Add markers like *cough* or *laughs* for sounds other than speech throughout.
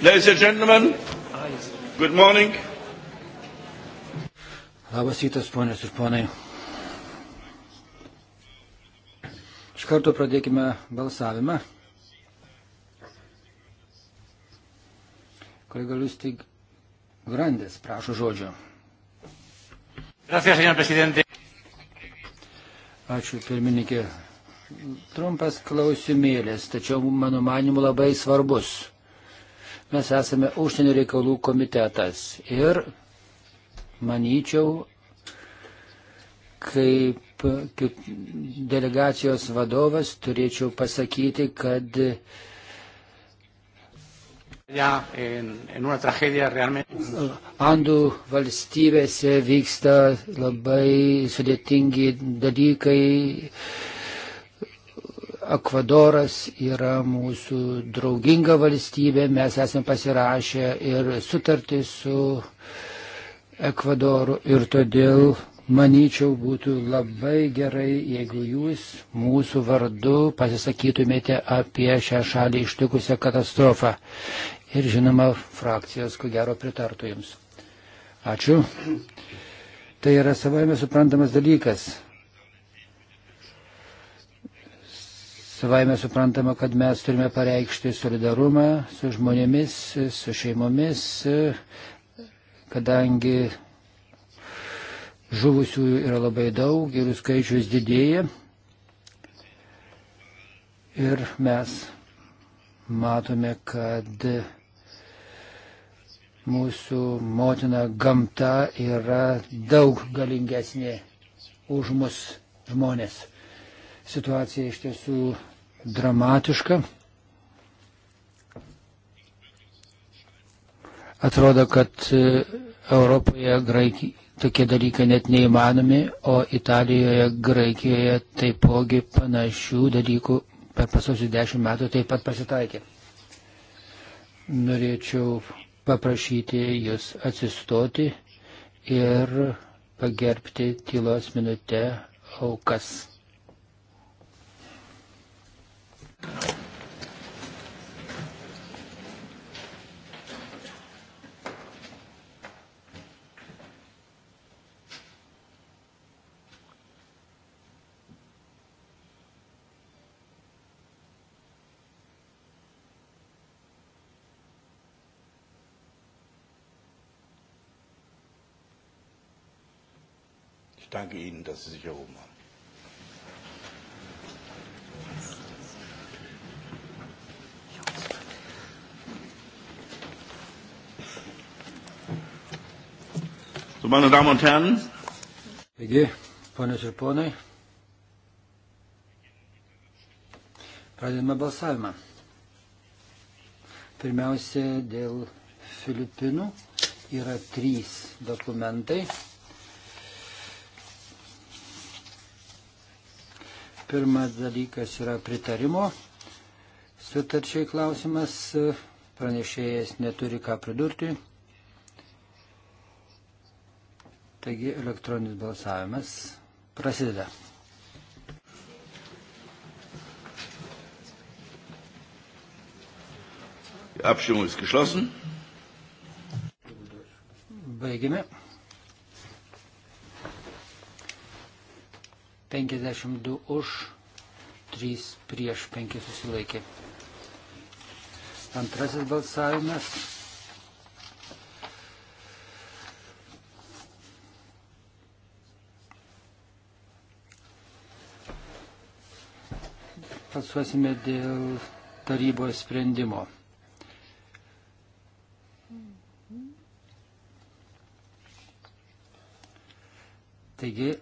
Ladies and gentlemen, good morning. Labas rytas, ponios ir ponai. Iš karto pradėkime balsavimą. Kolega Lustig Grandes prašo žodžio. Gracias, señor presidente. Ačiū, pirmininkė. Trumpas klausimėlis, tačiau mano manimu labai svarbus. Mes esame užsienio reikalų komitetas ir manyčiau, kaip delegacijos vadovas turėčiau pasakyti, kad ya en, en una tragedia realmente. Andų valstybėse vyksta labai sudėtingi dalykai, Ekvadoras yra mūsų drauginga valstybė, mes esame pasirašę ir sutartį su Ekvadoru ir todėl, manyčiau, būtų labai gerai, jeigu jūs mūsų vardu pasisakytumėte apie šią šalį ištikusią katastrofą. Ir žinoma, frakcijos, ko gero, pritartų jums. Ačiū. Tai yra savai mes suprantamas dalykas Savaime suprantama, kad mes turime pareikšti solidarumą su žmonėmis, su šeimomis, kadangi žuvusiųjų yra labai daug ir jų skaičius didėja. Ir mes matome, kad mūsų motina gamta yra daug galingesnė už mus žmonės. Situacija iš tiesų dramatiška. Atrodo, kad e, Europoje Graikija tokie dalykai net neįmanomi, o Italijoje, Graikijoje taipogi panašių dalykų per pasosius dešimt metų taip pat pasitaikė. Norėčiau paprašyti jūs atsistoti ir pagerbti tylos minutę aukas. Ich danke Ihnen, dass Sie sich erhoben haben. So, meine Damen und Herren. Taigi, ponios ir ponai, pradedame balsavimą. Pirmiausia, dėl Filipinų yra trys dokumentai. Pirmas dalykas yra pritarimo sutarčiai klausimas, pranešėjas neturi ką pridurti. Taigi elektroninis balsavimas prasideda. Die Abstimmung ist geschlossen. Baigime. 52 už, 3 prieš, 5 susilaikė. Antrasis balsavimas balsuosime dėl tarybos sprendimo. Taigi,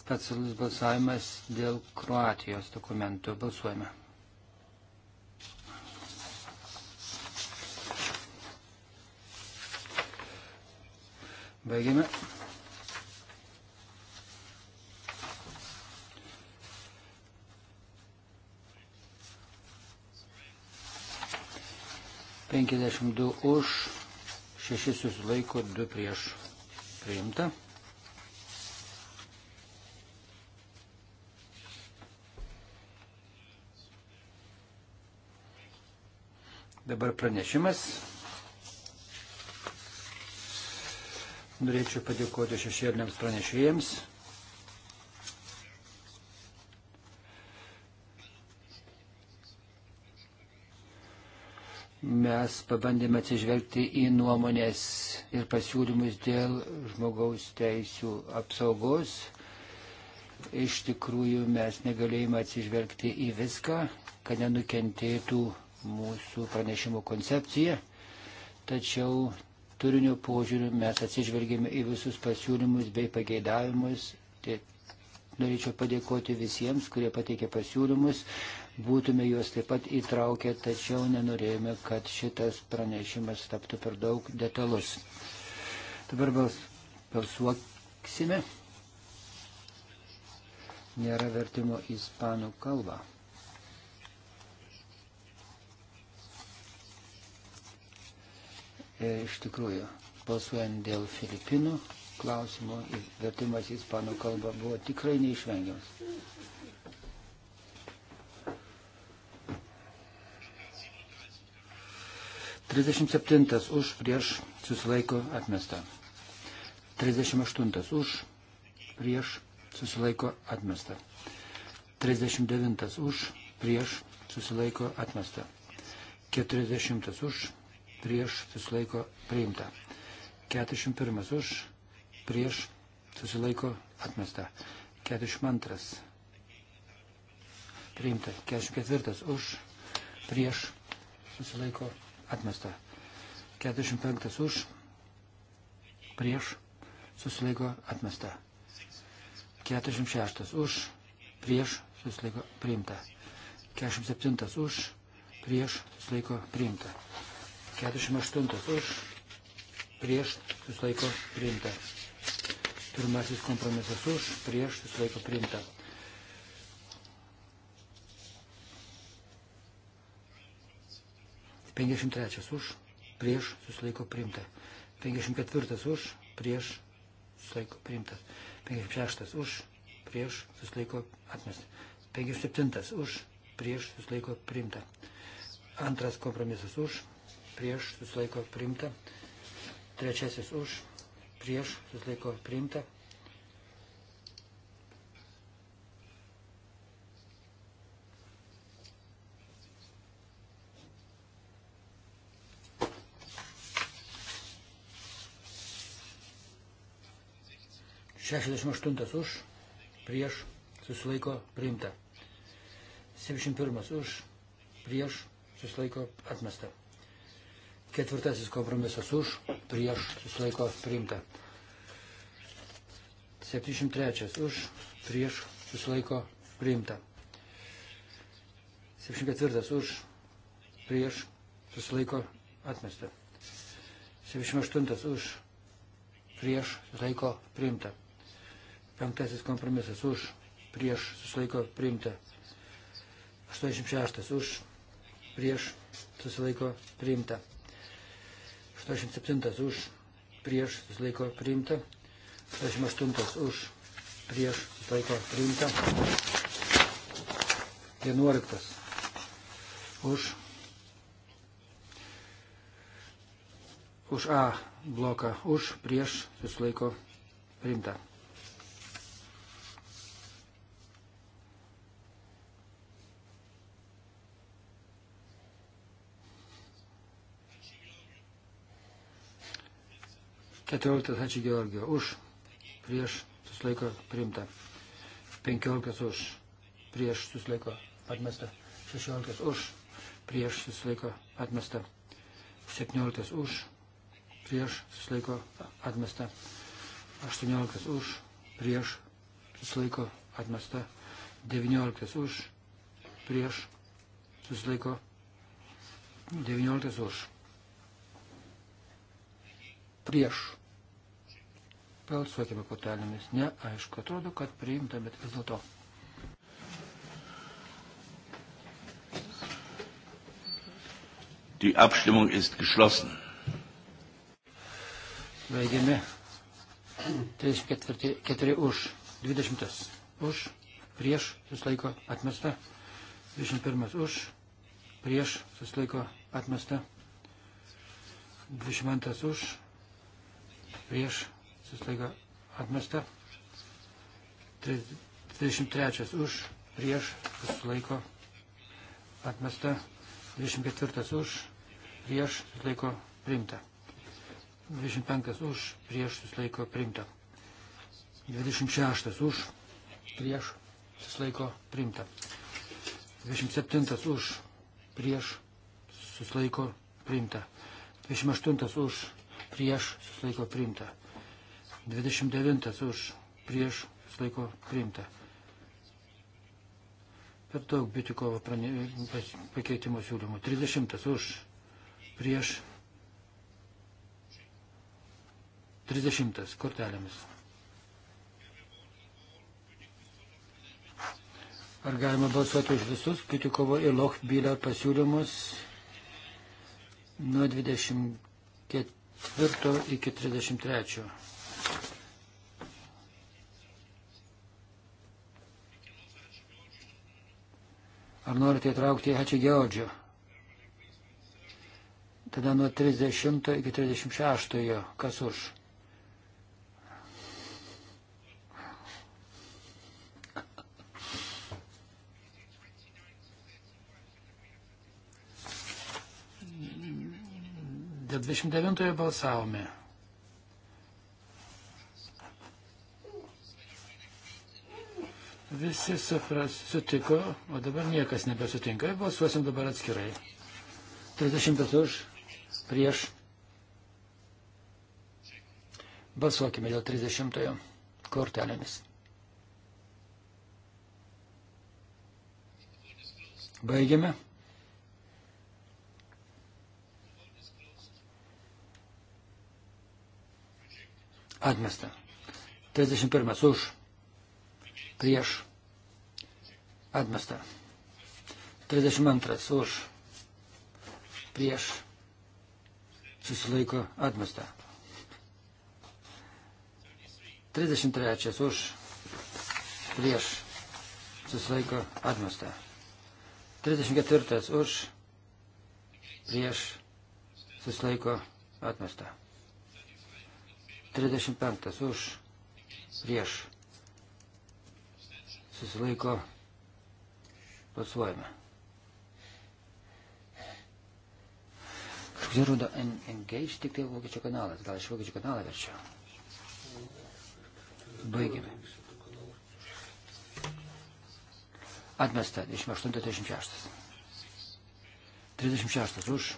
specialus balsavimas dėl Kroatijos dokumentų. Balsuojame. Baigiame. 52 už, 6 susilaiko, 2 prieš priimta. Dabar pranešimas. Norėčiau padėkoti šešėliniams pranešėjams. mes pabandėme atsižvelgti į nuomonės ir pasiūlymus dėl žmogaus teisų apsaugos. Iš tikrųjų, mes negalėjome atsižvelgti į viską, kad nenukentėtų mūsų pranešimo koncepcija. Tačiau turinio požiūriu mes atsižvelgėme į visus pasiūlymus bei pageidavimus. Tai norėčiau padėkoti visiems, kurie pateikė pasiūlymus būtume juos taip pat įtraukę, tačiau nenorėjome, kad šitas pranešimas taptų per daug detalus. Dabar balsuoksime. Nėra vertimo į ispanų kalbą. E, iš tikrųjų, balsuojant dėl Filipinų klausimo, vertimas į ispanų kalbą buvo tikrai neišvengiamas. 37 už prieš susilaiko atmesta. 38 už prieš susilaiko atmesta. 39 už prieš susilaiko atmesta. 40 už prieš susilaiko priimta. 41 už prieš susilaiko atmesta. 42 priimta. 44 už prieš susilaiko atmesta atmesta. 45 už, prieš, susilaiko atmesta. 46 už, prieš, susilaiko priimta. 47 už, prieš, susilaiko priimta. 48 už, prieš, susilaiko priimta. Pirmasis kompromisas už, prieš, susilaiko priimta. 53 už, prieš susilaiko priimta. 54 už, prieš susilaiko priimtas. 56 už, prieš susilaiko atmestas. 57 už, prieš susilaiko priimta. Antras kompromisas už, prieš susilaiko priimta. Trečiasis už, prieš susilaiko priimta. 68 už, prieš, susilaiko priimta. 71 už, prieš, susilaiko atmesta. Ketvirtasis kompromisas už, prieš, susilaiko priimta. 73 už, prieš, susilaiko priimta. 74 už, prieš, susilaiko atmesta. 78 už, prieš, susilaiko priimta. Penktasis kompromisas už, prieš, susilaiko priimta. 86 už, prieš, susilaiko priimta. 87 už, prieš, susilaiko priimta. 88 už, prieš, susilaiko priimta. 11 už, už A bloką, už, prieš, susilaiko priimta. 14 ačiū Georgio už, prieš susilaiko priimta. 15 už, prieš susilaiko atmesta. 16 už, prieš susilaiko atmesta. 17 už, prieš susilaiko atmesta. 18 už, prieš susilaiko atmesta. 19 už, prieš susilaiko 19 už prieš Balsuokime kortelėmis. Ne, aišku, atrodo, kad priimta, bet vis dėlto. Die Abstimmung ist geschlossen. Baigėme. 34 4 už, 20 už, prieš, susilaiko atmesta. 21 už, prieš, susilaiko atmesta. 22 už, prieš, suslaiga atmesta. 33 už, prieš, suslaiko atmesta. 24 už, prieš, suslaiko priimta. 25 už, prieš, suslaiko priimta. 26 už, prieš, suslaiko priimta. 27 už, prieš, suslaiko priimta. 28 už, prieš, suslaiko priimta. 29 už prieš laiko priimta. Per daug Bitikovo pakeitimo siūlymų. 30 už prieš 30 kortelėmis. Ar galima balsuoti už visus Bitikovo ir Lochbylio pasiūlymus nuo 24 iki 33? Ar norite įtraukti Hači Geodžio? Tada nuo 30 iki 36. Kas už? Dėl 29 balsavome. Visi supras, sutiko, o dabar niekas nebesutinka. Balsuosim dabar atskirai. 30 už, prieš. Balsuokime dėl 30 kortelėmis. Baigiame. Atmesta. 31 už prieš atmestą. 32 už prieš susilaiko atmestą. 33 už prieš susilaiko atmestą. 34 už prieš susilaiko atmestą. 35 už prieš susilaiko balsuojame. Kažkoks rodo engage, tik tai vokiečių kanalas, gal aš vokiečių kanalą verčiau. Baigėme. Atmesta 28.36. 36 už,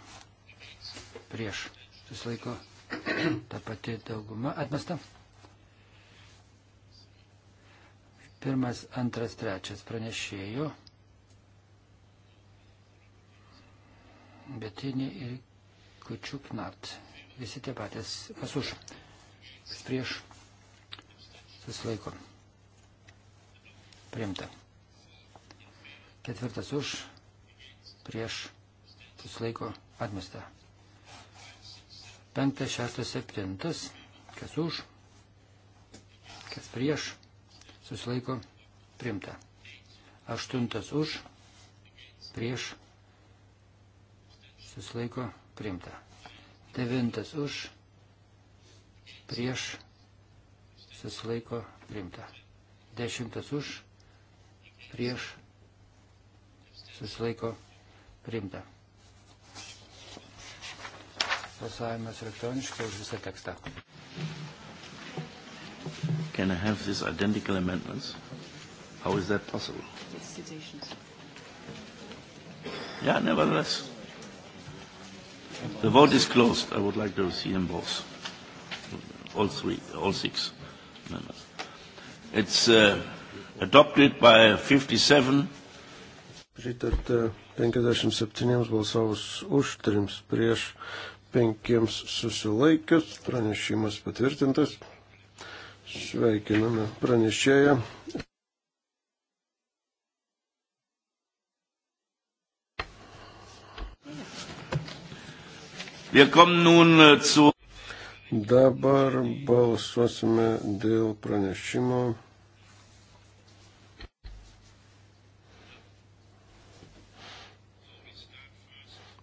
prieš, susilaiko *clears throat* ta pati dauguma atmesta. Pirmas, antras, trečias pranešėjo. Betinė ir Kučiuknart. Visi tie patys. Kas už? Kas prieš? Susilaiko. Priimta. Ketvirtas už. Prieš. Susilaiko. Atmesta. Penktas, šeštas, septintas. Kas už? Kas prieš? susilaiko primta. Aštuntas už, prieš, susilaiko primta. Devintas už, prieš, susilaiko primta. Dešimtas už, prieš, susilaiko primta. Balsavimas elektroniškai už visą tekstą can I have these identical amendments? How is that possible? It's citations. Yeah, nevertheless. The vote is closed. I would like to see them both. All three, all six amendments. It's uh, adopted by 57. Pritarta 57 balsavus už, 3 prieš, 5 susilaikius. Pranešimas patvirtintas. Sveikiname pranešėją. Äh, Dabar balsuosime dėl pranešimo.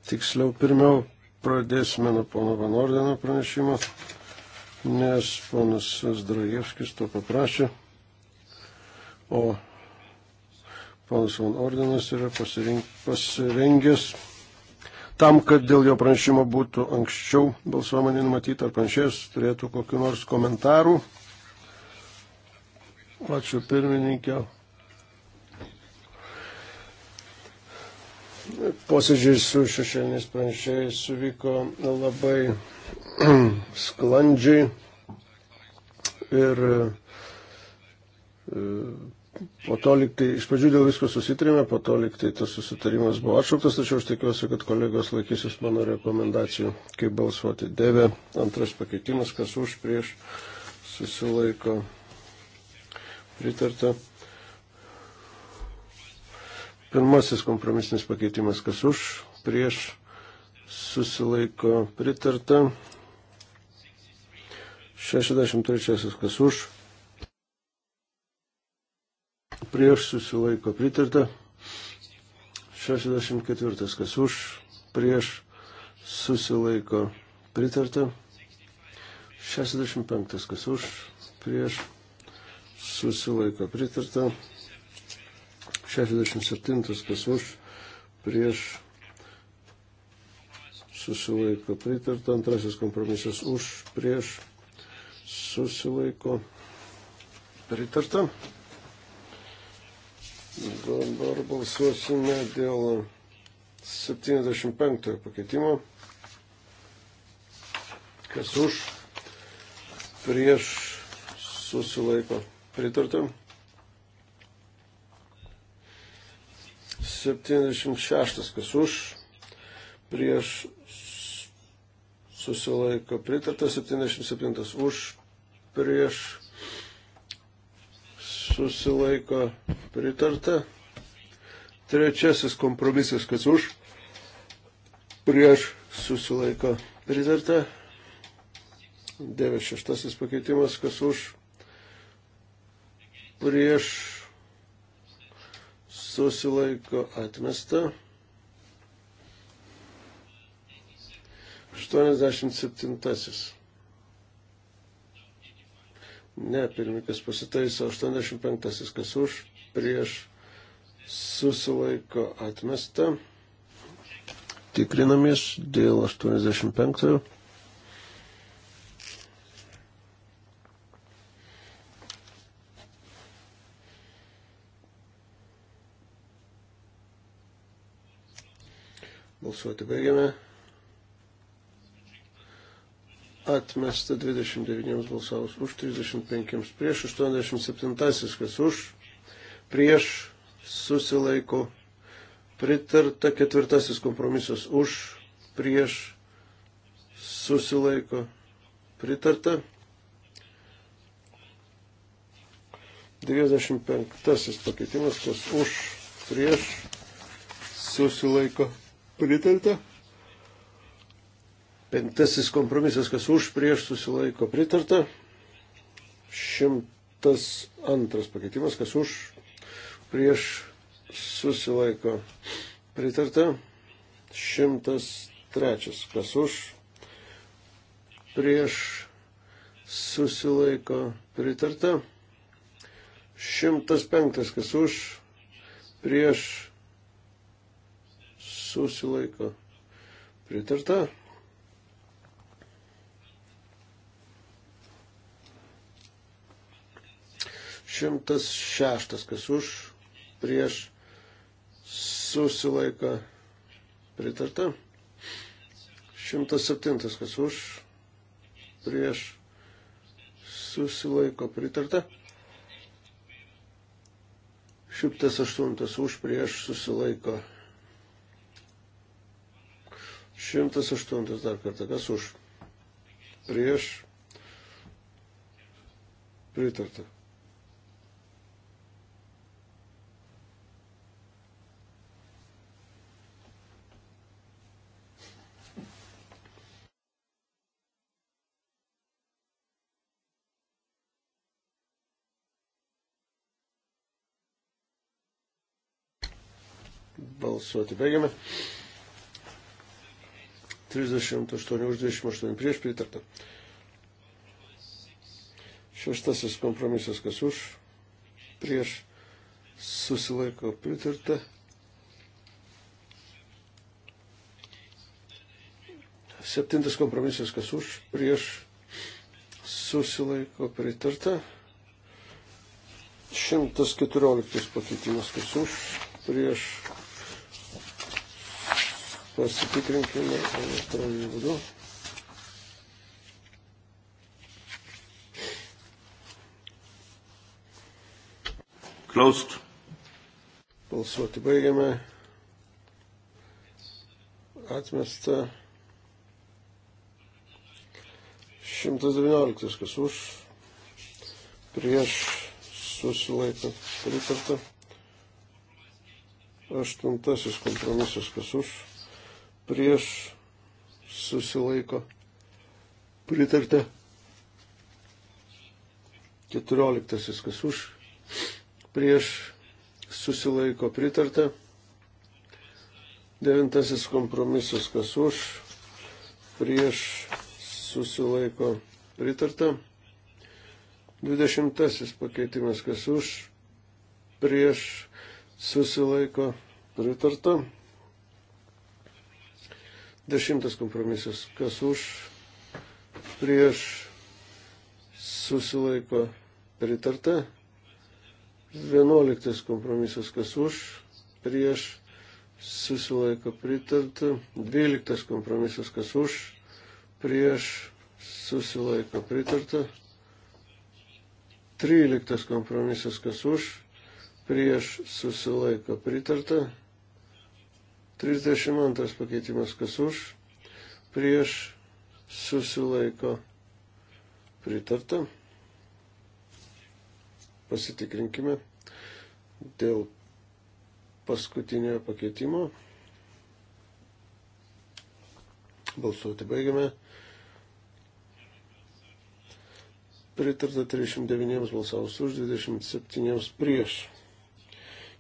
Tiksliau, pirmiau pradėsime nuo pono Vanordino pranešimo nes ponas Zdrajevskis to paprašė, o ponas Van Ordinas yra pasirengęs tam, kad dėl jo pranešimo būtų anksčiau balsuojama nenumatyta, ar pranešėjas turėtų kokiu nors komentaru. Ačiū pirmininkė. Posėdžiai su šešėliniais pranešėjais vyko labai sklandžiai ir e, po to liktai, iš pradžių dėl visko susitarėme, po to liktai tas susitarimas buvo atšauktas, tačiau aš tikiuosi, kad kolegos laikysis mano rekomendacijų, kaip balsuoti. Dėvė, antras pakeitimas, kas už, prieš, susilaiko, pritarta. Pirmasis kompromisinis pakeitimas, kas už, prieš, susilaiko pritarta. 63 kas už, prieš susilaiko pritarta. 64 kas už, prieš susilaiko pritarta. 65 kas už, prieš susilaiko pritarta. 67 kas už, prieš susilaiko pritarta, antrasis kompromisas už, prieš, susilaiko pritarta. Dabar balsuosime dėl 75 pakeitimo. Kas už, prieš, susilaiko pritarta. 76, kas už, prieš susilaiko pritarta, 77 už, prieš susilaiko pritarta. Trečiasis kompromisas, kas už, prieš susilaiko pritarta. 96 pakeitimas, kas už, prieš susilaiko atmesta. 87. Ne, pirmininkas pasitaiso 85. Kas už, prieš, susilaiko atmesta. Tikrinamės dėl 85. Balsuoti baigiame atmesta 29 balsavus už, 35 prieš, 87 kas už, prieš susilaiko pritarta, ketvirtasis kompromisas už, prieš susilaiko pritarta. 95 pakeitimas, kas už, prieš susilaiko pritarta. Penktasis kompromisas, kas už, prieš susilaiko pritarta. Šimtas antras pakeitimas, kas už, prieš susilaiko pritarta. Šimtas trečias, kas už, prieš susilaiko pritarta. Šimtas penktas, kas už, prieš susilaiko pritarta. 106, kas už, prieš, susilaiko pritarta. 107, kas už, prieš, susilaiko pritarta. 108 už prieš susilaiko. 108 dar kartą, kas už? Prieš pritarta. Balsuoti baigiame. 38 už 28 prieš pritartą. Šeštasis kompromisas, kas už, prieš, susilaiko pritarta. Septintas kompromisas, kas už, prieš, susilaiko pritarta. 114 pakeitimas, kas už, prieš, Pasitikrinkime elektroniniu būdu. Closed. Balsuoti baigiame. Atmesta 119, kas už, prieš susilaiką pritarta. Aštuntasis kompromisas, kas už prieš susilaiko pritarta. 14 kas už prieš susilaiko pritarta. 9 kompromisas kas už prieš susilaiko pritarta. 20 pakeitimas kas už prieš susilaiko pritarta. Dešimtas kompromisas. Kas už, prieš, susilaiko pritarta. Vienuoliktas kompromisas. Kas už, prieš, susilaiko pritarta. Dvyliktas kompromisas. Kas už, prieš, susilaiko pritarta. Tryliktas kompromisas. Kas už, prieš, susilaiko pritarta. 32 pakeitimas kas už, prieš susilaiko pritarta. Pasitikrinkime dėl paskutinio pakeitimo. Balsuoti baigiame. Pritarta 39 balsavus už, 27 prieš.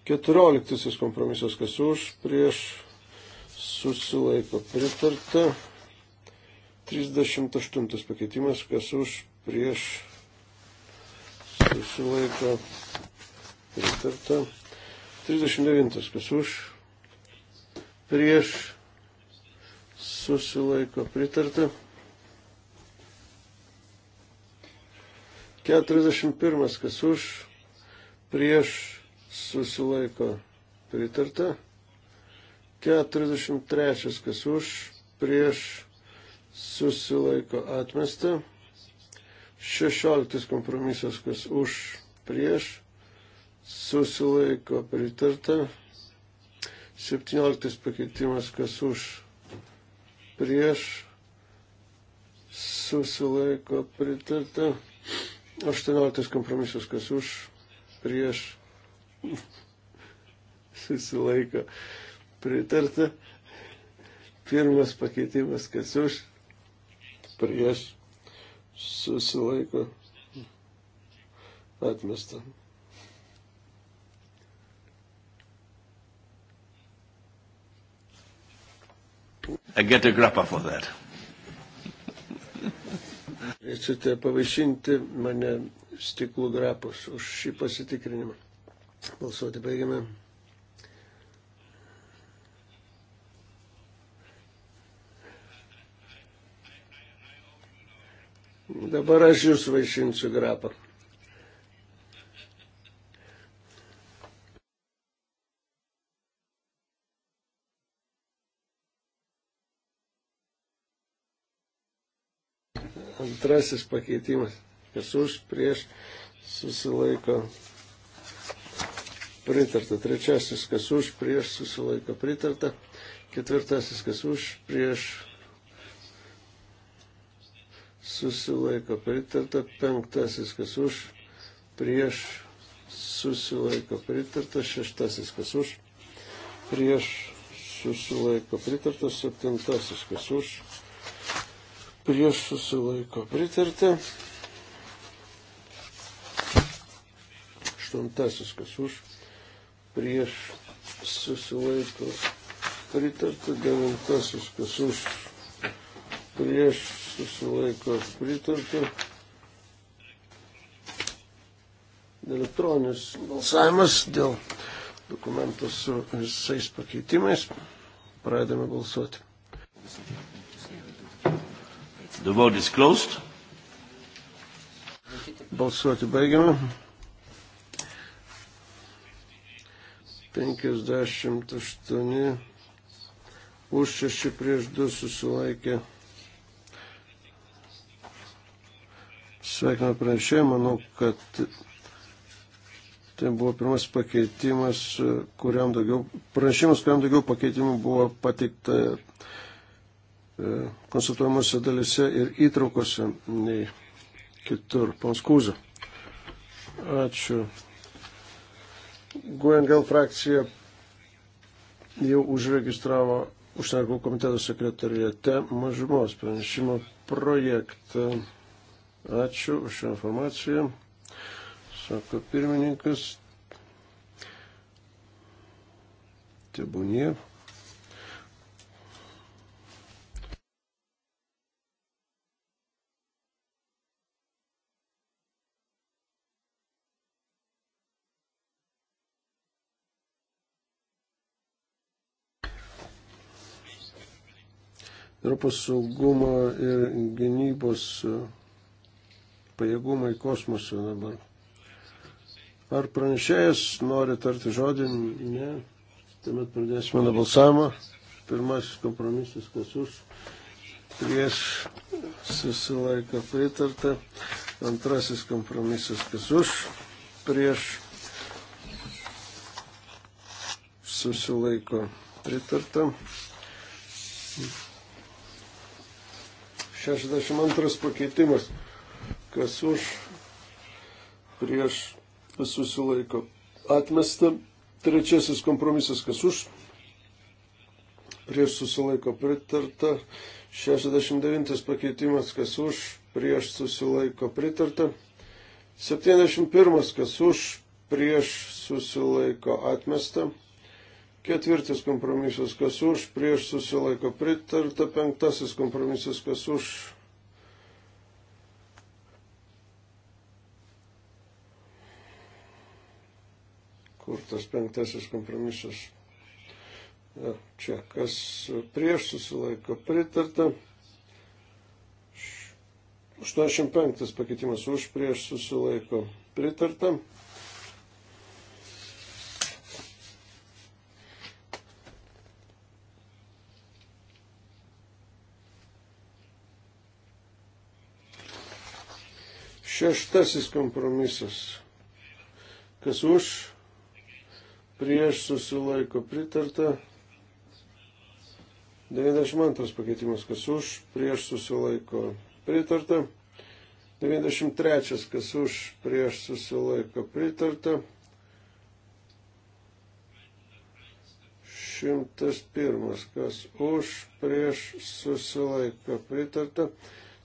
14 kompromisas kas už, prieš susilaiko pritarta. 38 pakeitimas, kas už prieš susilaiko pritarta. 39 kas už prieš susilaiko pritarta. 41 kas už prieš susilaiko pritarta. 43, kas už, prieš, susilaiko atmesta. 16 kompromisas, kas už, prieš, susilaiko pritarta. 17 pakeitimas, kas už, prieš, susilaiko pritarta. 18 kompromisas, kas už, prieš, *laughs* susilaiko pritarta pritarta. Pirmas pakeitimas, kas už, prieš, susilaiko, atmesta. I get a grappa for that. Reikėtų pavaišinti mane stiklų grapus už šį pasitikrinimą. Balsuoti baigiame. Dabar aš jūs vaišinsiu grapą. Antrasis pakeitimas. Kas už prieš susilaiko pritarta. Trečiasis, kas už prieš susilaiko pritarta. Ketvirtasis, kas už prieš susilaiko pritarta, penktasis kas už, prieš susilaiko pritarta, šeštasis kas už, prieš susilaiko pritarta, septintasis kas už, prieš susilaiko pritarta, aštuntasis kas už, prieš susilaiko pritarta, devintasis kas už, prieš susilaiko pritarta. Elektroninis balsavimas dėl dokumentų su visais pakeitimais. Pradedame balsuoti. The vote is closed. Balsuoti baigiame. 58 už 6 prieš 2 susilaikė. Sveikiname pranešėją, manau, kad tai buvo pirmas pakeitimas, kuriam daugiau, pranešimas, kuriam daugiau pakeitimų buvo pateikta e, konsultuojamosiose dalise ir įtraukose nei kitur. Panskūzė. Ačiū. Guengel frakcija jau užregistravo užsienio komiteto sekretariate mažumos pranešimo projektą. Ačiū už šią informaciją. Sako pirmininkas. Tebūnie. Europos saugumo ir gynybos pajėgumai kosmose dabar. Ar pranešėjas nori tarti žodį? Ne. Tuomet pradėsime nuo balsavimo. Pirmasis kompromisas, kas už, prieš susilaiko pritarta. Antrasis kompromisas, kas už, prieš susilaiko pritarta. 62 pakeitimas kas už, prieš susilaiko atmesta. Trečiasis kompromisas, kas už, prieš susilaiko pritarta. 69 pakeitimas, kas už, prieš susilaiko pritarta. 71 kas už, prieš susilaiko atmesta. Ketvirtas kompromisas, kas už, prieš susilaiko pritarta. Penktasis kompromisas, kas už, kur tas penktasis kompromisas. Čia kas prieš susilaiko pritarta. 85 pakeitimas už prieš susilaiko pritarta. Šeštasis kompromisas. Kas už prieš susilaiko pritarta. 92 pakeitimas, kas už, prieš susilaiko pritarta. 93 kas už, prieš susilaiko pritarta. 101 kas už, prieš susilaiko pritarta.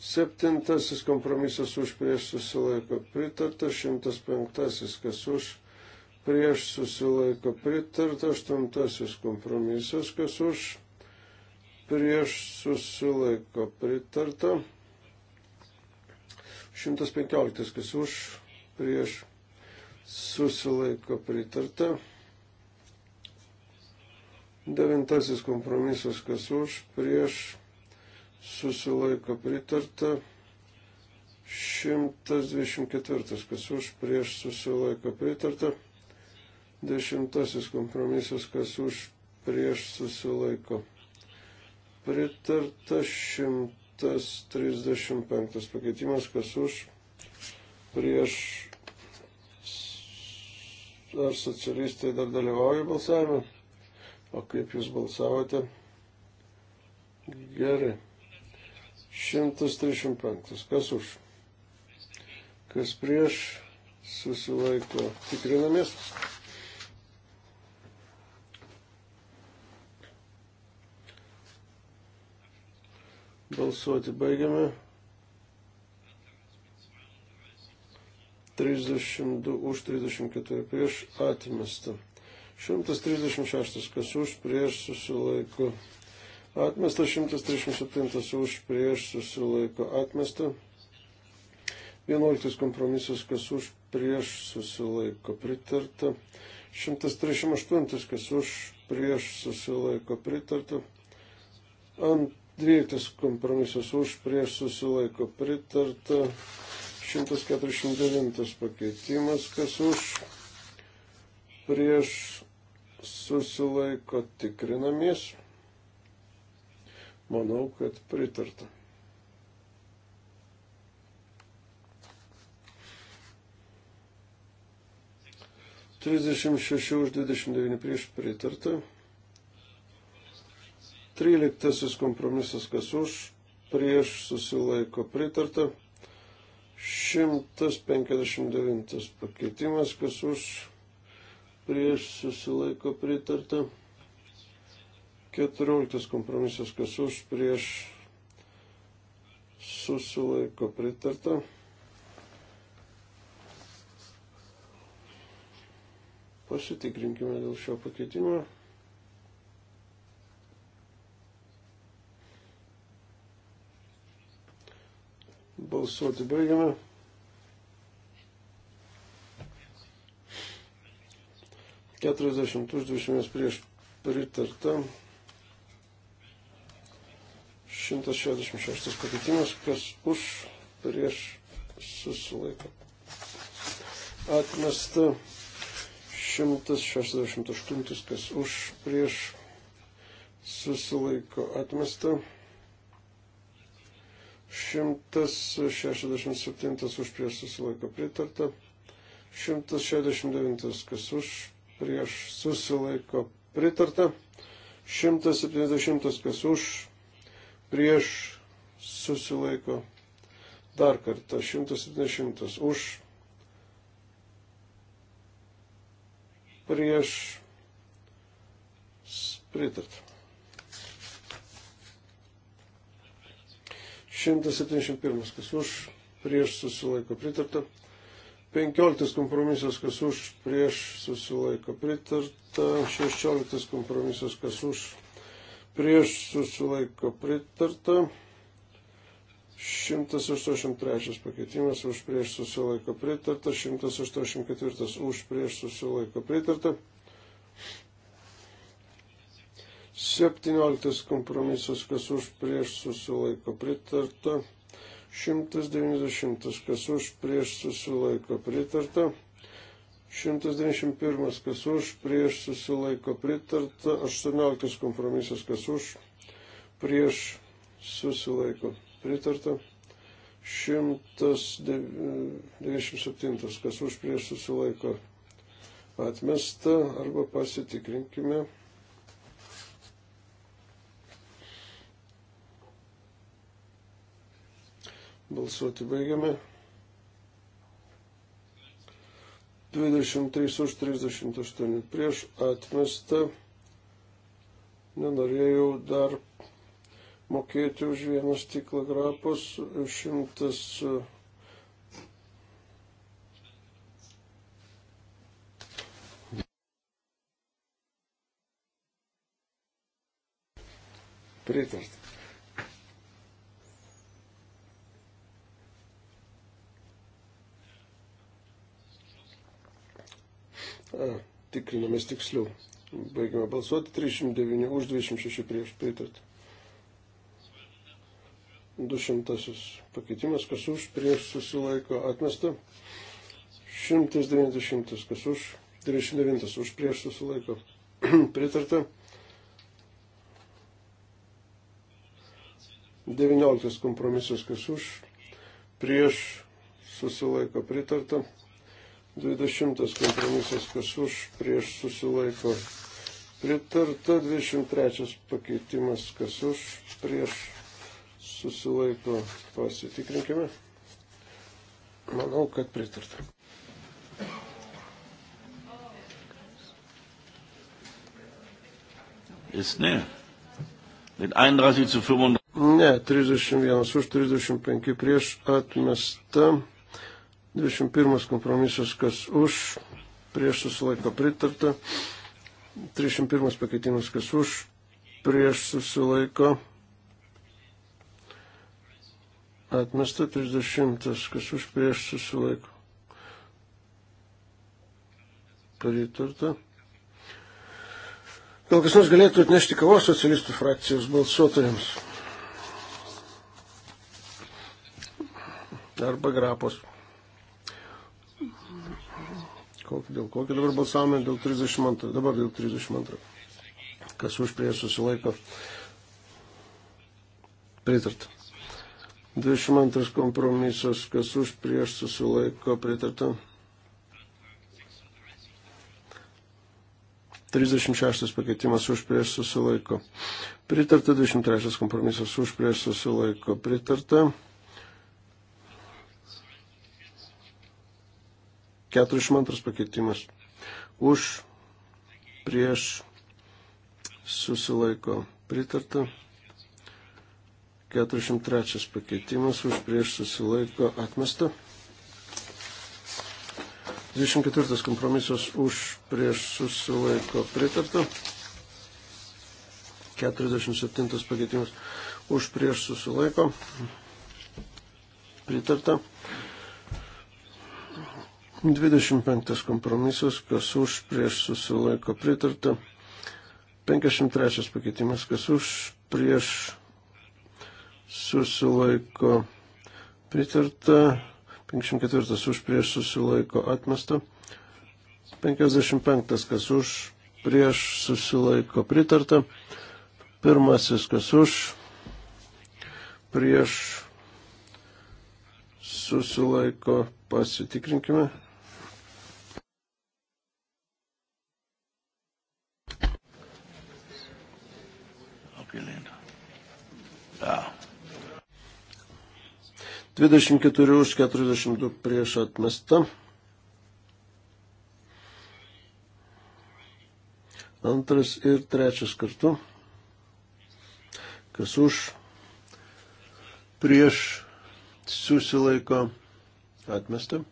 Septintasis kompromisas už prieš susilaiko pritarta, šimtas penktasis kas už prieš susilaiko pritarta, aštuntasis kompromisas, kas už, prieš susilaiko pritarta, 115, kas už, prieš susilaiko pritarta, devintasis kompromisas, kas už, prieš susilaiko pritarta, 124, kas už, prieš susilaiko pritarta. Dešimtasis kompromisas, kas už prieš susilaiko. Pritarta 135 pakeitimas, kas už prieš. Ar socialistai dar dalyvauja balsavime? O kaip jūs balsavote? Gerai. 135. Kas už? Kas prieš? Susilaiko. Tikrinamės. Balsuoti baigiame. 32 už 34 prieš atmestą. 136 kas už prieš susilaiko. Atmestas 137 už prieš susilaiko atmestą. 11 kompromisas kas už prieš susilaiko pritarta. 138 kas už prieš susilaiko pritarta. Ant 12 kompromisas už prieš susilaiko pritarta. 149 pakeitimas, kas už prieš susilaiko tikrinamies. Manau, kad pritarta. Trisdešimt šeši už dvidešimt devyni prieš pritartą. Tryliktasis kompromisas, kas už, prieš susilaiko pritarta. 159 pakeitimas, kas už, prieš susilaiko pritarta. 14 kompromisas, kas už, prieš susilaiko pritarta. Pasitikrinkime dėl šio pakeitimo. Balsuoti baigiame. Keturiasdešimt už dvidešimt prieš pritarta. 166 pakeitimas, kas už prieš susilaiko. Atmesta 168, kas už prieš susilaiko. Atmesta 167 už prieš susilaiko pritarta. 169 kas už prieš susilaiko pritarta. 170 kas už prieš susilaiko. Dar kartą 170 už prieš pritarta. 171, kas už, prieš susilaiko pritarta. 15 kompromisas, kas už, prieš susilaiko pritarta. 16 kompromisas, kas už, prieš susilaiko pritarta. 183 pakeitimas už prieš susilaiko pritarta, 184 už prieš susilaiko pritarta, 17 kompromisas, kas už prieš susilaiko pritarta. 190, kas už prieš susilaiko pritarta. 191, kas už prieš susilaiko pritarta. 18 kompromisas, kas už prieš susilaiko pritarta. 197, kas už prieš susilaiko atmesta arba pasitikrinkime. Balsuoti baigiame. 23 už 38 prieš atmestą. Nenorėjau dar mokėti už vieną stiklą grapos 100. E, pritarta. tikrinamės tiksliau. Baigime balsuoti 309 už 26 prieš pritartą. 200 pakeitimas, kas už, prieš susilaiko atmesta. 190, kas už, 39 už prieš susilaiko *clears throat* pritarta. 19 kompromisas, kas už, prieš susilaiko pritarta. 20 kompromisas, kas už, prieš susilaiko. Pritarta 23 pakeitimas, kas už, prieš susilaiko. Pasitikrinkime. Manau, kad pritarta. Ist ne. Mit 31 zu 35. Ne, 31 už 35 prieš atmesta. 21 kompromisas, kas už, prieš susilaiko pritarta. 31 pakeitimas, kas už, prieš susilaiko atmesta. 30, kas už, prieš susilaiko pritarta. Gal kas nors galėtų atnešti kavos socialistų frakcijos balsuotojams? Arba grapos kokį, dėl kokio dabar balsavome, dėl 32, dabar dėl 32. Kas už prieš susilaiko? Pritarta. 22 kompromisas, kas už prieš susilaiko, pritarta. 36 pakeitimas už prieš susilaiko. Pritarta 23 kompromisas už prieš susilaiko. Pritarta. 42 pakeitimas. Už, prieš, susilaiko pritarta. 43 pakeitimas už prieš susilaiko atmesta. 24 kompromisas už prieš susilaiko pritarta. 47 pakeitimas už prieš susilaiko pritarta. 25 kompromisas, kas už, prieš susilaiko pritarta. 53 pakeitimas, kas už, prieš susilaiko pritarta. 54 už, prieš susilaiko atmesta. 55 kas už, prieš susilaiko pritarta. Pirmasis kas už, prieš susilaiko pasitikrinkime. 24 už 42 prieš atmestą. Antras ir trečias kartu. Kas už prieš susilaiko atmestą.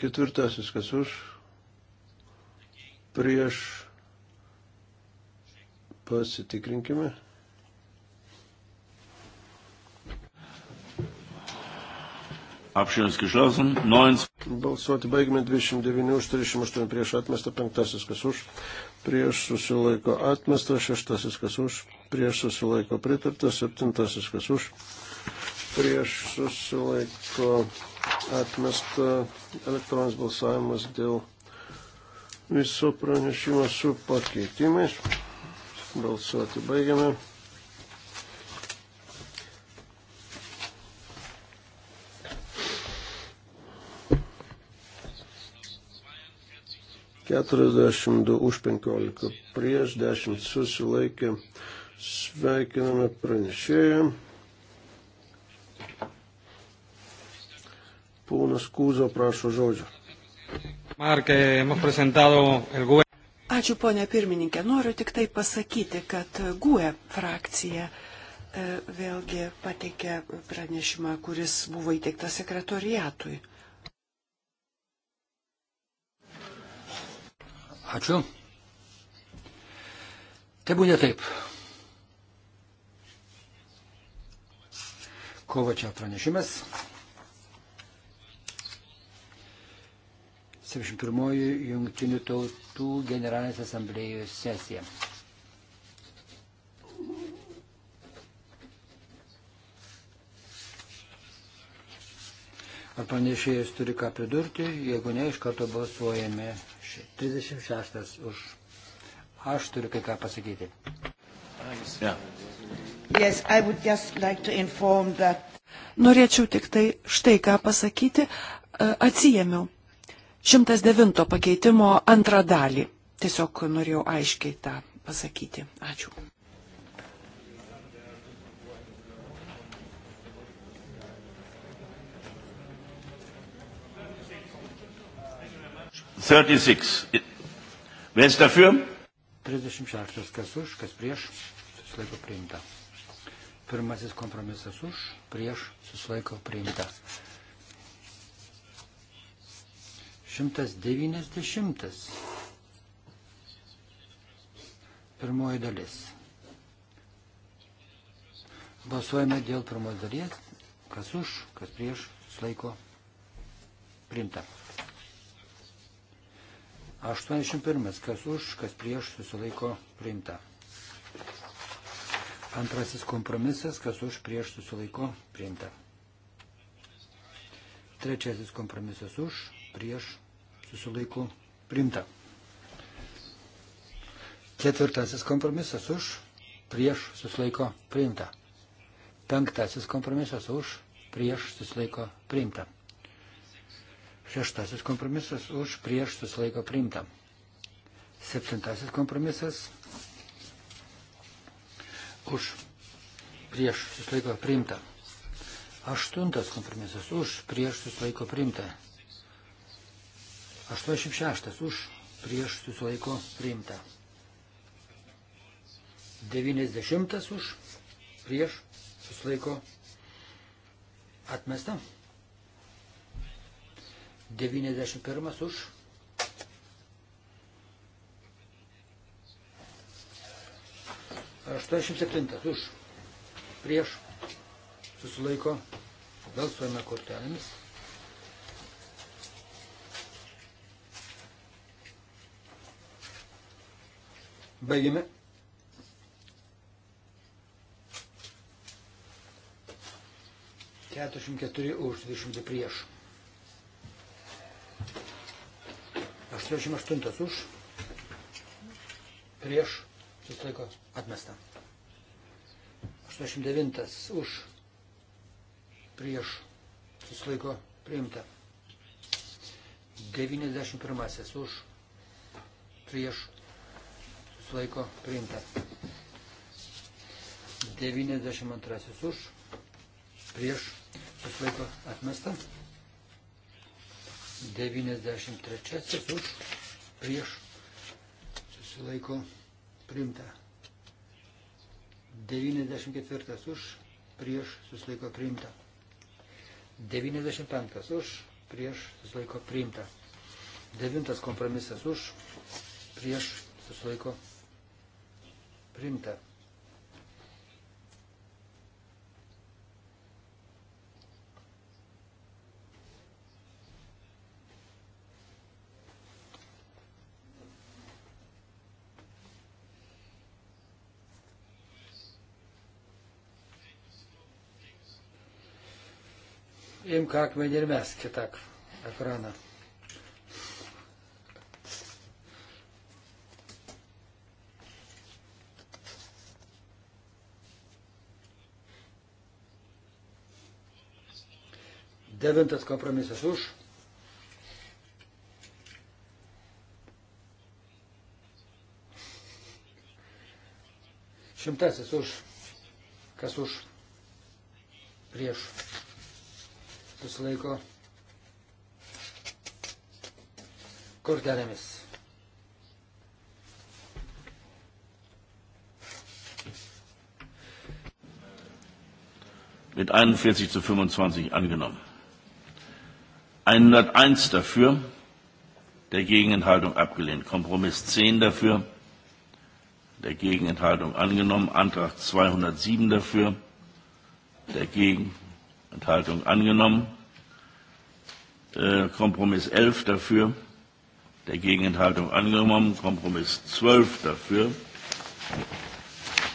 Ketvirtasis kas už prieš pasitikrinkime. Apšilas geschlossen. 9. Balsuoti baigime 29 už 38 prieš atmestą, penktasis kas už, prieš susilaiko atmestą, šeštasis kas už, prieš susilaiko pritartas, septintasis kas už, prieš susilaiko atmestą elektroninis balsavimas dėl viso pranešimo su pakeitimais. Balsuoti baigiame. 42 už 15 prieš 10 susilaikė. Sveikiname pranešėją. Ponas Kūzo prašo žodžio. Eh, e. Ačiū, ponė pirmininkė. Noriu tik tai pasakyti, kad GUE frakcija eh, vėlgi pateikė pranešimą, kuris buvo įteiktas sekretoriatui. Ačiū. Tai būnė taip. Kovo čia pranešimas. 71 jungtinių tautų generalinės asamblėjos sesija. Ar pranešėjas turi ką pridurti, jeigu ne, iš karto balsuojame 36 už. Aš turiu kai ką pasakyti. Yeah. Yes, like that... Norėčiau tik tai štai ką pasakyti. E, atsijėmiau 109 pakeitimo antrą dalį. Tiesiog norėjau aiškiai tą pasakyti. Ačiū. 36. Wer ist dafür? 36. Kas už, kas prieš, susilaiko priimta. Pirmasis kompromisas už, prieš, susilaiko priimta. 190. Pirmoji dalis. Balsuojame dėl pirmos dalies. Kas už, kas prieš, susilaiko priimta. 81. Kas už, kas prieš susilaiko priimta. Antrasis kompromisas, kas už prieš susilaiko priimta. Trečiasis kompromisas už, prieš susilaiko priimta. Ketvirtasis kompromisas už, prieš susilaiko priimta. Penktasis kompromisas už, prieš susilaiko priimta. Šeštasis kompromisas už prieš susilaiko priimta. Septintasis kompromisas už prieš susilaiko priimta. Aštuntas kompromisas už prieš susilaiko priimta. 86 už prieš susilaiko priimta. 90 už prieš susilaiko atmesta. 91 už. Aštuoniasdešimt septintas už. Prieš. Susilaiko. Balsuojame kortelėmis. Baigime. Keturiasdešimt keturi už dvidešimt prieš. 168 už, prieš, susilaiko atmesta. 89 už, prieš, susilaiko priimta. 91 už, prieš, susilaiko priimta. 92 už, prieš, susilaiko atmesta. 93 už prieš susilaiko priimta. 94 už prieš susilaiko priimta. 95 už prieš susilaiko priimta. 9 kompromisas už prieš susilaiko priimta. imk akmenį ir mes kitą ekraną. Devintas kompromisas už. Šimtasis už. Kas už? Prieš susilaiko kortelėmis. Mit 41 zu 25 angenommen. 101 dafür, der Gegenenthaltung abgelehnt. Kompromiss 10 dafür, der Gegenenthaltung angenommen. Antrag 207 dafür, der Gegen Enthaltung angenommen. Äh, Kompromiss 11 dafür, der Gegenenthaltung angenommen. Kompromiss 12 dafür,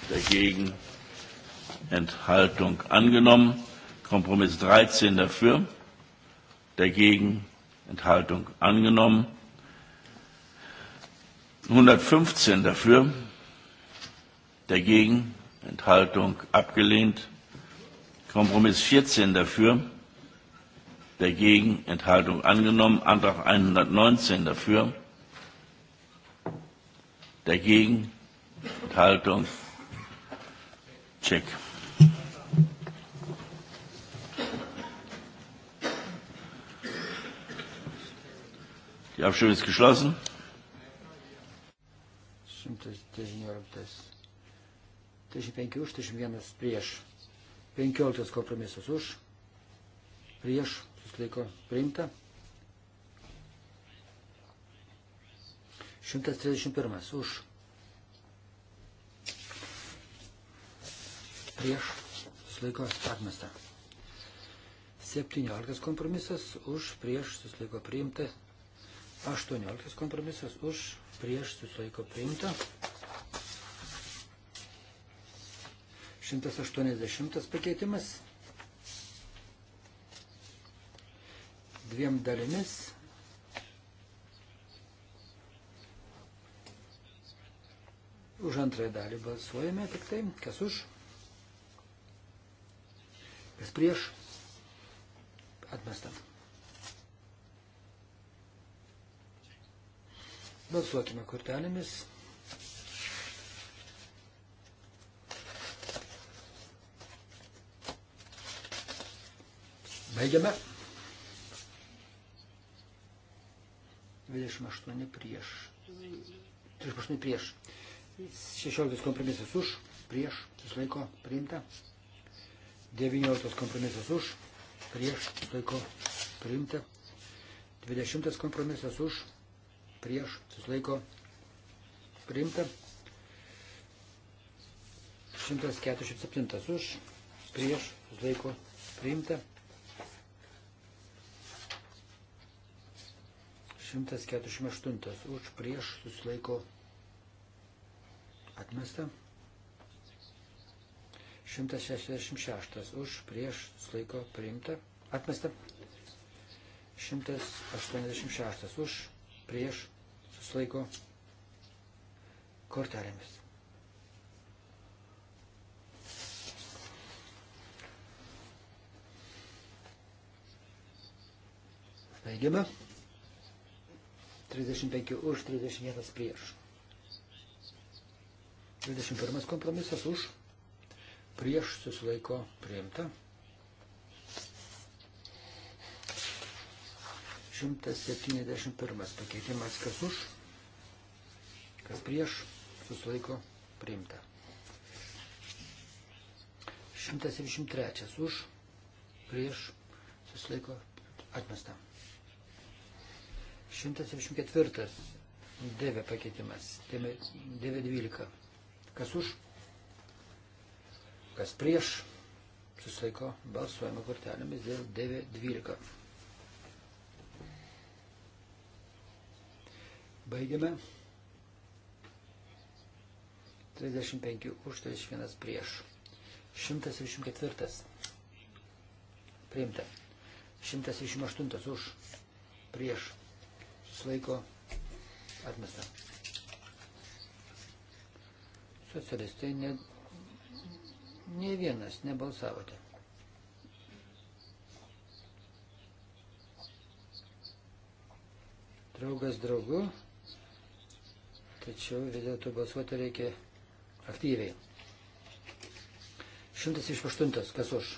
der Gegenenthaltung angenommen. Kompromiss 13 dafür, der Gegenenthaltung angenommen. 115 dafür, dagegen, Enthaltung abgelehnt. Kompromiss 14 dafür, dagegen Enthaltung angenommen. Antrag 119 dafür, dagegen Enthaltung check. Die Abstimmung ist geschlossen. 119. 35 už, 31 prieš. 15 kompromisas už, prieš, susilaiko priimta. 131 už, prieš, susilaiko atmesta. 17 kompromisas už, prieš, susilaiko priimta. 18 kompromisas už, prieš, susilaiko priimta. 180 pakeitimas. Dviem dalimis. Už antrąją dalį balsuojame tik tai, kas už, kas prieš, atmestam. Balsuokime kortelėmis. Baigiame. 28 prieš. 38 prieš. 16 kompromisas už, prieš, susilaiko, priimta. 19 kompromisas už, prieš, susilaiko, priimta. 20 kompromisas už, prieš, susilaiko, priimta. 147 už, prieš, susilaiko, priimta. 148 už prieš susilaiko atmesta. 166 už prieš susilaiko priimta. Atmesta. 186 už prieš susilaiko kortelėmis. Baigiame. 35 už, 31 prieš. 21 kompromisas už, prieš susilaiko priimta. 171 pakeitimas, kas už, kas prieš, susilaiko priimta. 173 už, prieš, susilaiko atmesta. 174. Dėvė pakeitimas. Dėvė 12. Kas už? Kas prieš? Susaiko balsuojama kortelėmis dėl dėvė 12. Baigiame. 35 už 31 prieš. 174. Priimta. 178 už prieš susilaiko atmesta. Socialistai ne, ne vienas nebalsavote. Draugas draugu, tačiau vis dėlto balsuoti reikia aktyviai. 108. Kas už?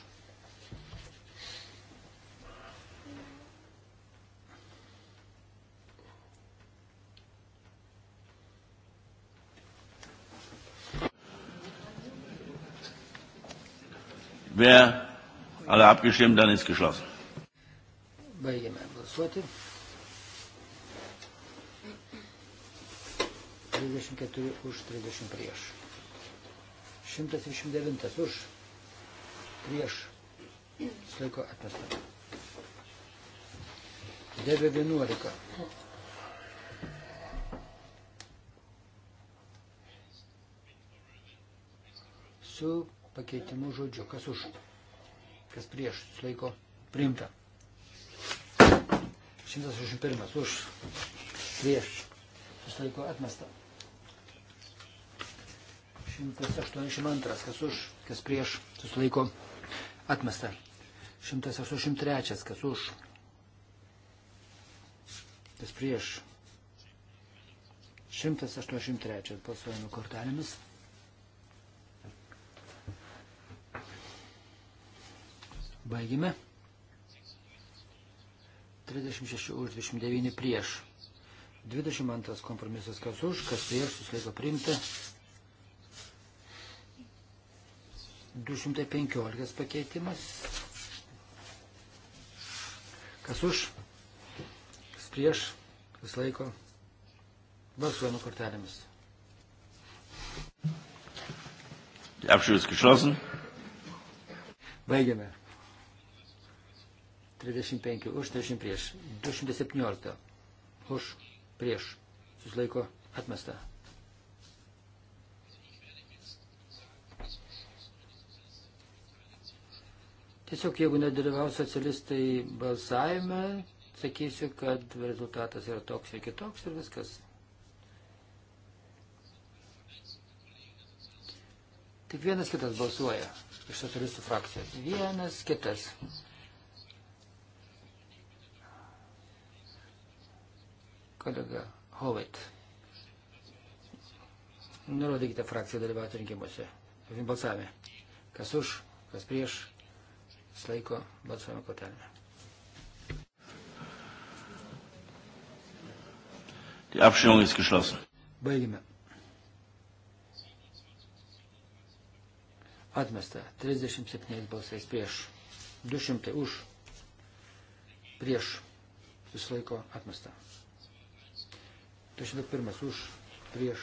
Wer alle abgestimmt, dann ist geschlossen. Baigiame balsuoti. 34 už, 30 prieš. 129 už, prieš. Slaiko atmestą. 911. Su pakeitimu žodžiu. Kas už? Kas prieš? Sulaiko priimta. 161. Už. Prieš. Susilaiko atmesta. 182. Kas už? Kas prieš? Susilaiko atmesta. 183. Kas už? Kas prieš? 183 balsuojami kortelėmis. Baigime. 36 už 29 prieš. 22 kompromisas kas už, kas prieš, susilaiko priimta. 215 pakeitimas. Kas už, kas prieš, kas laiko, balsuojame kortelėmis. Die Abstimmung ist geschlossen. Baigiame. 35 už, 30 prieš, 217 už, prieš, susilaiko atmesta. Tiesiog jeigu nedalyvaus socialistai balsavime, sakysiu, kad rezultatas yra toks ir kitoks ir viskas. Tik vienas kitas balsuoja iš socialistų frakcijos. Vienas kitas. kolega Hovet. Nurodykite frakciją dalyvauti rinkimuose. Balsavime. Kas už, kas prieš, slaiko balsavimo kortelę. Die Abstimmung ist geschlossen. Baigime. Atmesta 37 balsais prieš, 200 už, prieš, susilaiko atmesta. 201 už, prieš,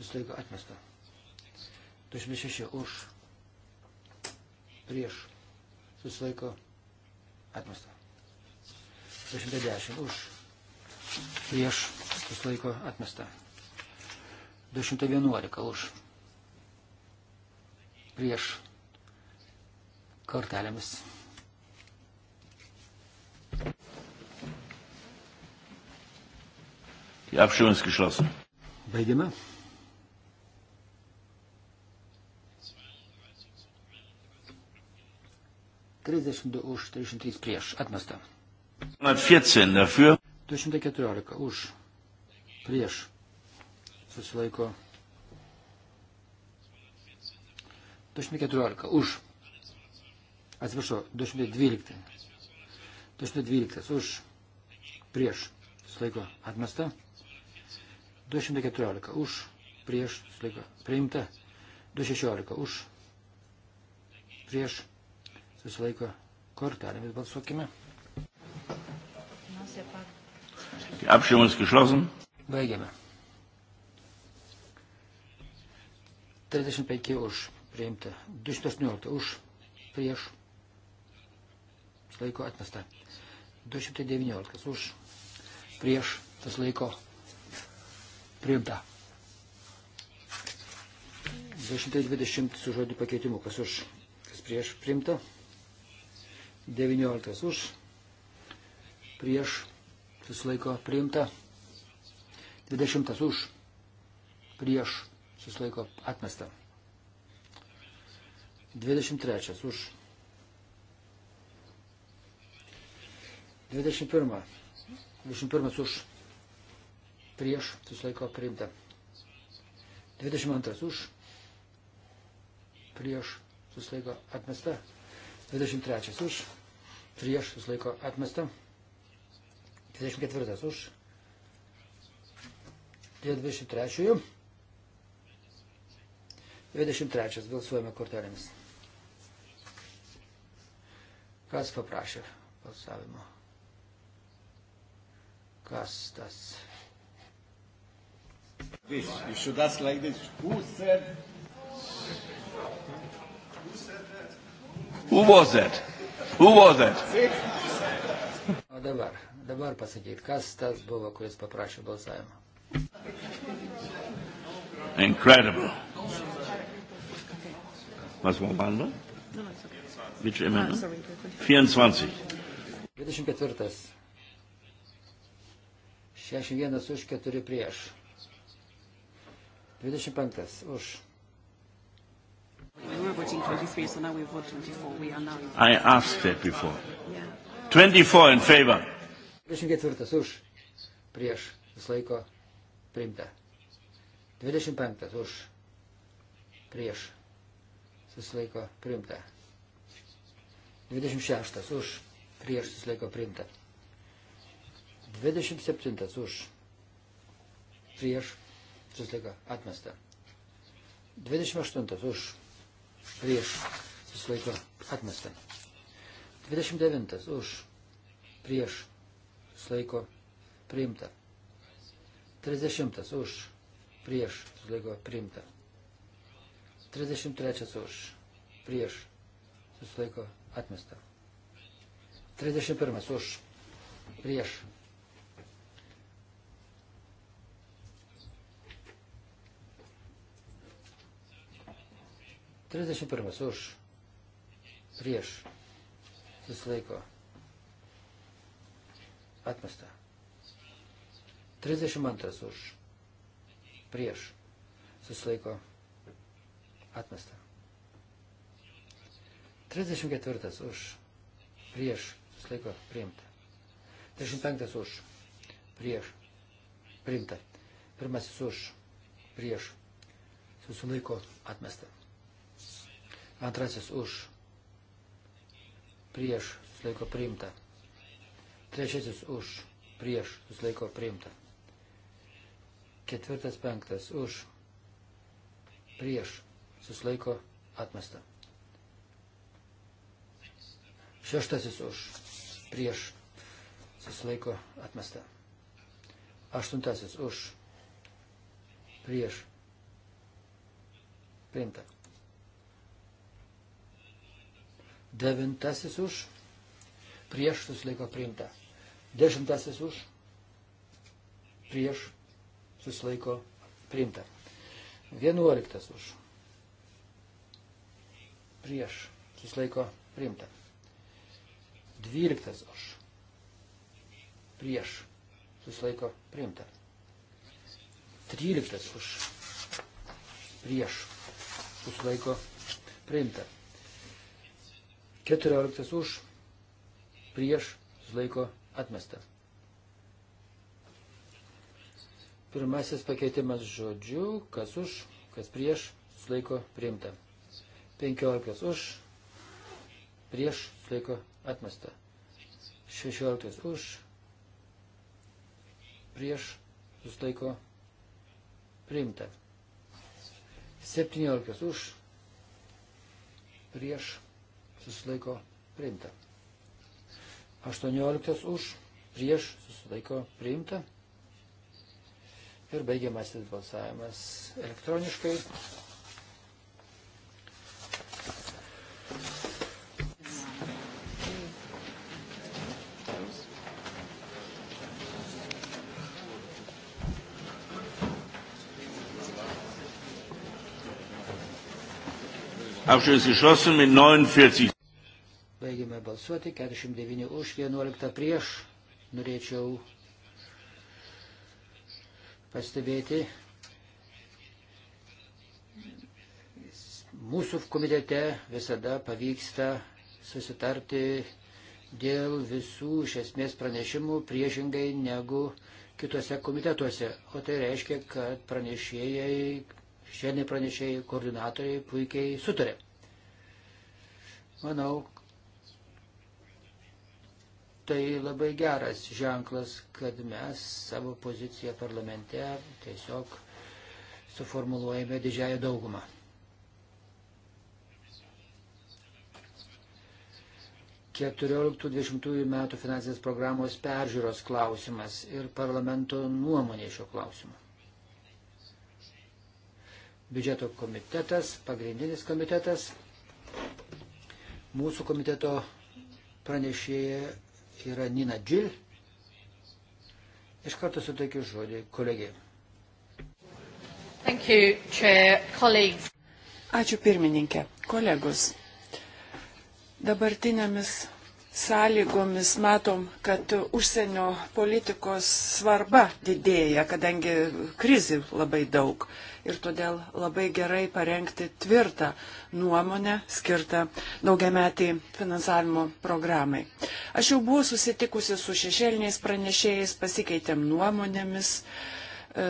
susilaiko atmesta. 206 už, prieš, susilaiko atmesta. 210 už, prieš, susilaiko atmesta. 211 už, prieš, kortelėmis. Die Abstimmung ist geschlossen. Baigiame. Trisdešimt du už, trisdešimt trys prieš. Atmesta. 214 dafür. 214 už. Prieš. Susilaiko. 214 už. Atsiprašau, 212. 212 už. Prieš. Susilaiko. Atmesta. 214 už, prieš, susilaiko, priimta. 216 už, prieš, susilaiko, kortelėmis balsuokime. Apšimas išlausim. Baigiame. 35 už priimta, 218 už prieš, laiko atmesta, 219 už prieš, tas laiko atmesta priimta. 220 su žodžiu pakeitimu, kas už, kas prieš priimta. 19 už, prieš susilaiko priimta. 20 už, prieš susilaiko atmesta. 23 už. 21. 21 už prieš susilaiko priimta. 22 už, prieš susilaiko atmesta. 23 už, prieš susilaiko atmesta. 24 už, prie 23. 23 balsuojame kortelėmis. Kas paprašė balsavimo? Kas tas? This, you should ask like this. Who said? Who said that? Who was that? Who was that? O dabar, dabar pasakyti, kas tas buvo, kuris paprašė balsavimo. Incredible. Was war Banda? No, no, okay. Which amendment? No? 24. 24. 61 už 4 prieš. 25 už. We were voting 23, so now we vote 24. We are now in I asked that before. Yeah. 24 in favor. 24 už. Prieš. Vis laiko priimta. 25 už. Prieš. Susilaiko priimta. 26 už. Prieš susilaiko priimta. 27 už. Prieš susilaiko atmesta. 28 už prieš susilaiko atmesta. 29 už prieš susilaiko priimta. 30 už prieš susilaiko priimta. 33 už prieš susilaiko atmesta. 31 už prieš 31 už. Prieš. Susilaiko. Atmesta. 32 už. Prieš. Susilaiko. Atmesta. 34 už. Prieš. Susilaiko. Priimta. 35 už. Prieš. Priimta. Pirmasis už. Prieš. Susilaiko. Atmesta. Antrasis už. Prieš susilaiko priimta. Trečiasis už. Prieš susilaiko priimta. Ketvirtas penktas už. Prieš susilaiko atmesta. Šeštasis už. Prieš susilaiko atmesta. Aštuntasis už. Prieš. Priimta. Devintasis už. Prieš susilaiko priimta. Dešimtasis už. Prieš susilaiko priimta. Vienuoliktas už. Prieš susilaiko priimta. Dvyliktas už. Prieš susilaiko priimta. Tryliktas už. Prieš susilaiko priimta. 14 už, prieš, susilaiko atmesta. Pirmasis pakeitimas žodžiu, kas už, kas prieš, susilaiko priimta. 15 už, prieš, susilaiko atmesta. 16 už, prieš, susilaiko priimta. 17 už, prieš, susilaiko priimta. 18 už, prieš susilaiko priimta. Ir baigiamasis balsavimas elektroniškai. Abschluss geschlossen mit 49. Baigėme balsuoti. 49 už, 11 prieš. Norėčiau pastebėti. Mūsų komitete visada pavyksta susitarti dėl visų iš esmės pranešimų priešingai negu kitose komitetuose. O tai reiškia, kad pranešėjai, šiandien pranešėjai, koordinatoriai puikiai sutarė. Manau, Tai labai geras ženklas, kad mes savo poziciją parlamente tiesiog suformuluojame didžiąją daugumą. keturioliktų dvidešimtųjų metų finansinės programos peržiūros klausimas ir parlamento nuomonė šio klausimu. Biudžeto komitetas, pagrindinis komitetas, mūsų komiteto pranešėja yra Nina Džil. Iš karto suteikiu žodį kolegijai. Ačiū pirmininkė, kolegos. Dabartinėmis sąlygomis matom, kad užsienio politikos svarba didėja, kadangi krizių labai daug. Ir todėl labai gerai parengti tvirtą nuomonę skirtą daugiametį finansavimo programai. Aš jau buvau susitikusi su šešėliniais pranešėjais, pasikeitėm nuomonėmis. E,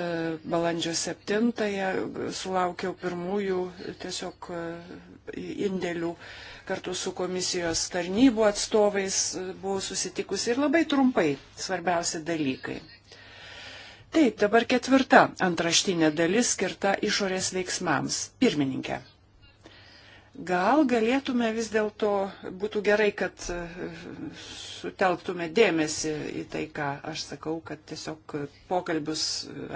balandžio 7 sulaukiau pirmųjų tiesiog e, indėlių kartu su komisijos tarnybų atstovais e, buvau susitikusi ir labai trumpai svarbiausi dalykai. Taip, dabar ketvirta antraštinė dalis skirta išorės veiksmams. Pirmininkė. Gal galėtume vis dėlto, būtų gerai, kad e, sutelktume dėmesį į tai, ką aš sakau, kad tiesiog pokalbius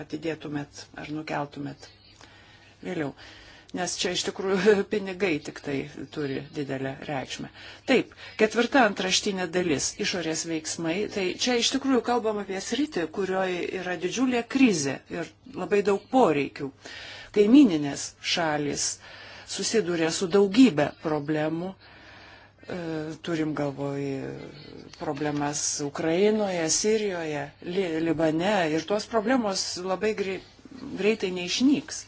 atidėtumėt ar nukeltumėt vėliau nes čia iš tikrųjų *laughs* pinigai tik tai turi didelę reikšmę. Taip, ketvirta antraštinė dalis - išorės veiksmai. Tai čia iš tikrųjų kalbam apie sritį, kurioje yra didžiulė krizė ir labai daug poreikių. Kaimininės šalis susiduria su daugybė problemų. E, turim galvoj problemas Ukrainoje, Sirijoje, Libane ir tos problemos labai greitai neišnyks.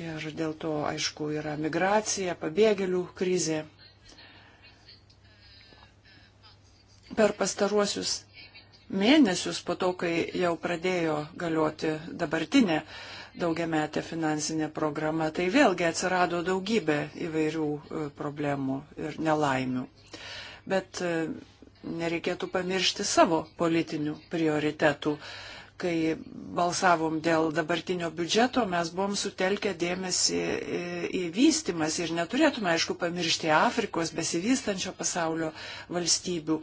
Ir dėl to, aišku, yra migracija, pabėgėlių krizė. Per pastaruosius mėnesius po to, kai jau pradėjo galioti dabartinė daugiametė finansinė programa, tai vėlgi atsirado daugybė įvairių e, problemų ir nelaimių. Bet e, nereikėtų pamiršti savo politinių prioritetų kai balsavom dėl dabartinio biudžeto, mes buvom sutelkę dėmesį e, į vystimas ir neturėtume, aišku, pamiršti Afrikos besivystančio pasaulio valstybių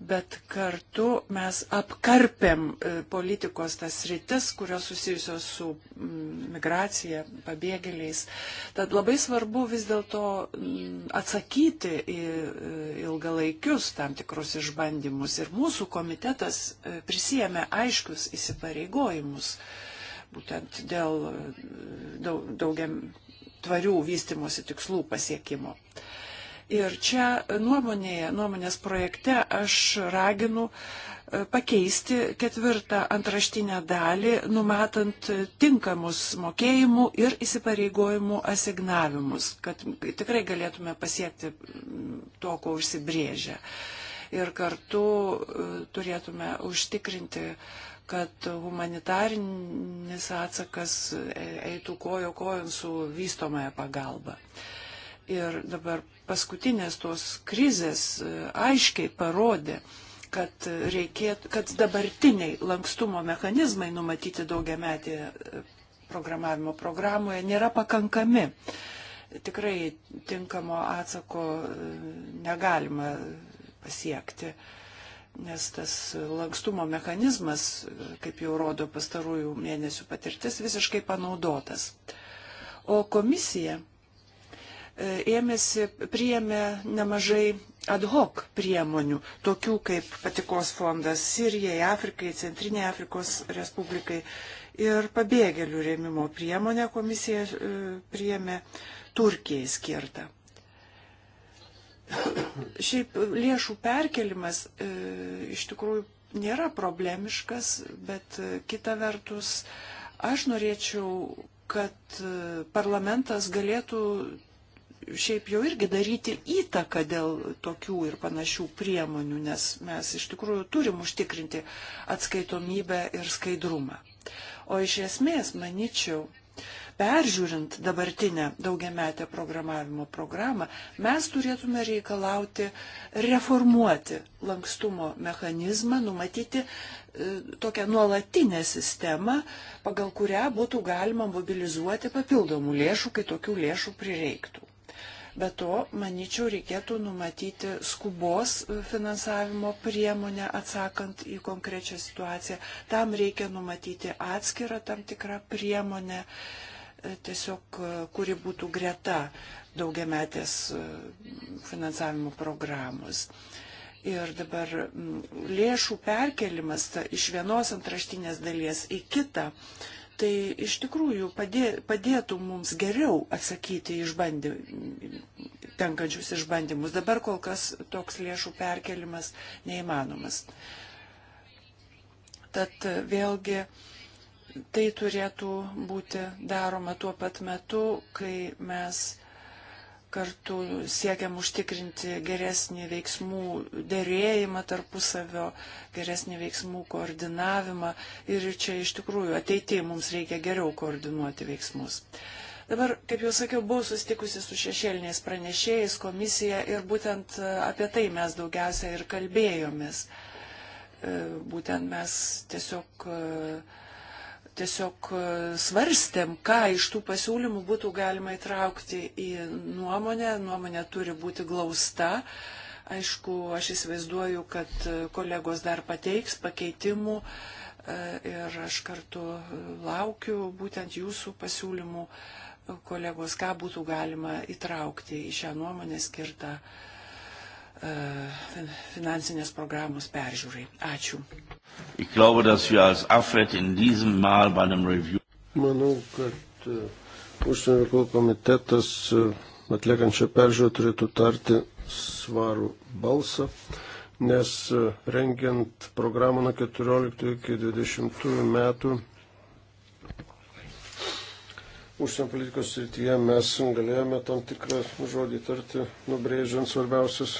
bet kartu mes apkarpėm e, politikos tas rytis, kurios susijusios su mm, migracija, pabėgėliais. Tad labai svarbu vis dėlto mm, atsakyti į e, ilgalaikius tam tikrus išbandymus. Ir mūsų komitetas e, prisėmė aiškius įsipareigojimus būtent dėl daugiam tvarių vystimosi tikslų pasiekimo. Uh, Ir čia nuomonėje, nuomonės projekte aš raginu e, pakeisti ketvirtą antraštinę dalį, numatant tinkamus mokėjimų ir įsipareigojimų asignavimus, kad tikrai galėtume pasiekti to, ko užsibrėžę. Ir kartu e, turėtume užtikrinti, kad humanitarinis atsakas e, eitų kojo kojon su vystomąją pagalbą. Uh, Ir dabar paskutinės tos krizės e, aiškiai parodė, kad, reikėtų, kad dabartiniai lankstumo mechanizmai numatyti daugiametį e, programavimo programoje nėra pakankami. Tikrai tinkamo atsako e, negalima pasiekti, nes tas lankstumo mechanizmas, kaip jau rodo pastarųjų mėnesių patirtis, visiškai panaudotas. O komisija E, ėmėsi, priėmė nemažai ad hoc priemonių, tokių kaip patikos fondas Sirijai, Afrikai, Centrinė Afrikos Respublikai ir pabėgėlių rėmimo priemonę komisija e, priėmė Turkijai skirtą. Šiaip lėšų perkelimas e, iš tikrųjų nėra problemiškas, bet e, kita vertus aš norėčiau, kad e, parlamentas galėtų šiaip jau irgi daryti įtaką dėl tokių ir panašių priemonių, nes mes iš tikrųjų turim užtikrinti atskaitomybę ir skaidrumą. O iš esmės, manyčiau, peržiūrint dabartinę daugiametę programavimo programą, mes turėtume reikalauti reformuoti lankstumo mechanizmą, numatyti e, tokią nuolatinę sistemą, pagal kurią būtų galima mobilizuoti papildomų lėšų, kai tokių lėšų prireiktų. Be to, manyčiau, reikėtų numatyti skubos e, finansavimo priemonę atsakant į konkrečią situaciją. Tam reikia numatyti atskirą tam tikrą priemonę, e, tiesiog e, kuri būtų greta daugiametės finansavimo programos. Ir dabar lėšų perkelimas ta, iš vienos antraštinės dalies į kitą uh, tai iš tikrųjų padė, padėtų mums geriau atsakyti išbandy, tenkančius išbandymus. Dabar kol kas toks lėšų perkelimas neįmanomas. Tad vėlgi tai turėtų būti daroma tuo pat metu, kai mes kartu siekiam užtikrinti geresnį veiksmų dėrėjimą tarpusavio, geresnį veiksmų koordinavimą ir čia iš tikrųjų ateityje mums reikia geriau koordinuoti veiksmus. Dabar, kaip jau sakiau, buvau susitikusi su šešėliniais pranešėjais, komisija ir būtent e, apie tai mes daugiausia ir kalbėjomės. E, būtent mes tiesiog uh, tiesiog e, svarstėm, ką iš tų pasiūlymų būtų galima įtraukti į nuomonę. Nuomonė turi būti glausta. Aišku, aš įsivaizduoju, kad e, kolegos dar pateiks pakeitimų e, ir aš kartu laukiu būtent jūsų pasiūlymų, kolegos, ką būtų galima įtraukti į šią nuomonę skirtą uh, E, finansinės programos peržiūrai. Ačiū. Manau, kad e, užsienio reikalų komitetas e, atliekančią peržiūrą turėtų tarti svarų balsą, nes rengiant programą nuo 14 iki 20 metų užsienio politikos srityje mes galėjome tam tikrą žodį tarti, nubrėžiant svarbiausias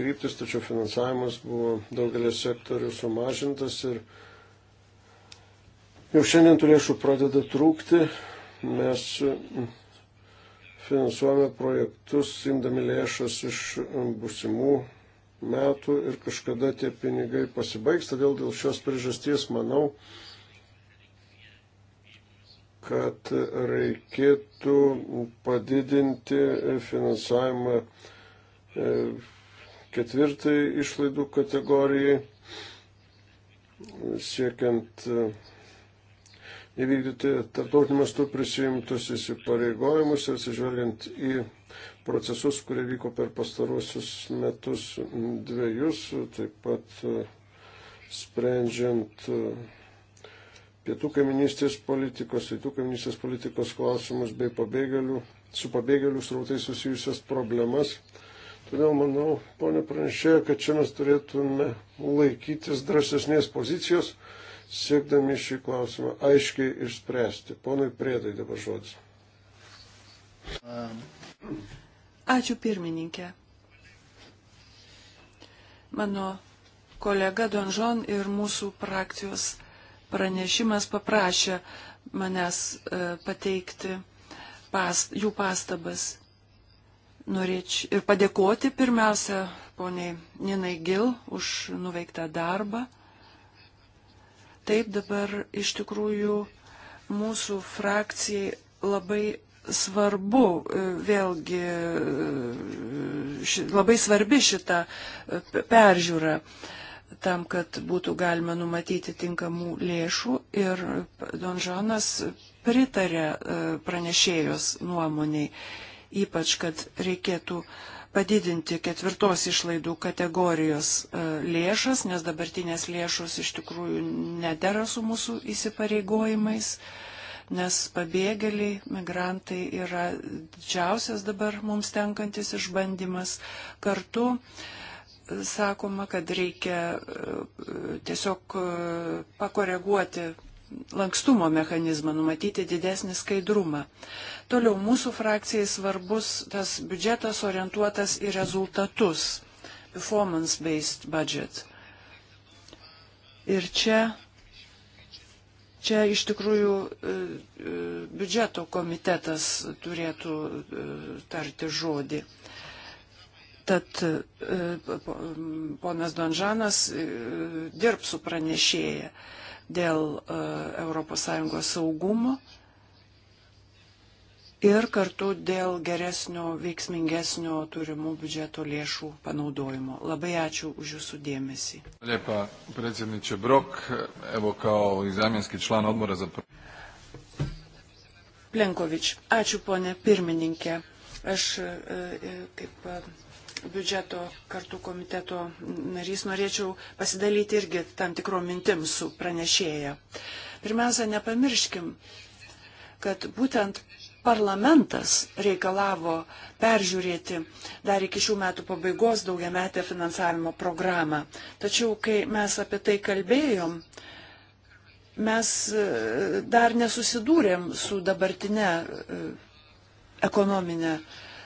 kryptis, tačiau finansavimas buvo daugelis sektorių sumažintas ir jau šiandien tų lėšų pradeda trūkti. Mes finansuojame projektus, imdami lėšas iš busimų metų ir kažkada tie pinigai pasibaigs, todėl dėl šios priežasties manau, kad reikėtų padidinti finansavimą e, ketvirtai išlaidų kategorijai, siekiant e, įvykdyti tarptautiniu mastu prisijimtus įsipareigojimus ir atsižvelgiant į procesus, kurie vyko per pastaruosius metus dviejus, taip pat e, sprendžiant e, pietų kaiminystės politikos, rytų kaiminystės politikos klausimus bei pabėgėlių, su pabėgėlių srautai susijusias problemas. Todėl manau, ponė pranešėja, kad čia mes turėtume laikytis drąsesnės pozicijos, siekdami šį klausimą aiškiai išspręsti. Ponai Priedai dabar žodis. Ačiū pirmininkė. Mano kolega Donžon ir mūsų frakcijos pranešimas paprašė manęs e, pateikti past, jų pastabas norėčiau ir padėkoti pirmiausia poniai Ninai Gil už nuveiktą darbą. Taip dabar iš tikrųjų mūsų frakcijai labai svarbu, e, vėlgi e, ši, labai svarbi šita e, peržiūra tam, kad būtų galima numatyti tinkamų lėšų ir Donžanas pritarė pranešėjos nuomoniai ypač kad reikėtų padidinti ketvirtos išlaidų kategorijos e, lėšas, nes dabartinės lėšos iš tikrųjų nedera su mūsų įsipareigojimais, nes pabėgėliai, migrantai yra didžiausias dabar mums tenkantis išbandymas kartu. E, sakoma, kad reikia e, tiesiog pakoreguoti lankstumo mechanizmą, numatyti didesnį skaidrumą. Toliau mūsų frakcijai svarbus tas biudžetas orientuotas į rezultatus, performance-based budget. Ir čia, čia iš tikrųjų e, e, biudžeto komitetas turėtų e, tarti žodį. Tad ponas Donžanas dirb su pranešėja dėl ES saugumo ir kartu dėl geresnio, veiksmingesnio turimų biudžeto lėšų panaudojimo. Labai ačiū už Jūsų dėmesį. Lijepa, predsjedniče Brok, evo kao i zamjenski član odbora za... Plenkovič, ačiū ponė pirmininkė. Aš e, e, kaip e, biudžeto kartu komiteto narys, norėčiau pasidalyti irgi tam tikrom mintim su pranešėja. Pirmiausia, nepamirškim, kad būtent parlamentas reikalavo peržiūrėti dar iki šių metų pabaigos daugiametę finansavimo programą. Tačiau, kai mes apie tai kalbėjom, mes e, dar nesusidūrėm su dabartinė e, ekonominė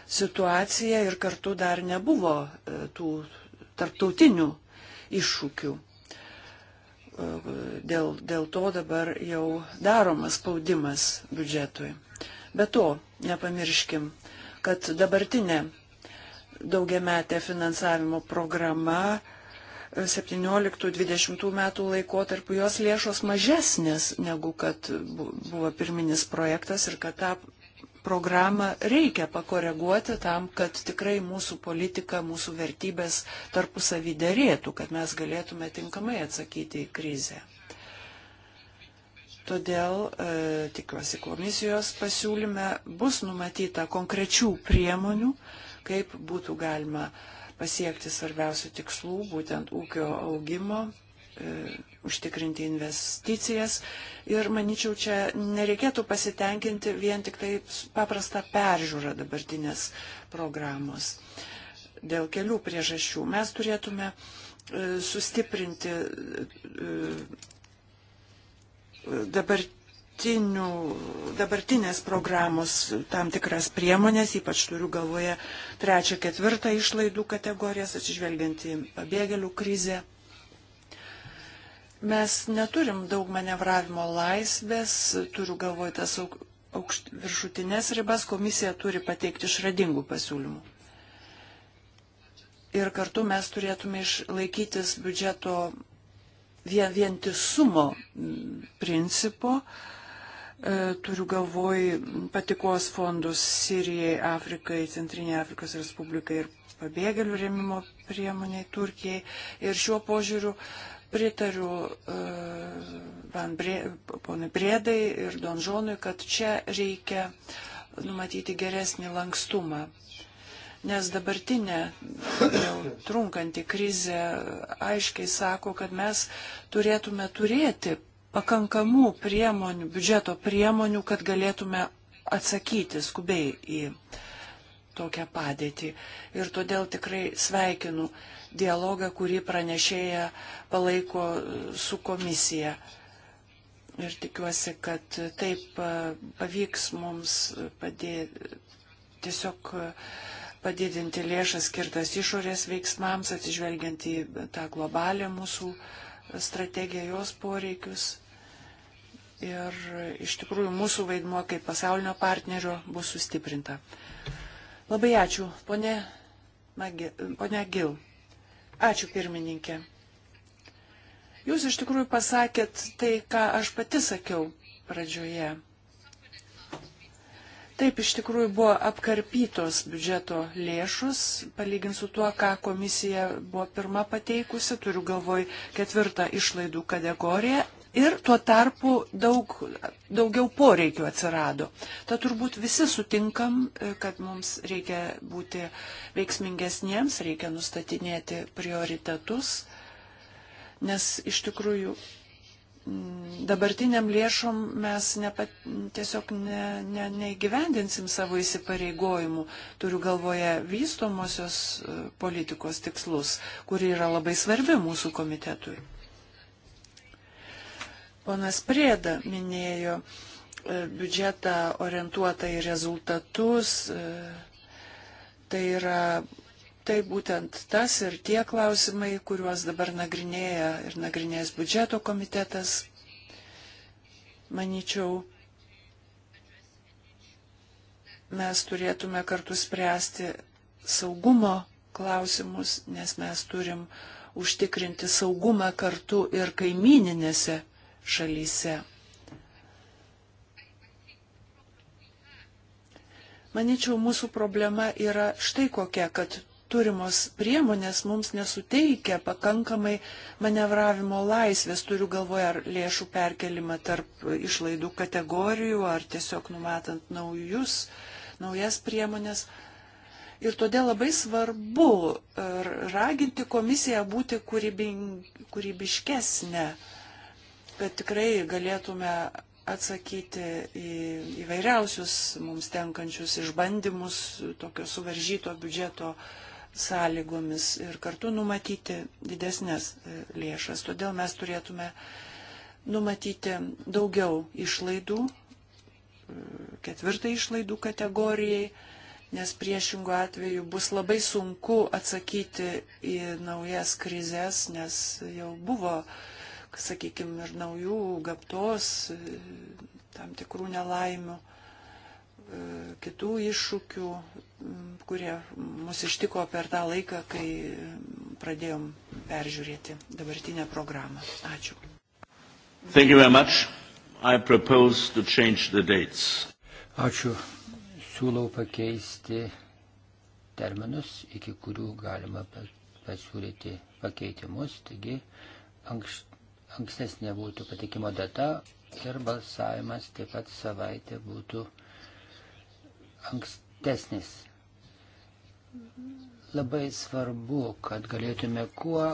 situacija ir kartu dar nebuvo e, tų tarptautinių iššūkių. E, dėl, dėl to dabar jau daromas spaudimas biudžetui. Be to, nepamirškim, kad dabartinė daugiametė finansavimo programa 17-20 e, metų laikotarpiu jos lėšos mažesnės negu kad buvo pirminis projektas ir kad tą programą reikia pakoreguoti tam, kad tikrai mūsų politika, mūsų vertybės tarpusavį dėrėtų, kad mes galėtume tinkamai atsakyti į krizę. Todėl e, tikiuosi komisijos pasiūlyme bus numatyta konkrečių priemonių, kaip būtų galima pasiekti svarbiausių tikslų, būtent ūkio augimo, e, užtikrinti investicijas. Ir manyčiau, čia nereikėtų pasitenkinti vien tik tai paprastą peržiūrą dabartinės programos. Dėl kelių priežasčių mes turėtume e, sustiprinti e, e, dabartinių, dabartinės programos tam tikras priemonės, ypač turiu galvoje trečią, ketvirtą išlaidų kategorijas, atsižvelgiant į pabėgėlių krizę Mes neturim daug manevravimo laisvės, turiu galvoje tas aukšt, viršutinės ribas, komisija turi pateikti išradingų pasiūlymų. Ir kartu mes turėtume išlaikytis biudžeto vien, vientisumo mm, principo, e, turiu galvoj patikos fondus Sirijai, Afrikai, Centrinė Afrikos Respublikai ir pabėgėlių rėmimo priemoniai Turkijai. Ir šiuo požiūriu uh, pritariu uh, ponui Briedai ir Donžonui, kad čia reikia numatyti geresnį lankstumą. Nes dabartinė jau trunkanti krizė aiškiai sako, kad mes turėtume turėti pakankamų priemonių, biudžeto priemonių, kad galėtume atsakyti skubiai į tokią padėtį. Ir todėl tikrai sveikinu uh, dialogą, kurį pranešėja palaiko su komisija. Ir tikiuosi, kad taip e, pavyks mums padė, tiesiog e, padidinti lėšas skirtas išorės veiksmams, atsižvelgiant į tą globalę mūsų strategiją, jos poreikius. Ir e, iš tikrųjų mūsų vaidmuo kaip pasaulinio partnerio bus sustiprinta. Labai ačiū, ponė, ponė Gil. Ačiū pirmininkė. Jūs iš tikrųjų pasakėt tai, ką aš pati sakiau pradžioje. Taip, iš tikrųjų buvo apkarpytos biudžeto lėšus, palygint su tuo, ką komisija buvo pirma pateikusi, turiu galvoj ketvirtą išlaidų kategoriją ir tuo tarpu daug, daugiau poreikių atsirado. Tad turbūt visi sutinkam, e, kad mums reikia būti veiksmingesniems, reikia nustatinėti prioritetus, nes iš tikrųjų dabartiniam lėšom mes nepa, tiesiog ne, ne, neįgyvendinsim savo įsipareigojimų. Turiu galvoje vystomosios e, politikos tikslus, kuri yra labai svarbi mūsų komitetui. Ponas Prieda minėjo e, biudžetą orientuotą į rezultatus. E, tai yra Tai būtent tas ir tie klausimai, kuriuos dabar nagrinėja ir nagrinės biudžeto komitetas, manyčiau, mes turėtume kartu spręsti saugumo klausimus, nes mes turim užtikrinti saugumą kartu ir kaimininėse šalyse. Maničiau, mūsų problema yra štai kokia, kad turimos priemonės mums nesuteikia pakankamai manevravimo laisvės, turiu galvoje ar lėšų perkelimą tarp išlaidų kategorijų, ar tiesiog numatant naujus, naujas priemonės. Ir todėl labai svarbu e, raginti komisiją būti kūrybing, kūrybiškesnė. Kūrybing, kad tikrai galėtume atsakyti į įvairiausius mums tenkančius išbandymus tokio suvaržyto biudžeto sąlygomis ir kartu numatyti didesnės e, lėšas. Todėl mes turėtume numatyti daugiau išlaidų, e, ketvirtai išlaidų kategorijai, nes priešingų atveju bus labai sunku atsakyti į naujas krizės, nes jau buvo uh, sakykime, ir naujų gamtos, tam tikrų nelaimių, e, kitų iššūkių, kurie mus ištiko per tą laiką, kai pradėjom peržiūrėti dabartinę programą. Ačiū. Thank you very much. I propose to change the dates. Ačiū. Siūlau pakeisti terminus, iki kurių galima pasiūlyti pakeitimus. Taigi, anks, ankstesnė būtų patikimo data ir balsavimas taip pat savaitė būtų ankstesnis. Labai svarbu, kad galėtume kuo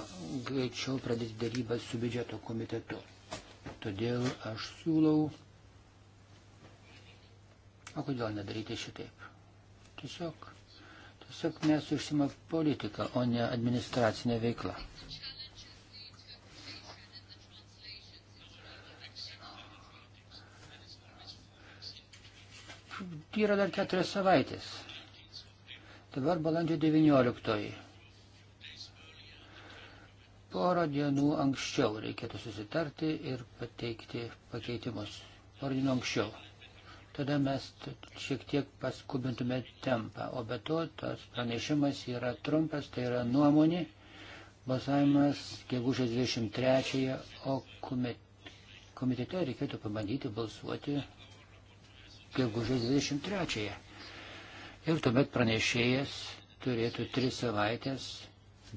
greičiau pradėti darybą su biudžeto komitetu. Todėl aš siūlau, o kodėl nedaryti šitaip? Tiesiog, tiesiog mes užsima politiką, o ne administracinę veiklą. Yra dar keturias savaitės. Dabar balandžio 19. Porą dienų anksčiau reikėtų susitarti ir pateikti pakeitimus. Porą dienų anksčiau. Tada mes šiek tiek paskubintume tempą. O be to, tas pranešimas yra trumpas, tai yra nuomonė. Balsavimas gegužės 23, o komitete reikėtų pabandyti balsuoti gegužės 23-ąją. Ir tuomet pranešėjas turėtų tris savaitės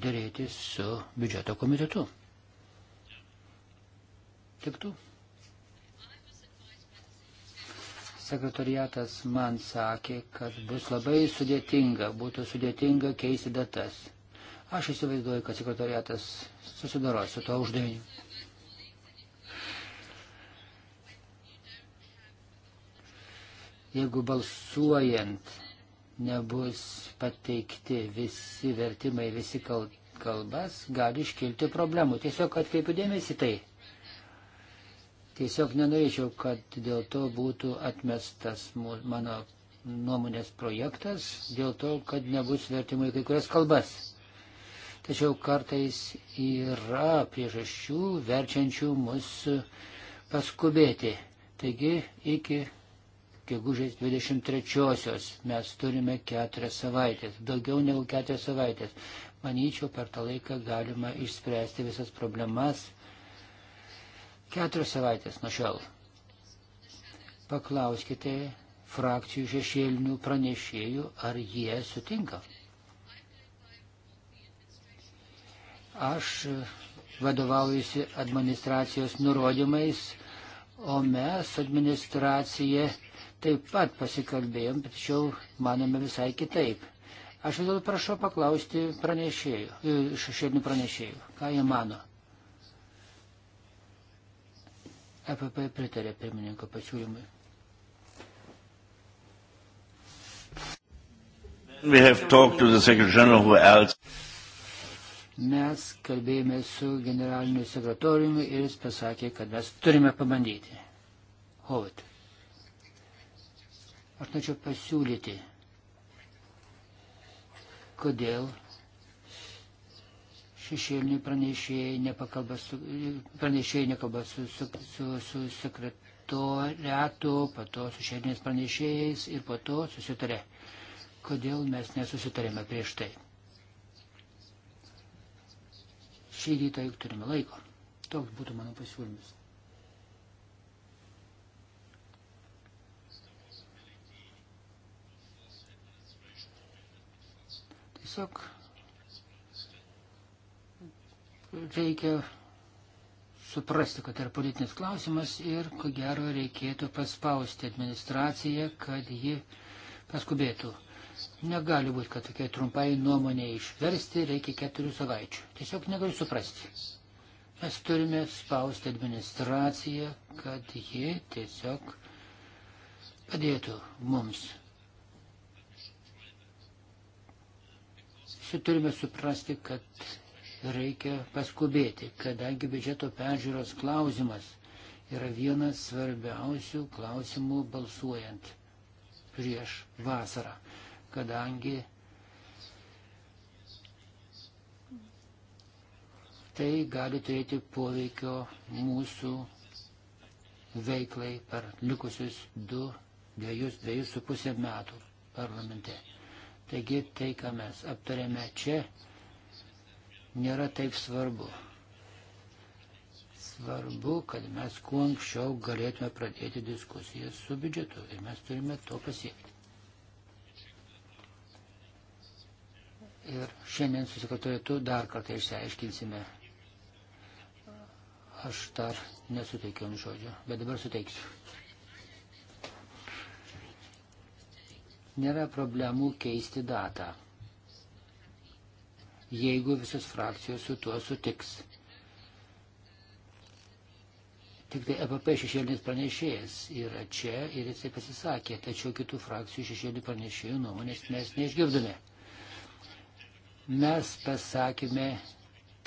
dėrėtis su biudžeto komitetu. Tik tu. Sekretariatas man sakė, kad bus labai sudėtinga, būtų sudėtinga keisti datas. Aš įsivaizduoju, kad sekretariatas susidaro su to uždaviniu. Jeigu balsuojant nebus pateikti visi vertimai, visi kalbas, gali iškilti problemų. Tiesiog atkreipiu dėmesį tai. Tiesiog nenorėčiau, kad dėl to būtų atmestas mano nuomonės projektas, dėl to, kad nebus vertimai kai kurias kalbas. Tačiau kartais yra priežasčių verčiančių mus paskubėti. Taigi iki gegužės 23-osios. Mes turime keturias savaitės, daugiau negu keturias savaitės. Manyčiau, per tą laiką galima išspręsti visas problemas. Keturias savaitės nuo šiol. Paklauskite frakcijų šešėlinių pranešėjų, ar jie sutinka. Aš vadovaujusi administracijos nurodymais, o mes administraciją taip pat pasikalbėjom, tačiau manome visai kitaip. Aš vis dėlto prašau paklausti pranešėjų, e, šešėlinių pranešėjų, ką jie mano. EPP pritarė pirmininko pasiūlymui. Mes kalbėjome su generaliniu sekretoriumi ir jis pasakė, kad mes turime pabandyti. Hovitai. Aš norėčiau pasiūlyti, kodėl šešėliniai pranešėjai nepakalba su, pranešėjai nekalba su, su, su, su sekretoriatu, po to su šešėliniais pranešėjais ir po to susitarė. Kodėl mes nesusitarėme prieš tai? Šį rytą juk turime laiko. Toks būtų mano pasiūlymas. Tiesiog reikia suprasti, kad tai yra politinis klausimas ir ko gero reikėtų paspausti administraciją, kad ji paskubėtų. Negali būti, kad tokiai trumpai nuomonė išversti reikia keturių savaičių. Tiesiog negaliu suprasti. Mes turime spausti administraciją, kad ji tiesiog padėtų mums Čia turime suprasti, kad reikia paskubėti, kadangi biudžeto peržiūros klausimas yra vienas svarbiausių klausimų balsuojant prieš vasarą, kadangi tai gali turėti poveikio mūsų veiklai per likusius du, dviejus, dviejus su pusę metų parlamente. Taigi tai, ką mes aptarėme čia, nėra taip svarbu. Svarbu, kad mes kuo anksčiau galėtume pradėti diskusijas su biudžetu ir mes turime to pasiekti. Ir šiandien su sekretorietu dar kartą išsiaiškinsime. Aš dar nesuteikiau žodžio, bet dabar suteiksiu. nėra problemų keisti datą, jeigu visos frakcijos su tuo sutiks. Tik tai EPP šešėlinis pranešėjas yra čia ir jisai pasisakė, tačiau kitų frakcijų šešėlinių pranešėjų nuomonės mes neišgirdome. Mes pasakėme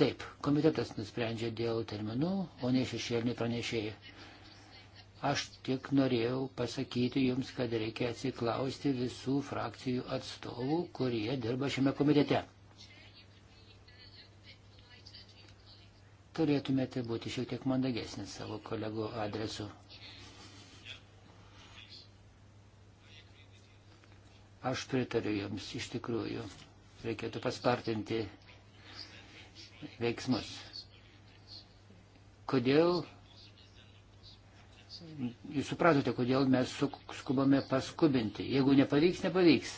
taip, komitetas nusprendžia dėl terminų, o ne šešėliniai pranešėjai. Aš tik norėjau pasakyti jums, kad reikia atsiklausti visų frakcijų atstovų, kurie dirba šiame komitete. Turėtumėte būti šiek tiek mandagesnis savo kolegų adresu. Aš pritariu jums, iš tikrųjų. Reikėtų paspartinti veiksmus. Kodėl jūs supratote, kodėl mes skubame paskubinti. Jeigu nepavyks, nepavyks.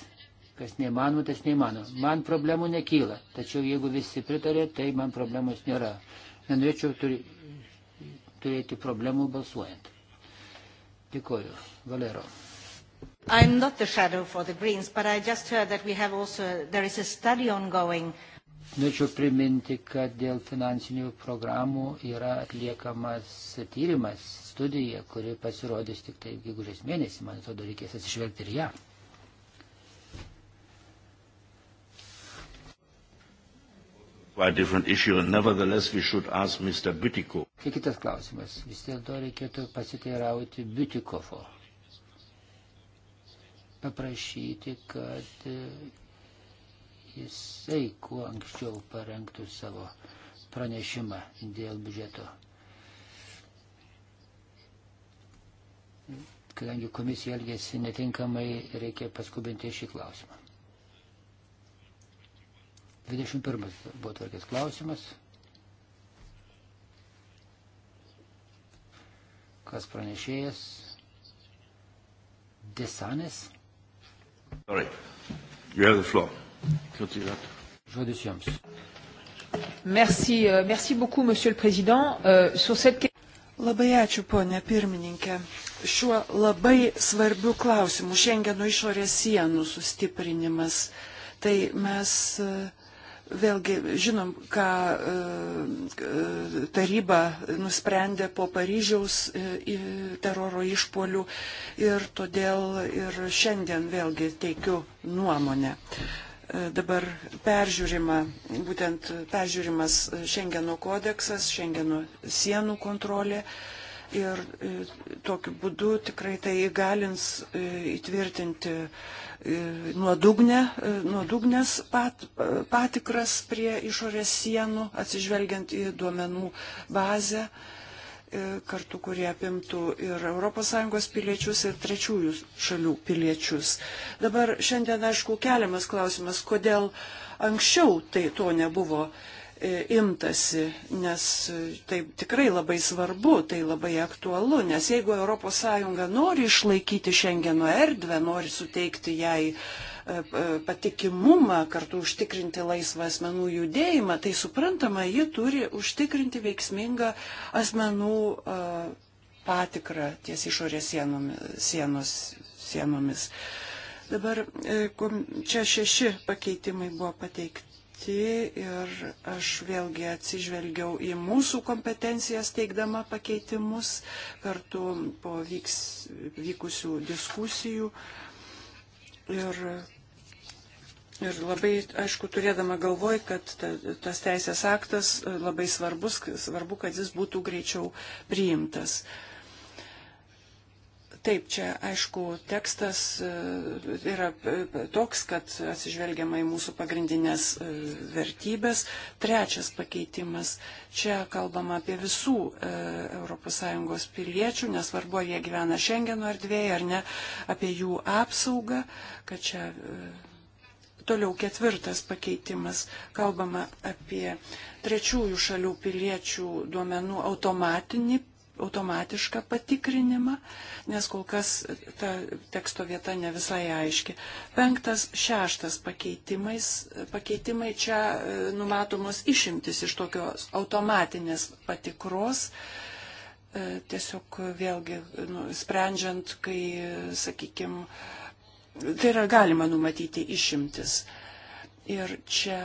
Kas neįmanoma, tas neįmanoma. Man problemų nekyla. Tačiau jeigu visi pritarė, tai man problemos nėra. Nenorėčiau turi, turėti problemų balsuojant. Dėkoju. Valero. I'm not the shadow for the Greens, but I just heard that we have also, there is a study ongoing Norėčiau priminti, kad dėl finansinių programų yra atliekamas tyrimas, studija, kuri pasirodys tik tai gegužės mėnesį, man atrodo, reikės atsižvelgti ir ją. Tai kitas klausimas. Vis dėlto reikėtų pasiteirauti Butikovo. Paprašyti, kad jisai kuo anksčiau parengtų savo pranešimą dėl biudžeto. Kadangi komisija elgėsi netinkamai, reikia paskubinti šį klausimą. 21 buvo tvarkės klausimas. Kas pranešėjas? Desanes. Sorry. You have the floor. Žodis jums. Merci, euh, merci beaucoup, monsieur le président. Euh, sur cette... Labai ačiū, ponė pirmininkė. Šiuo labai svarbiu klausimu, šiandieno išorės sienų sustiprinimas, tai mes e, vėlgi žinom, ką e, e, taryba nusprendė po Paryžiaus teroro išpolių ir todėl ir šiandien vėlgi teikiu nuomonę. E, dabar peržiūrima, būtent peržiūrimas Šengeno kodeksas, Šengeno sienų kontrolė ir e, tokiu būdu tikrai tai įgalins e, įtvirtinti nuodugnę, nuodugnes pat, patikras prie išorės sienų, atsižvelgiant į duomenų bazę. E, kartu, kurie apimtų ir ES piliečius, ir trečiųjų šalių piliečius. Dabar šiandien, aišku, keliamas klausimas, kodėl anksčiau tai to nebuvo e, imtasi, nes e, tai tikrai labai svarbu, tai labai aktualu, nes jeigu ES nori išlaikyti Šengeno erdvę, nori suteikti jai patikimumą, kartu užtikrinti laisvą asmenų judėjimą, tai suprantama, ji turi užtikrinti veiksmingą asmenų patikrą ties išorės sienomis. Sienos, sienomis. Dabar e, čia šeši pakeitimai buvo pateikti pati ir aš vėlgi atsižvelgiau į mūsų kompetencijas teikdama pakeitimus kartu po vyks, vykusių diskusijų. Ir Ir labai, aišku, turėdama galvoj, kad ta, tas teisės aktas e, labai svarbus, svarbu, kad jis būtų greičiau priimtas. Taip, čia aišku, tekstas e, yra e, toks, kad atsižvelgiama į mūsų pagrindinės vertybės. Trečias pakeitimas. Čia kalbama apie visų ES piliečių, nesvarbu, ar jie gyvena Šengeno erdvėje ar ne, apie jų apsaugą, kad čia Toliau ketvirtas pakeitimas. Kalbama apie trečiųjų šalių piliečių duomenų automatinį automatišką patikrinimą, nes kol kas ta teksto vieta ne visai aiški. Penktas, šeštas pakeitimai čia e, numatomos išimtis iš tokios automatinės patikros e, tiesiog vėlgi nu, sprendžiant, kai, sakykime, tai yra galima numatyti išimtis. Ir čia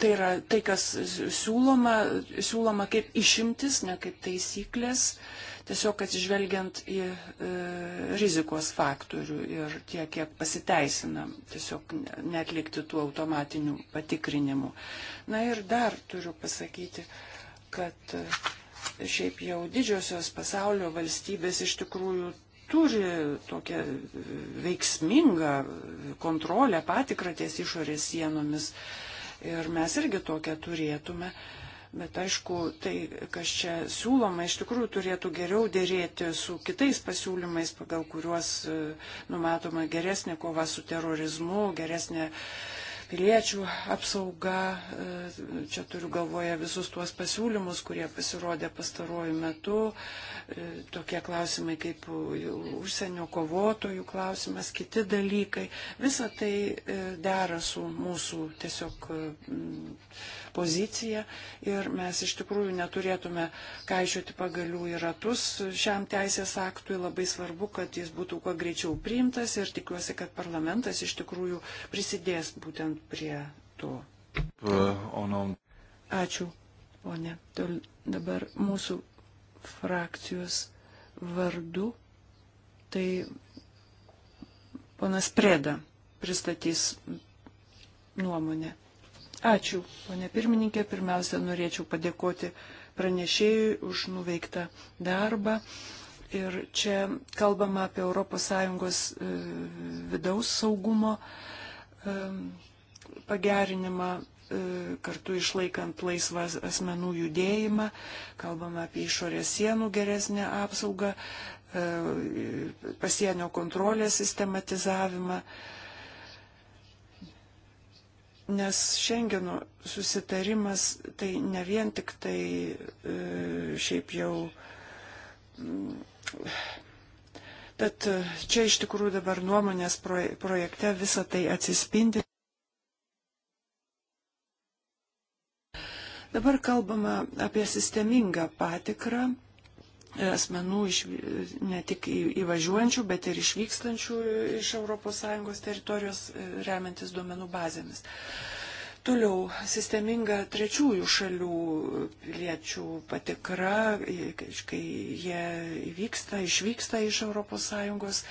tai yra tai, kas siūloma, siūloma kaip išimtis, ne kaip taisyklės, tiesiog atsižvelgiant į e, rizikos faktorių ir tiek, kiek pasiteisina tiesiog netlikti tų automatinių patikrinimų. Na ir dar turiu pasakyti, kad e, šiaip jau didžiosios pasaulio valstybės iš tikrųjų turi tokią veiksmingą kontrolę, patikrą ties išorės sienomis. Ir mes irgi tokią turėtume. Bet aišku, tai, kas čia siūloma, iš tikrųjų turėtų geriau dėrėti su kitais pasiūlymais, pagal kuriuos e, numatoma geresnė kova su terorizmu, geresnė uh, piliečių apsauga, e, čia turiu galvoje visus tuos pasiūlymus, kurie pasirodė pastaruoju metu, e, tokie klausimai kaip užsienio kovotojų klausimas, kiti dalykai, visa tai e, dera su mūsų tiesiog poziciją ir mes iš tikrųjų neturėtume kaišiuoti pagalių į ratus šiam teisės aktui. Labai svarbu, kad jis būtų kuo greičiau priimtas ir tikiuosi, kad parlamentas iš tikrųjų prisidės būtent prie to. Ačiū, ponė. Dabar mūsų frakcijos vardu. Tai ponas Preda pristatys nuomonę. Ačiū, ponė pirmininkė. Pirmiausia, norėčiau padėkoti pranešėjui už nuveiktą darbą. Ir čia kalbama apie ES e, vidaus saugumo e, pagerinimą e, kartu išlaikant laisvą asmenų judėjimą, kalbame apie išorės sienų geresnę apsaugą, pasienio kontrolės sistematizavimą, Nes Šengeno susitarimas tai ne vien tik tai e, šiaip jau. Mm, Tad e, čia iš tikrųjų dabar nuomonės projekte visą tai atsispindi. Dabar kalbama apie sistemingą patikrą E, asmenų iš, e, ne tik įvažiuojančių, bet ir išvykstančių iš ES teritorijos e, remiantis duomenų bazėmis. Toliau sisteminga trečiųjų šalių piliečių patikra, kai jie įvyksta, išvyksta iš ES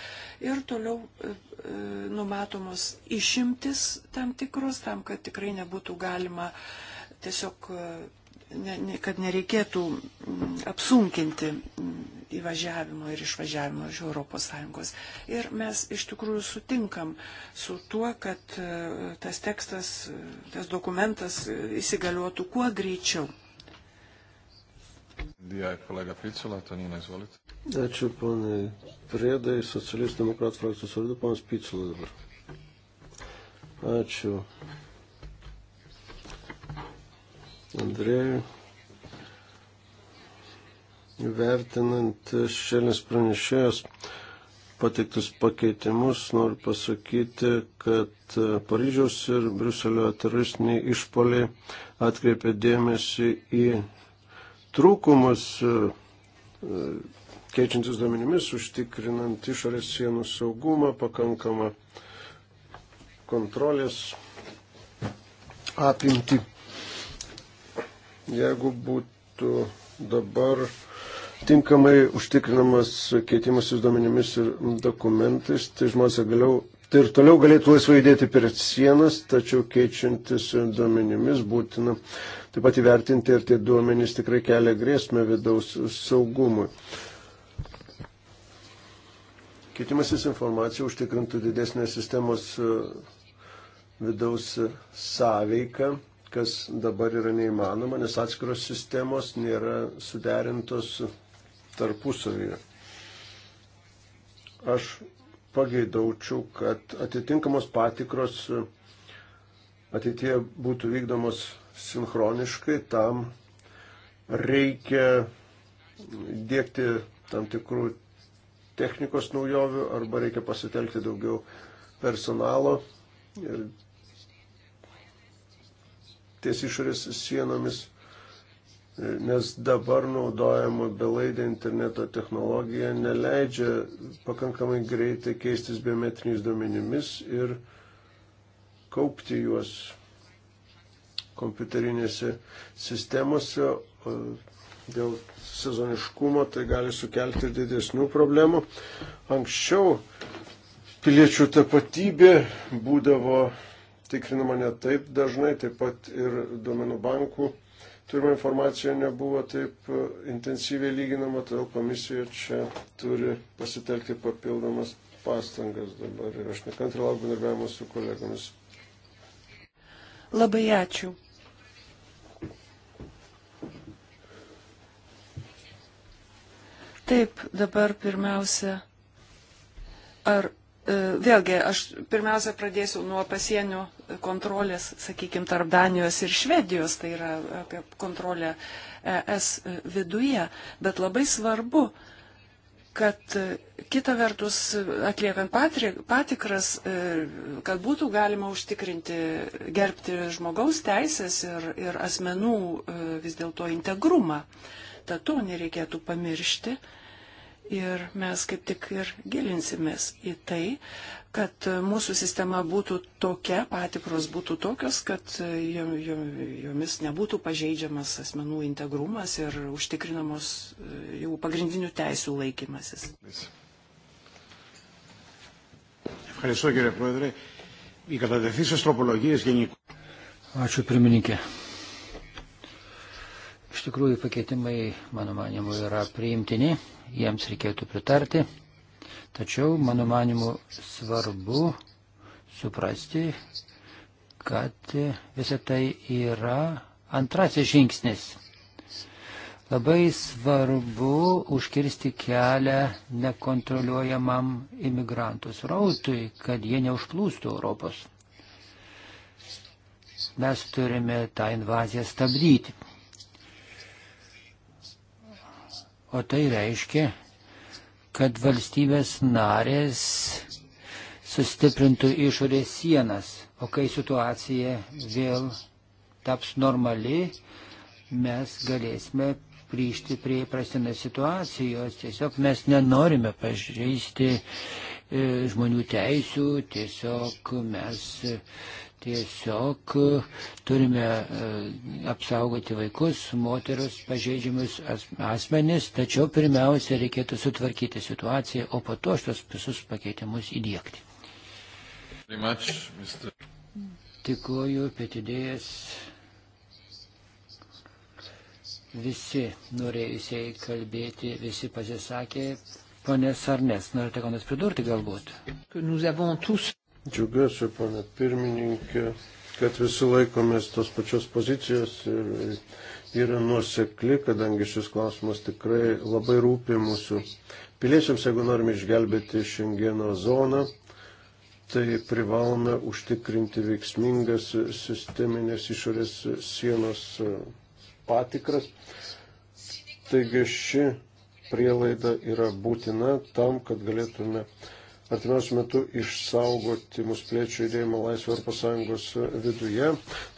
ir toliau e, numatomos išimtis tam tikros, tam, kad tikrai nebūtų galima tiesiog ne, ne, kad nereikėtų mm, apsunkinti mm, įvažiavimo ir išvažiavimo iš ES. Ir mes iš tikrųjų sutinkam su tuo, kad e, tas tekstas, e, tas dokumentas įsigaliuotų kuo greičiau. Dija, kolega Picula, Tonina, izvolite. Ačiū, ponai Priedai, socialistų demokratų frakcijos vardu, ponas Picula dabar. Ačiū. Andrėjui. Vertinant šiandienis pranešėjas pateiktus pakeitimus, noriu pasakyti, kad Paryžiaus ir Bruselio teroristiniai išpoliai atkreipė dėmesį į trūkumus keičiantis duomenimis, užtikrinant išorės sienų saugumą, pakankamą kontrolės apimti. Jeigu būtų dabar tinkamai užtikrinamas keitimasis duomenimis ir dokumentais, tai žmonės galiau, tai ir toliau galėtų laisvai judėti per sienas, tačiau keičiantis duomenimis būtina taip pat įvertinti, ar tie duomenys tikrai kelia grėsmę vidaus saugumui. Keitimasis informacija užtikrintų didesnę sistemos vidaus sąveiką kas dabar yra neįmanoma, nes atskiros sistemos nėra suderintos tarpusavyje. Aš pageidaučiau, kad atitinkamos patikros ateitie būtų vykdomos sinchroniškai, tam reikia dėkti tam tikrų technikos naujovių arba reikia pasitelkti daugiau personalo ir ties išorės sienomis, e, nes dabar naudojama belaidė interneto technologija neleidžia pakankamai greitai keistis biometriniais duomenimis ir kaupti juos kompiuterinėse sistemose. Dėl sezoniškumo tai gali sukelti ir didesnių problemų. Anksčiau piliečių tapatybė būdavo tikrinama ne taip dažnai, taip pat ir duomenų bankų turima informacija nebuvo taip e, intensyviai lyginama, todėl komisija čia turi pasitelkti papildomas pastangas dabar ir aš nekantriai laukiu bendradarbiavimo su kolegomis. Labai ačiū. Taip, dabar pirmiausia, ar E, vėlgi, aš pirmiausia pradėsiu nuo pasienio kontrolės, sakykime, tarp Danijos ir Švedijos, tai yra apie kontrolę ES viduje, bet labai svarbu, kad e, kita vertus, atliekant patikras, e, kad būtų galima užtikrinti, gerbti žmogaus teisės ir, ir asmenų vis dėlto integrumą. Tad to nereikėtų pamiršti. Ir mes kaip tik ir gilinsimės į tai, kad mūsų sistema būtų tokia, patikros būtų tokios, kad jomis nebūtų pažeidžiamas asmenų integrumas ir užtikrinamos e, jų pagrindinių teisų laikymasis. Ačiū pirmininkė. Iš tikrųjų pakeitimai, mano manimu, yra priimtini jiems reikėtų pritarti. Tačiau, mano manimu, svarbu suprasti, kad visa tai yra antrasis žingsnis. Labai svarbu užkirsti kelią nekontroliuojamam imigrantų srautui, kad jie neužplūstų Europos. Mes turime tą invaziją stabdyti. O tai reiškia, kad valstybės narės sustiprintų išorės sienas. O kai situacija vėl taps normali, mes galėsime grįžti prie įprastinos situacijos. Tiesiog mes nenorime pažeisti E, žmonių teisių, tiesiog mes e, tiesiog e, turime apsaugoti vaikus, moterus, pažeidžiamus asmenis, tačiau pirmiausia reikėtų sutvarkyti situaciją, o po to šios visus pakeitimus įdėkti. Tikuoju, petidėjas visi norėjusiai kalbėti, visi pasisakė, Pone Sarnes, norite ką nors pridurti galbūt? Džiugiuosi, pane pirmininkė, kad visi laikomės tos pačios pozicijos ir yra nuosekli, kadangi šis klausimas tikrai labai rūpi mūsų piliečiams, jeigu norime išgelbėti Šengeno zoną tai privalome užtikrinti veiksmingas sisteminės išorės sienos patikras. Taigi ši prielaida yra būtina tam, kad galėtume artimiausiu metu išsaugoti mūsų plėčių judėjimo laisvę Europos Sąjungos viduje.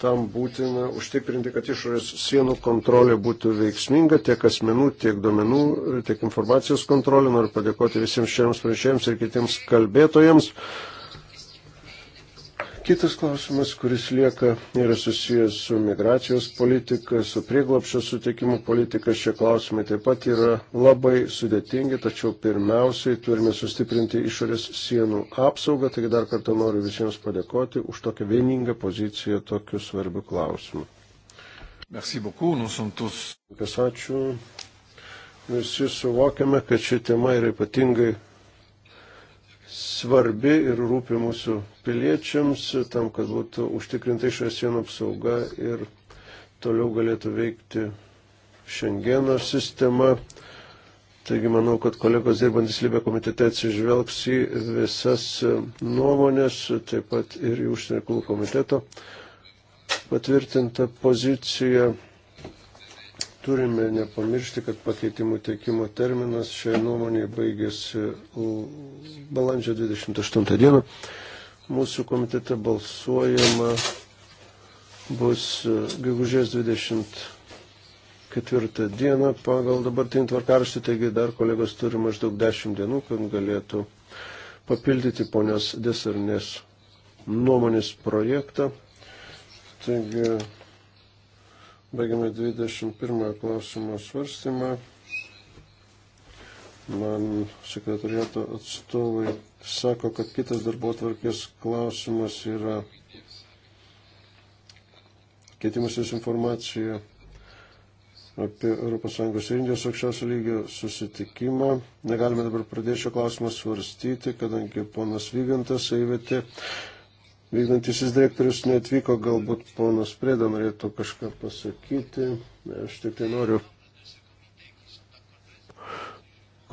Tam būtina užtikrinti, kad išorės sienų kontrolė būtų veiksminga tiek asmenų, tiek domenų, tiek informacijos kontrolė. Noriu padėkoti visiems šiems pranešėjams ir kitiems kalbėtojams. Kitas klausimas, kuris lieka, yra susijęs su migracijos politika, su prieglopšio suteikimo politika. Šie klausimai taip pat yra labai sudėtingi, tačiau pirmiausiai turime sustiprinti išorės sienų apsaugą. Taigi dar kartą noriu visiems padėkoti už tokią vieningą poziciją tokiu svarbiu klausimu. Merci beaucoup, nous sommes tous. Kas ačiū. Visi suvokiame, kad ši tema yra ypatingai svarbi ir rūpi mūsų piliečiams, tam, kad būtų užtikrinta išorės sienų apsauga ir toliau galėtų veikti Šengeno sistema. Taigi manau, kad kolegos dirbantis Libė komitete atsižvelgs į visas nuomonės, taip pat ir į užsienio reikalų komiteto patvirtintą poziciją turime nepamiršti, kad pakeitimų teikimo terminas šiai nuomonėje baigėsi balandžio 28 dieną. Mūsų komitete balsuojama bus e, gegužės 24 dieną pagal dabartinį tvarkarštį, taigi dar kolegos turi maždaug 10 dienų, kad galėtų papildyti ponios desarnės nuomonės projektą. Taigi Baigiame 21 klausimo svarstymą. Man sekretariato atstovai sako, kad kitas darbo tvarkės klausimas yra keitimasis informacija apie ES ir Indijos aukščiausio lygio susitikimą. Negalime dabar pradėti šio klausimo svarstyti, kadangi ponas Vygantas įvietė Vykdantisis direktorius netvyko, galbūt ponas Prėda norėtų kažką pasakyti. Aš tik tai noriu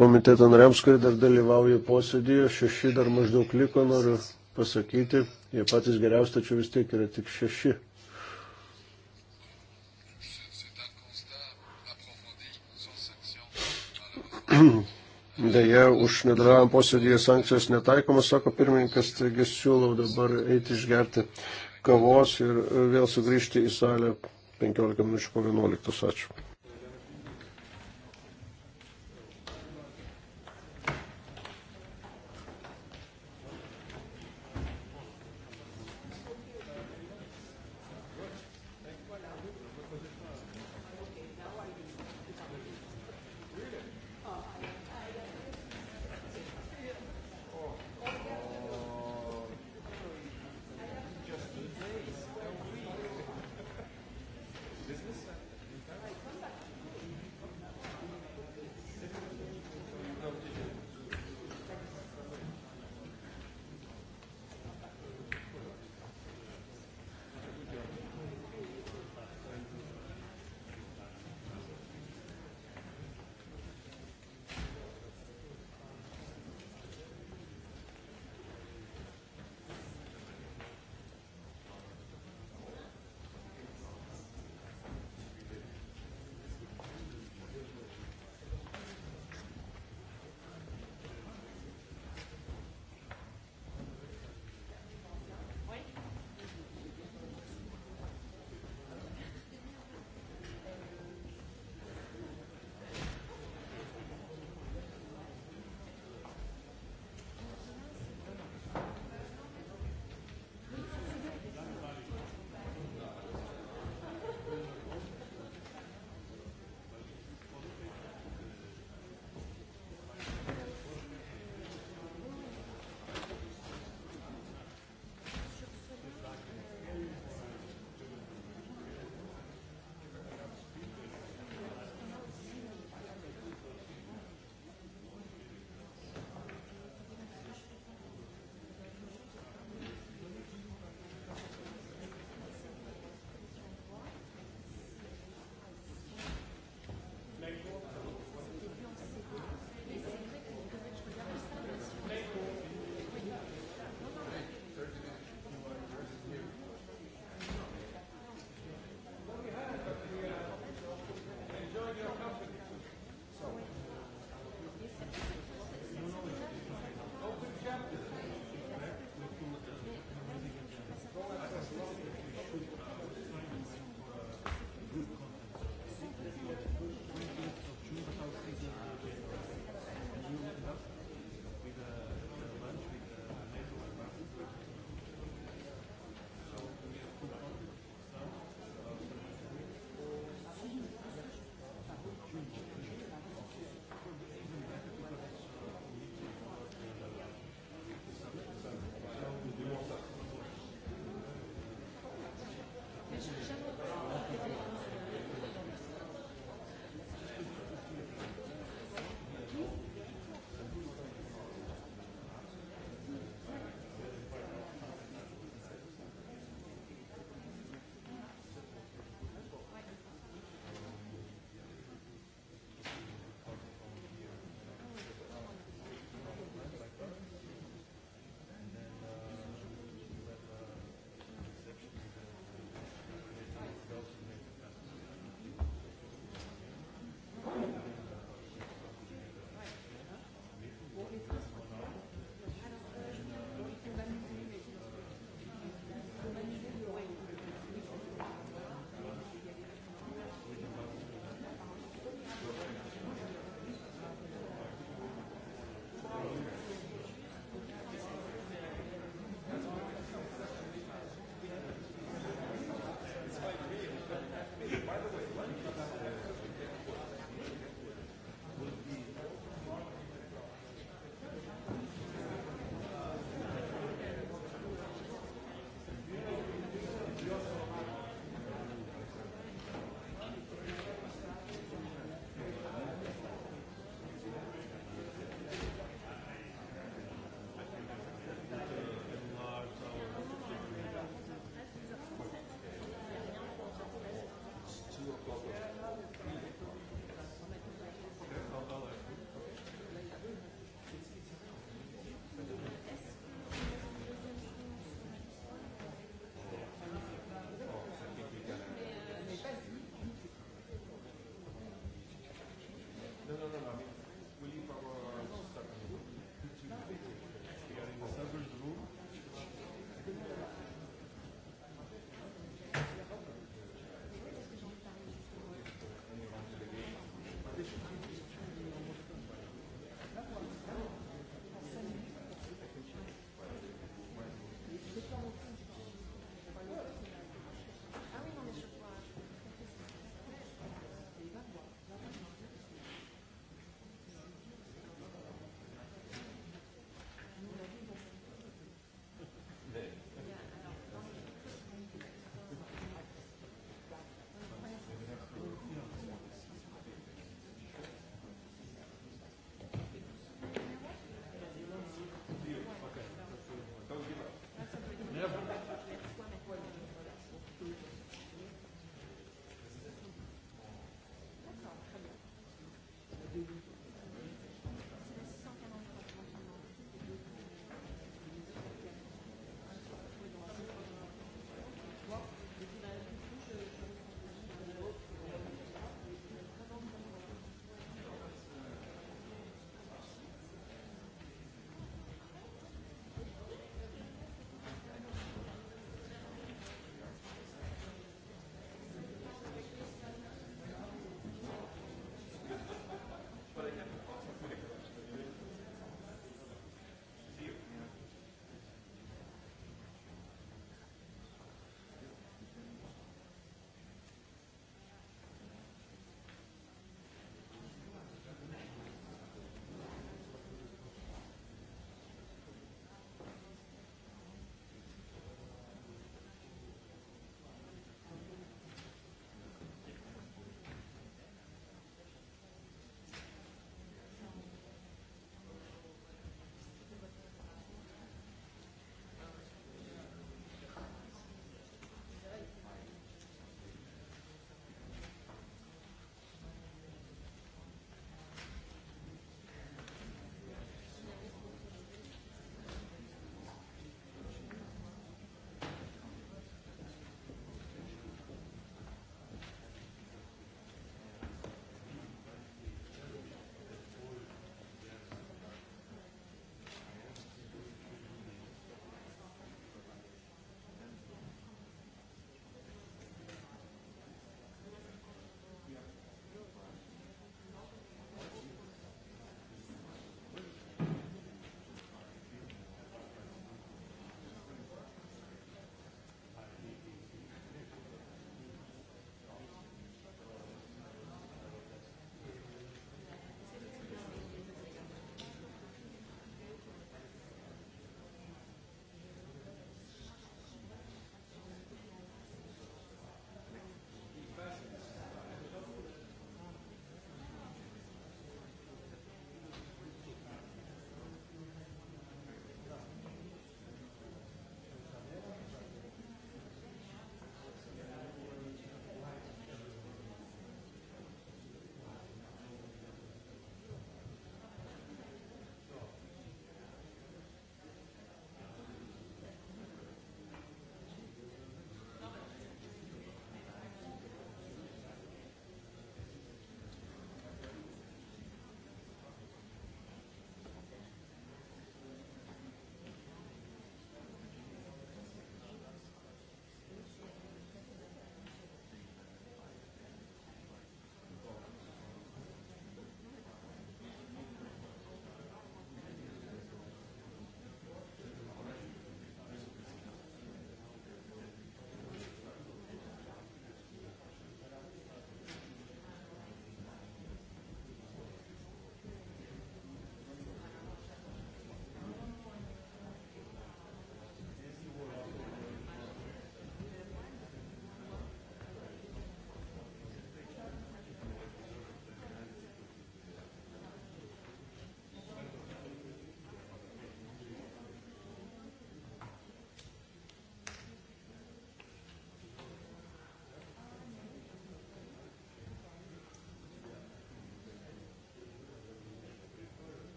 komiteto nariams, kurie dar dalyvauja posėdėje, šeši dar maždaug liko, noriu pasakyti, jie patys geriausi, tačiau vis tiek yra tik šeši. Mm-hmm. Deja, už nedalyvavimą posėdėje sankcijos netaikomas, sako pirmininkas, taigi siūlau dabar eiti išgerti kavos ir vėl sugrįžti į salę 15 minučių po 11. Ačiū.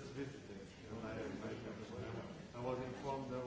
just visiting. You know, I, I, I was informed there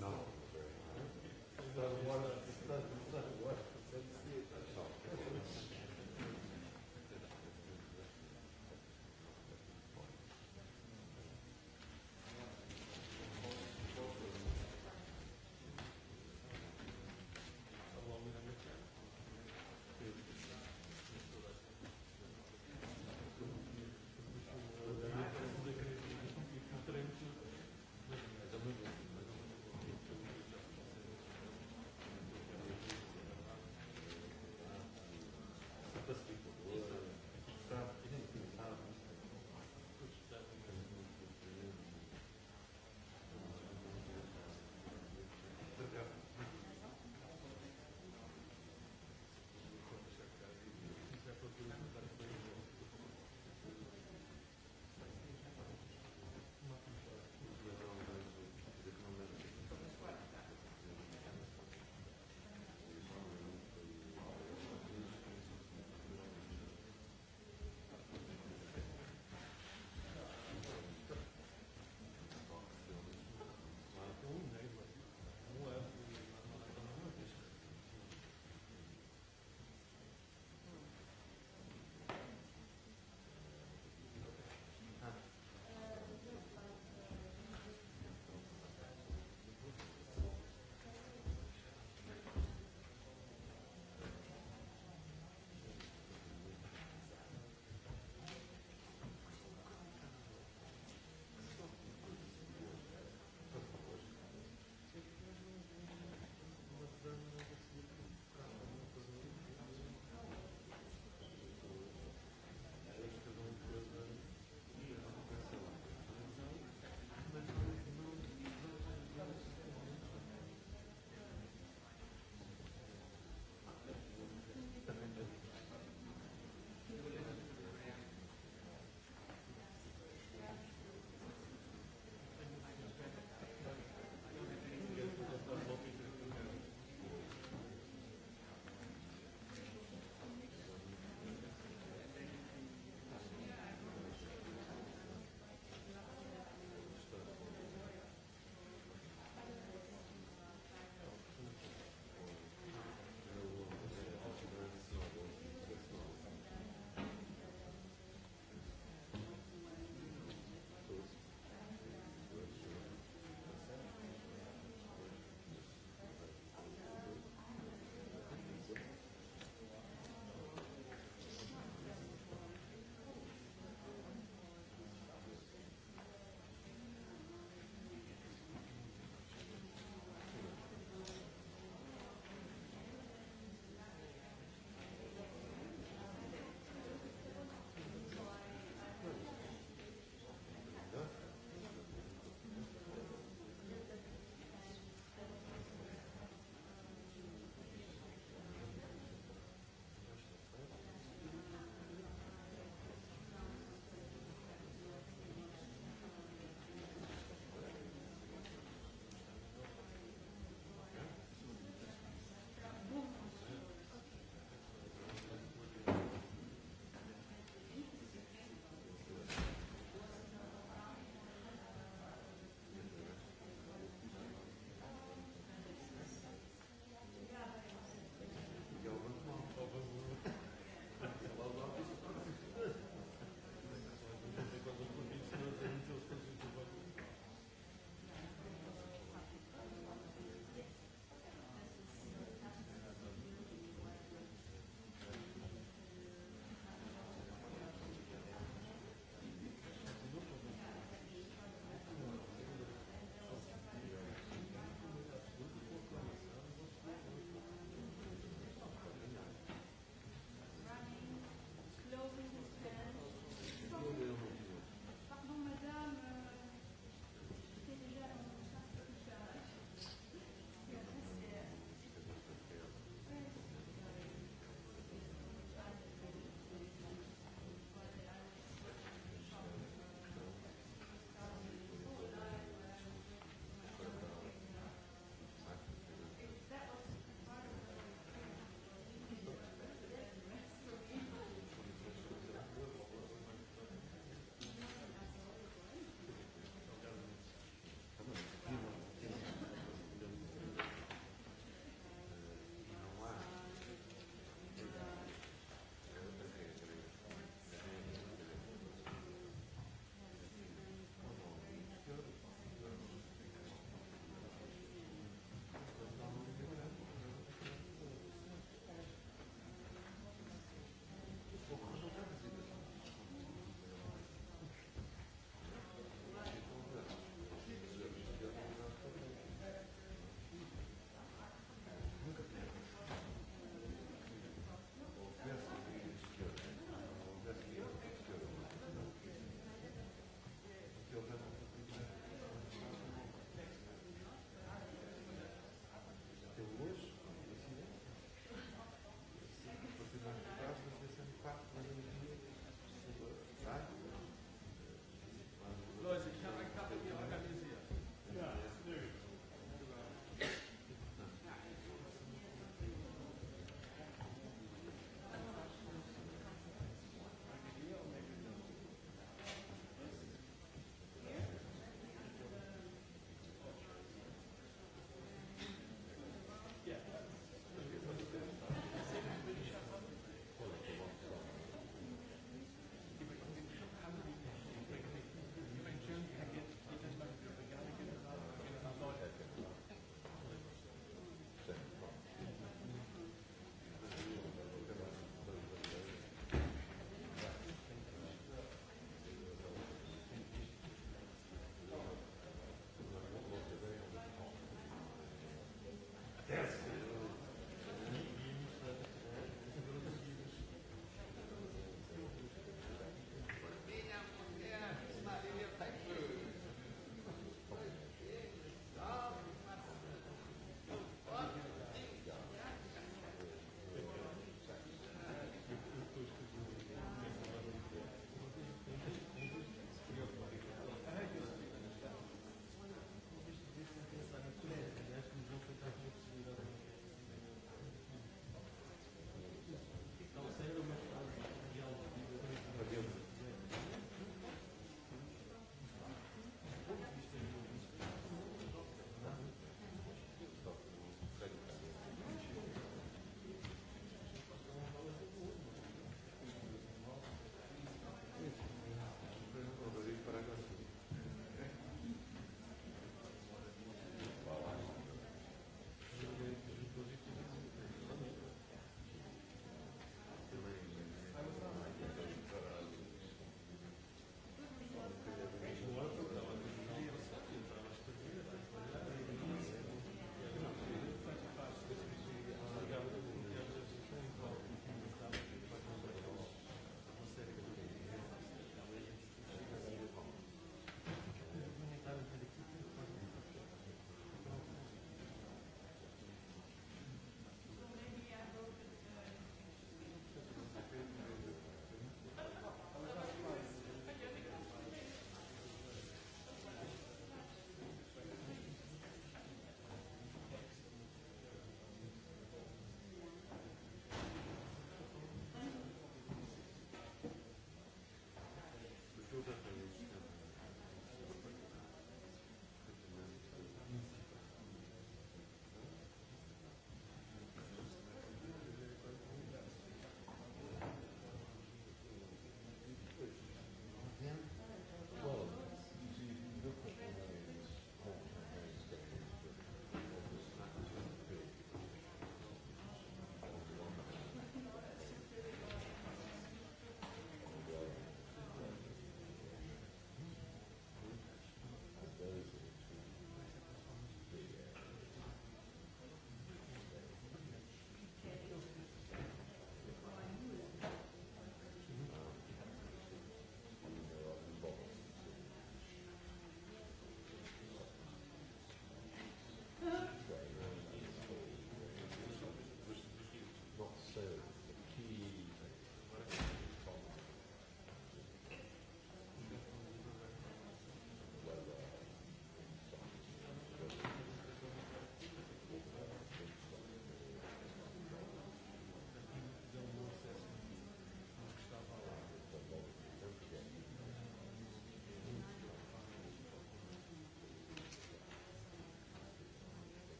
No.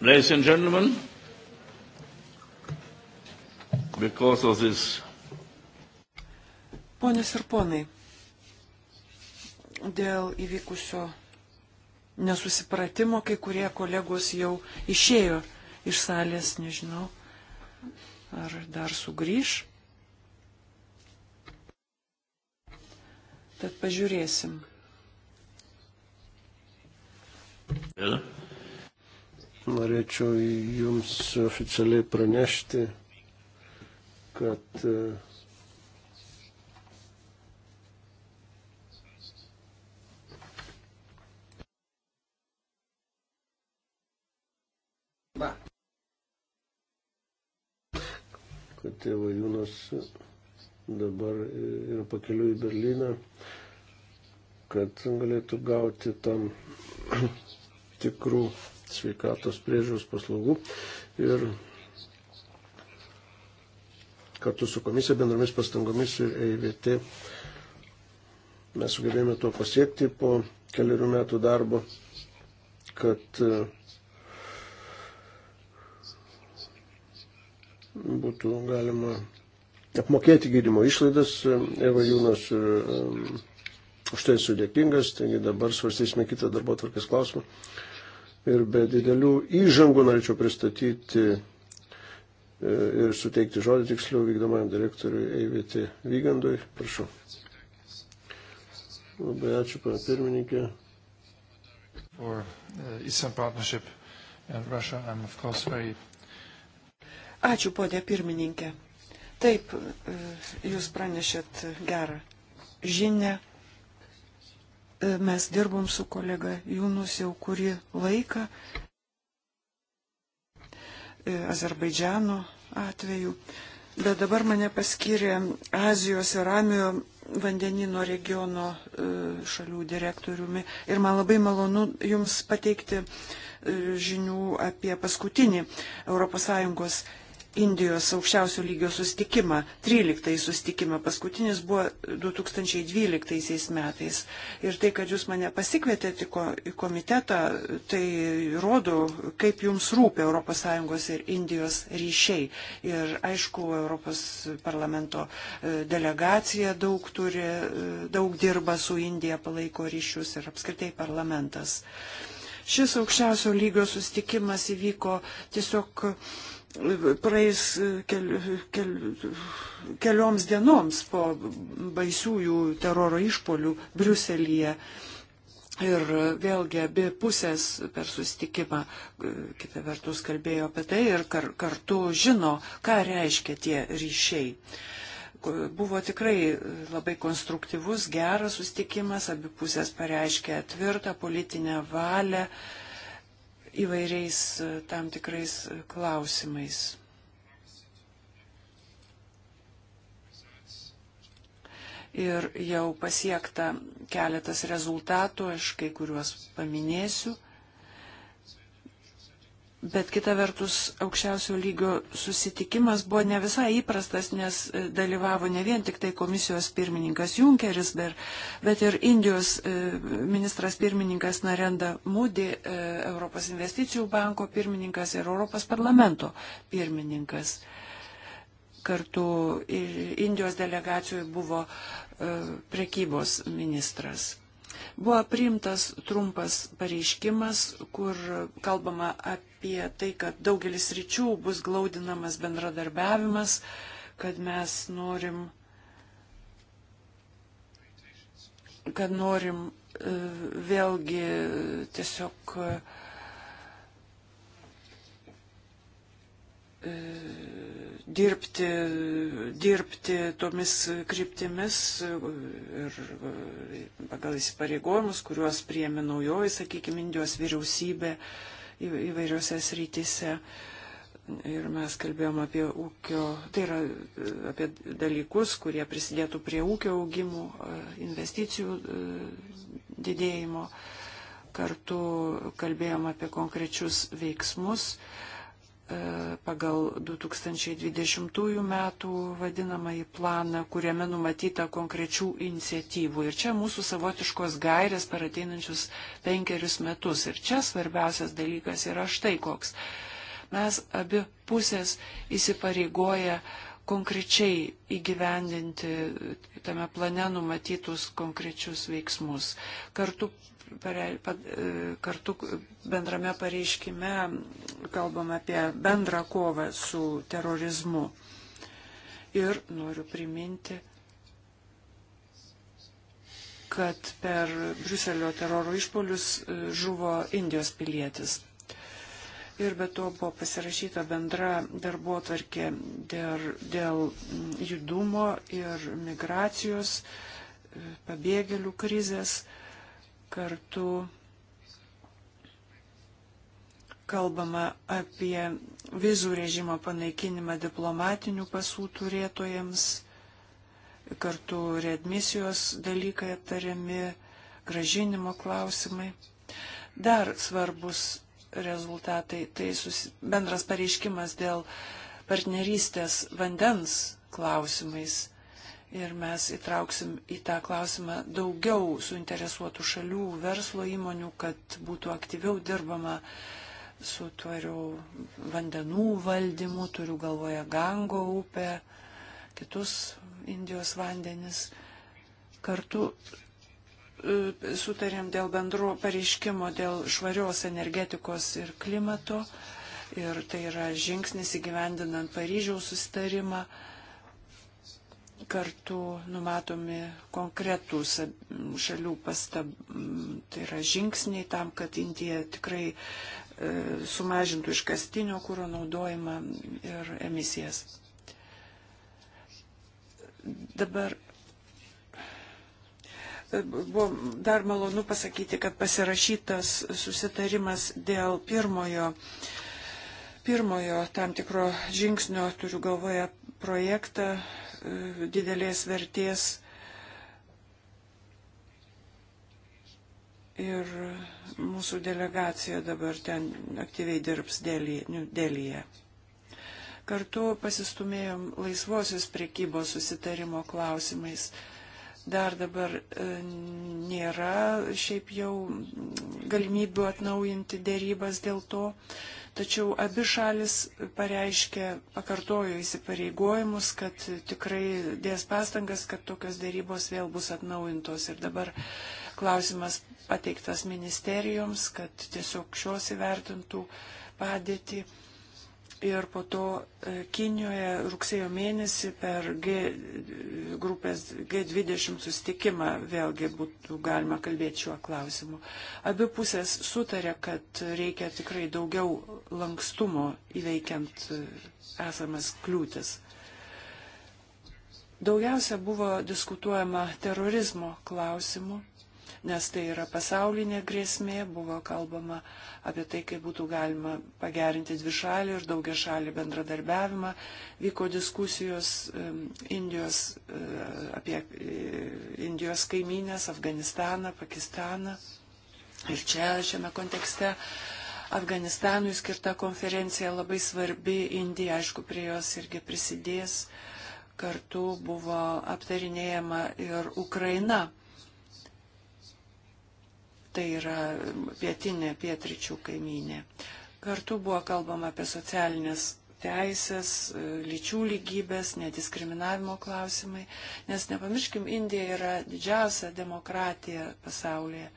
Ladies and gentlemen, because of this. Ponios ir ponai, dėl įvykusio nesusipratimo kai kurie kolegos jau išėjo iš salės, nežinau, ar dar sugrįž. Tad pažiūrėsim. norėčiau Jums oficialiai pranešti, kad e, kad tėvai Jūnas dabar yra pakeliu į Berliną, kad galėtų gauti tam *clears throat* tikrų sveikatos priežiūros paslaugų ir kartu su komisija bendromis pastangomis ir EIVT mes sugebėjome to pasiekti po keliarių metų darbo, kad e, būtų galima apmokėti gydimo išlaidas. E, Eva Jūnas e, už tai sudėkingas, taigi dabar svarstysime kitą darbo tvarkės klausimą ir be didelių įžangų norėčiau pristatyti e, ir suteikti žodį tiksliau vykdomajam direktoriui Eivėti Vygandui. Prašau. Labai ačiū, pana pirmininkė. For, uh, Eastern Partnership and Russia, I'm of course very Ačiū, ponė pirmininkė. Taip, e, jūs pranešėt gerą žinę mes dirbom su kolega Jūnus jau kurį laiką e, Azerbaidžiano atveju, bet dabar mane paskyrė Azijos ir Ramio vandenino regiono e, šalių direktoriumi ir man labai malonu Jums pateikti e, žinių apie paskutinį ES Indijos aukščiausio lygio sustikimą, 13 sustikimą, paskutinis buvo 2012 metais. Ir tai, kad jūs mane pasikvietėte į komitetą, tai rodo, kaip jums rūpia ES ir Indijos ryšiai. Ir aišku, Europos parlamento e, delegacija daug turi, e, daug dirba su Indija, palaiko ryšius ir apskritai parlamentas. Šis aukščiausio lygio sustikimas įvyko tiesiog praeis keli, keli, kelioms dienoms po baisiųjų teroro išpolių Briuselyje. Ir vėlgi abi pusės per sustikimą, kita vertus, kalbėjo apie tai ir kar, kartu žino, ką reiškia tie ryšiai. Buvo tikrai labai konstruktyvus, geras sustikimas, abi pusės pareiškė tvirtą politinę valią įvairiais e, tam tikrais e, klausimais. Ir jau pasiekta keletas rezultatų, aš kai kuriuos paminėsiu. Bet kita vertus, aukščiausio lygio susitikimas buvo ne visai įprastas, nes e, dalyvavo ne vien tik tai komisijos pirmininkas Junkeris, bet ir Indijos e, ministras pirmininkas Narenda Mūdi, e, Europos investicijų banko pirmininkas ir Europos parlamento pirmininkas. Kartu Indijos delegacijoje buvo prekybos ministras buvo priimtas trumpas pareiškimas, kur kalbama apie apie tai, kad daugelis ryčių bus glaudinamas bendradarbiavimas, kad mes norim, kad norim e, vėlgi tiesiog e, dirbti, dirbti tomis kryptimis e, ir pagal įsipareigojimus, kuriuos priemi naujoji, sakykime, Indijos vyriausybė, įvairiose srityse. Ir mes kalbėjom apie ūkio, tai yra e, apie dalykus, kurie prisidėtų prie ūkio augimų, e, investicijų e, didėjimo. Kartu kalbėjom apie konkrečius veiksmus, E, pagal 2020 metų vadinamąjį planą, kuriame numatyta konkrečių iniciatyvų. Ir čia mūsų savotiškos gairės per ateinančius penkerius metus. Ir čia svarbiausias dalykas yra štai koks. Mes abi pusės įsipareigoja konkrečiai įgyvendinti tame plane numatytus konkrečius veiksmus. Kartu E, kartu bendrame pareiškime kalbam apie bendrą kovą su terorizmu. Ir noriu priminti, kad per Briuselio teroro išpolius e, žuvo Indijos pilietis ir be to buvo pasirašyta bendra darbo atvarkė dėl, dėl judumo ir migracijos, e, pabėgėlių krizės kartu kalbama apie vizų režimo panaikinimą diplomatinių pasų turėtojams, kartu readmisijos dalykai aptariami, gražinimo klausimai. Dar svarbus rezultatai - tai susi... bendras pareiškimas dėl partnerystės vandens klausimais ir mes įtrauksim į tą klausimą daugiau suinteresuotų šalių, verslo įmonių, kad būtų aktyviau dirbama su tvariu vandenų valdymu, turiu galvoje Gango upę, kitus Indijos vandenis. Kartu e, sutarėm dėl bendro pareiškimo dėl švarios energetikos ir klimato. Ir tai yra žingsnis įgyvendinant Paryžiaus sustarimą kartu numatomi konkretūs šalių pastab, tai yra žingsniai tam, kad Indija tikrai e, sumažintų iškastinio kūro naudojimą ir emisijas. Dabar e, buvo dar malonu pasakyti, kad pasirašytas susitarimas dėl pirmojo, pirmojo tam tikro žingsnio, turiu galvoje projektą E, didelės vertės. Ir mūsų delegacija dabar ten aktyviai dirbs dėlyje. Kartu pasistumėjom laisvosios priekybos susitarimo klausimais dar dabar e, nėra šiaip jau galimybių atnaujinti dėrybas dėl to, Tačiau abi šalis pareiškė, pakartojo įsipareigojimus, kad tikrai dės pastangas, kad tokios dėrybos vėl bus atnaujintos. Ir dabar klausimas pateiktas ministerijoms, kad tiesiog šios įvertintų padėtį Ir po to e, Kinijoje rugsėjo mėnesį per G, grupės G20 sustikimą vėlgi būtų galima kalbėti šiuo klausimu. Abi pusės sutarė, kad reikia tikrai daugiau lankstumo įveikiant e, esamas kliūtis. Daugiausia buvo diskutuojama terorizmo klausimu nes tai yra pasaulinė grėsmė, buvo kalbama apie tai, kaip būtų galima pagerinti dvišalį ir daugia šalį bendradarbiavimą, vyko diskusijos Indijos, e, apie e, Indijos kaimynės, Afganistaną, Pakistaną. Ir čia šiame kontekste Afganistanui skirta konferencija labai svarbi, Indija, aišku, prie jos irgi prisidės. Kartu buvo aptarinėjama ir Ukraina tai yra pietinė pietričių kaiminė. Kartu buvo kalbama apie socialinės teisės, lyčių lygybės, nediskriminavimo klausimai, nes nepamirškim, Indija yra didžiausia demokratija pasaulyje.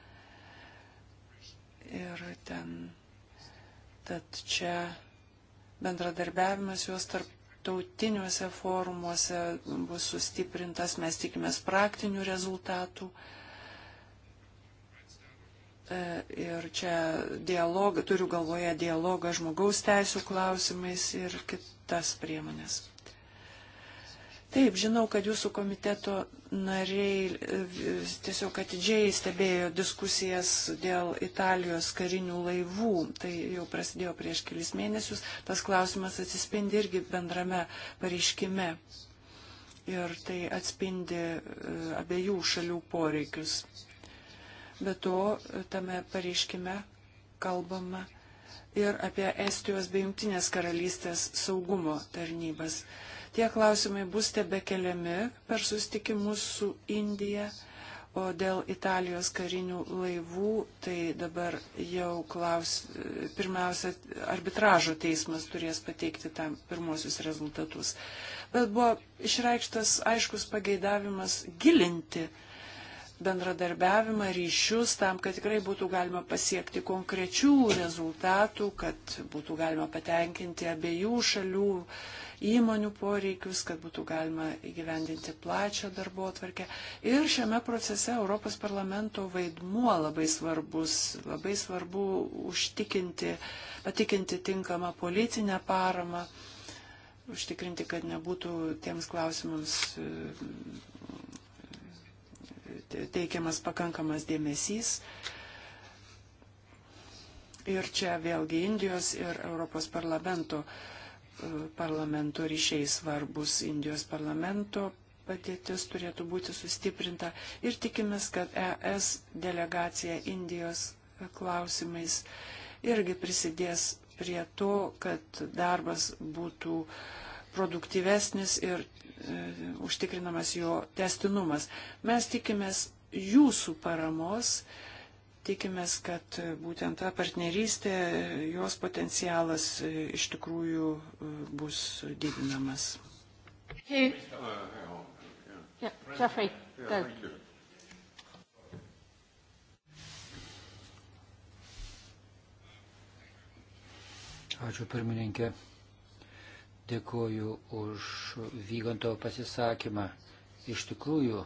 Ir ten, tad čia bendradarbiavimas juos tarp tautiniuose forumuose bus sustiprintas, mes tikimės praktinių rezultatų. Uh, E, ir čia dialogą, turiu galvoje dialogą žmogaus teisų klausimais ir kitas priemonės. Taip, žinau, kad jūsų komiteto nariai e, tiesiog atidžiai stebėjo diskusijas dėl Italijos karinių laivų. Tai jau prasidėjo prieš kelis mėnesius. Tas klausimas atsispindi irgi bendrame pareiškime. Ir tai atspindi e, abiejų šalių poreikius. Be to, tame pareiškime kalbama ir apie Estijos bei Junktinės karalystės saugumo tarnybas. Tie klausimai bus tebe keliami per sustikimus su Indija, o dėl Italijos karinių laivų, tai dabar jau klaus, pirmiausia, arbitražo teismas turės pateikti tam pirmosius rezultatus. Bet buvo išreikštas aiškus pageidavimas gilinti uh, bendradarbiavimą, ryšius, tam, kad tikrai būtų galima pasiekti konkrečių rezultatų, kad būtų galima patenkinti abiejų šalių įmonių poreikius, kad būtų galima įgyvendinti plačią darbo atvarkę. Ir šiame procese Europos parlamento vaidmuo labai svarbus, labai svarbu užtikinti, patikinti tinkamą politinę paramą, užtikrinti, kad nebūtų tiems klausimams teikiamas pakankamas dėmesys. Ir čia vėlgi Indijos ir Europos parlamento, e, parlamento ryšiai svarbus. Indijos parlamento padėtis turėtų būti sustiprinta ir tikimės, kad ES delegacija Indijos klausimais irgi prisidės prie to, kad darbas būtų produktyvesnis ir E, užtikrinamas jo testinumas. Mes tikimės jūsų paramos, tikimės, kad būtent ta partnerystė, jos potencialas e, iš tikrųjų e, bus didinamas. Hey. Uh, yeah, Jeffrey, go. Ačiū pirmininkė. Dėkuoju už Vyganto pasisakymą. Iš tikrųjų,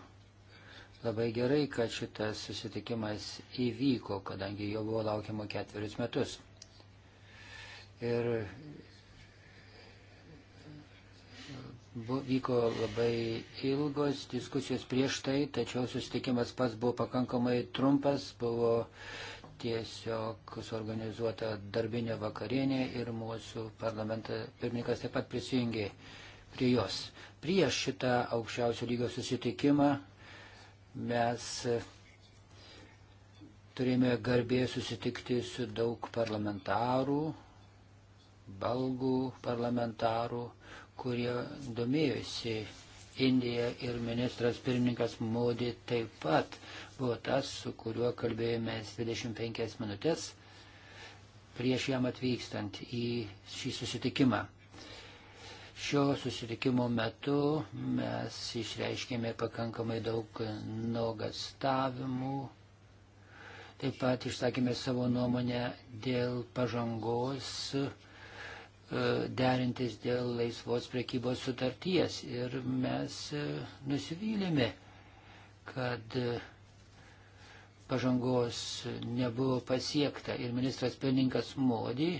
labai gerai, kad šitas susitikimas įvyko, kadangi jo buvo laukiama ketverius metus. Ir buvo, vyko labai ilgos diskusijos prieš tai, tačiau susitikimas pats buvo pakankamai trumpas, buvo uh, tiesiog suorganizuota darbinė vakarienė ir mūsų parlamento pirmininkas taip pat prisijungė prie jos. Prieš šitą aukščiausio lygio susitikimą mes e, turėjome garbė susitikti su daug parlamentarų, balgų parlamentarų, kurie domėjosi Indija ir ministras pirmininkas Modi taip pat buvo tas, su kuriuo kalbėjome 25 minutės prieš jam atvykstant į šį susitikimą. Šio susitikimo metu mes išreiškėme pakankamai daug nuogastavimų, taip pat išsakėme savo nuomonę dėl pažangos E, derintis dėl laisvos prekybos sutarties. Ir mes e, nusivylėme, kad e, pažangos nebuvo pasiekta. Ir ministras pirmininkas Modi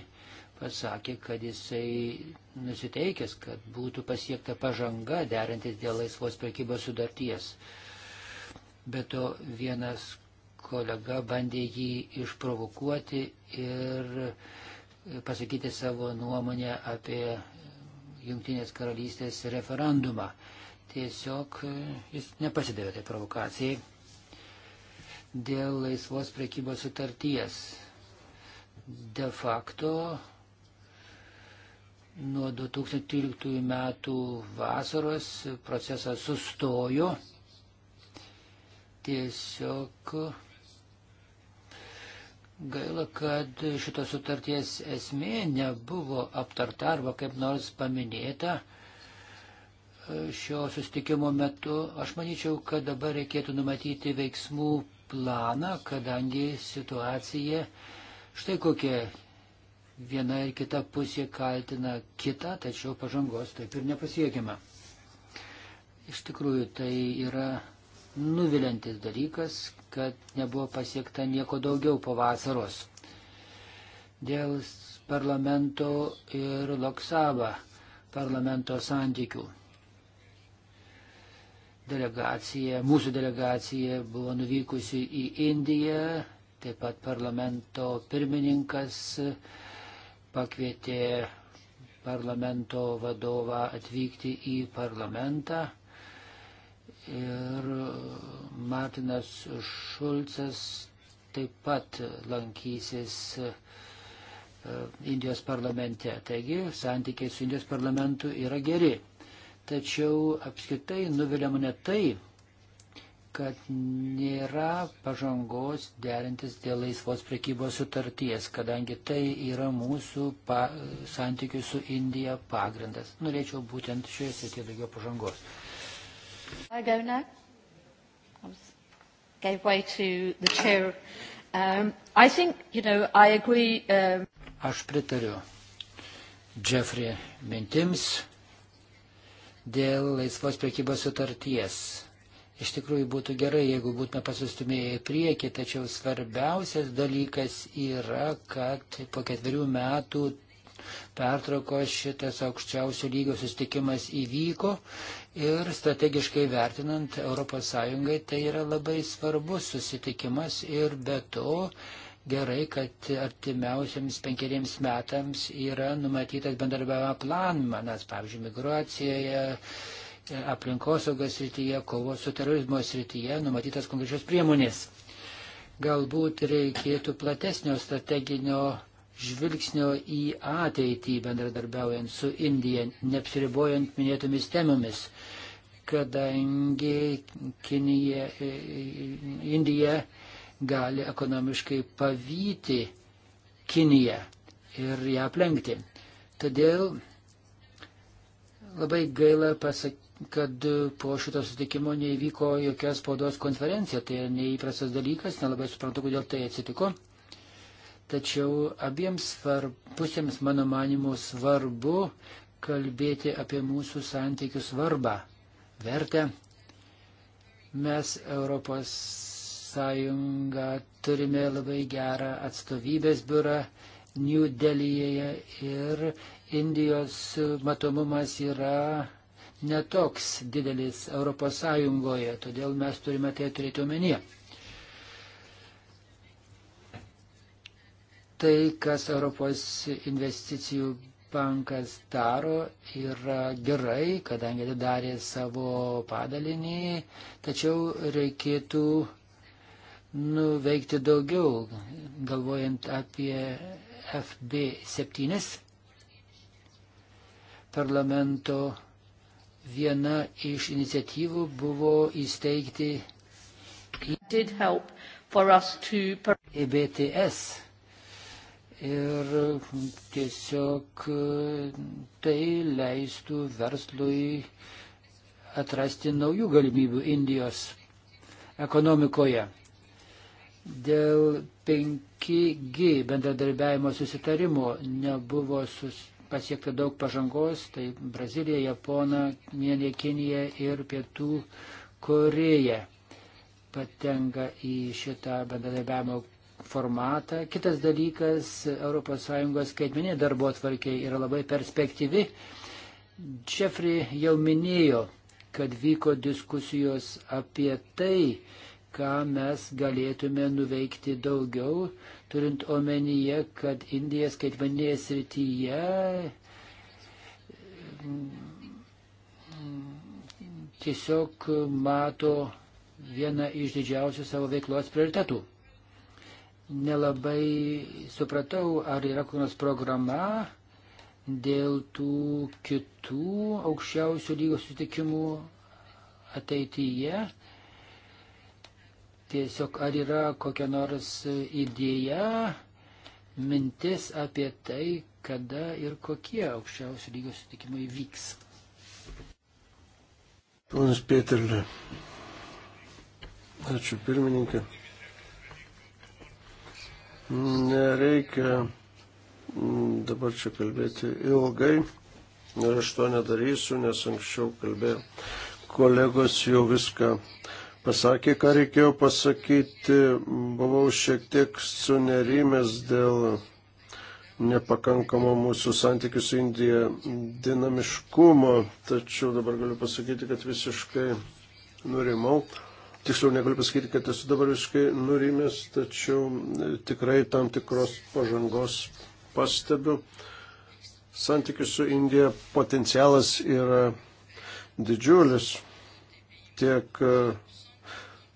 pasakė, kad jisai nusiteikęs, kad būtų pasiekta pažanga derintis dėl laisvos prekybos sudarties. Bet to vienas kolega bandė jį išprovokuoti ir pasakyti savo nuomonę apie Junktinės karalystės referendumą. Tiesiog e, jis nepasidavė tai provokacijai dėl laisvos prekybos sutarties. De facto nuo 2013 metų vasaros procesas sustojo. Tiesiog Gaila, kad šitos sutarties esmė nebuvo aptarta arba kaip nors paminėta e, šio sustikimo metu. Aš manyčiau, kad dabar reikėtų numatyti veiksmų planą, kadangi situacija štai kokia viena ir kita pusė kaltina kitą, tačiau pažangos taip ir nepasiekima. Iš tikrųjų, tai yra nuvilintis dalykas, kad nebuvo pasiekta nieko daugiau po vasaros. Dėl parlamento ir Loksava parlamento santykių. Delegacija, mūsų delegacija buvo nuvykusi į Indiją, taip pat parlamento pirmininkas pakvietė parlamento vadovą atvykti į parlamentą ir e, Martinas Šulcas taip pat lankysis e, Indijos parlamente. Taigi santykiai su Indijos parlamentu yra geri. Tačiau apskritai nuvilia mane tai, kad nėra pažangos derintis dėl laisvos prekybos sutarties, kadangi tai yra mūsų pa, santykių su Indija pagrindas. Norėčiau būtent šioje srityje daugiau pažangos. I go now. I was, gave way to the chair. Um, I think, you know, I agree. Um... Aš pritariu Jeffrey mintims dėl laisvos priekybos sutarties. Iš tikrųjų būtų gerai, jeigu būtume pasustumėję į priekį, tačiau svarbiausias dalykas yra, kad po ketverių metų pertraukos šitas aukščiausių lygio sustikimas įvyko Ir strategiškai vertinant ES tai yra labai svarbus susitikimas ir be to gerai, kad artimiausiams penkeriems metams yra numatytas bendarbiavimo planas, pavyzdžiui, migracijoje, aplinkosaugos srityje, kovos su terorizmo srityje numatytas konkrečios priemonės. Galbūt reikėtų platesnio strateginio žvilgsnio į ateitį bendradarbiaujant su Indija, neapsiribojant minėtomis temomis, kadangi Kinija, e, e, Indija gali ekonomiškai pavyti Kiniją ir ją aplenkti. Todėl labai gaila pasakyti kad po šito sutikimo neįvyko jokia spaudos konferencija. Tai neįprastas dalykas, nelabai suprantu, kodėl tai atsitiko. Tačiau abiems svar, pusėms, mano manimu, svarbu kalbėti apie mūsų santykių svarbą, vertę. Mes Europos Sąjungą turime labai gerą atstovybės biurą New Delhi'je ir Indijos matomumas yra netoks didelis Europos Sąjungoje, todėl mes turime tai turėti omenyje. tai, kas Europos investicijų bankas daro, yra gerai, kadangi atidarė savo padalinį, tačiau reikėtų nuveikti daugiau, galvojant apie FB7. Parlamento viena iš iniciatyvų buvo įsteigti EBTS ir tiesiog e, tai leistų verslui atrasti naujų galimybių Indijos ekonomikoje. Dėl 5G bendradarbiavimo susitarimo nebuvo sus, pasiekta daug pažangos, tai Brazilija, Japona, Mienė, Kinija ir Pietų Koreja patenka į šitą bendradarbiavimo formatą. Kitas dalykas, ES skaitmenė darbo atvarkė yra labai perspektyvi. Jeffrey jau minėjo, kad vyko diskusijos apie tai, ką mes galėtume nuveikti daugiau, turint omenyje, kad Indija skaitmeninėje srityje mm, tiesiog mato vieną iš didžiausių savo veiklos prioritetų nelabai supratau, ar yra kokia nors programa dėl tų kitų aukščiausių lygos sutikimų ateityje. Tiesiog ar yra kokia nors idėja, mintis apie tai, kada ir kokie aukščiausių lygos sutikimai vyks. Ponas Pieterle. Ačiū pirmininkė. Nereikia mm, dabar čia kalbėti ilgai ir aš to nedarysiu, nes anksčiau kalbėjau. Kolegos jau viską pasakė, ką reikėjo pasakyti. Buvau šiek tiek sunerimęs dėl nepakankamo mūsų santykių su Indija dinamiškumo, tačiau dabar galiu pasakyti, kad visiškai nurimau tiksliau negaliu pasakyti, kad esu dabar visiškai nurimęs, tačiau e, tikrai tam tikros pažangos pastebiu. Santykius su Indija potencialas yra didžiulis tiek e,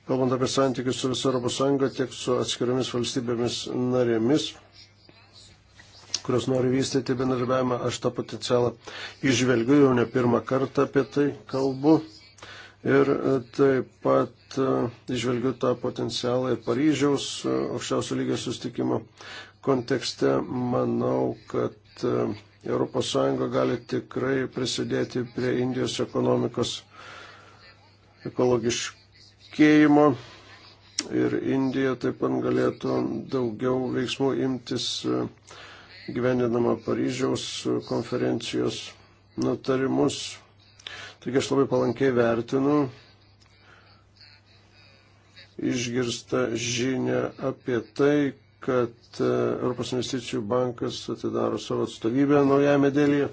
kalbant apie santykius su viso Europos Sąjunga, tiek su atskiromis valstybėmis narėmis, kurios nori vystyti bendradarbiavimą, aš tą potencialą išvelgiu jau ne pirmą kartą apie tai kalbu. Ir e, taip pat e, išvelgiu tą potencialą ir Paryžiaus e, aukščiausio lygio sustikimo kontekste. Manau, kad ES gali tikrai prisidėti prie Indijos ekonomikos ekologiškėjimo. Ir Indija taip pat galėtų daugiau veiksmų imtis gyvendinama Paryžiaus konferencijos nutarimus Taigi aš labai palankiai vertinu išgirsta žinia apie tai, kad e, Europos investicijų bankas atidaro savo atstovybę naujame dėlyje.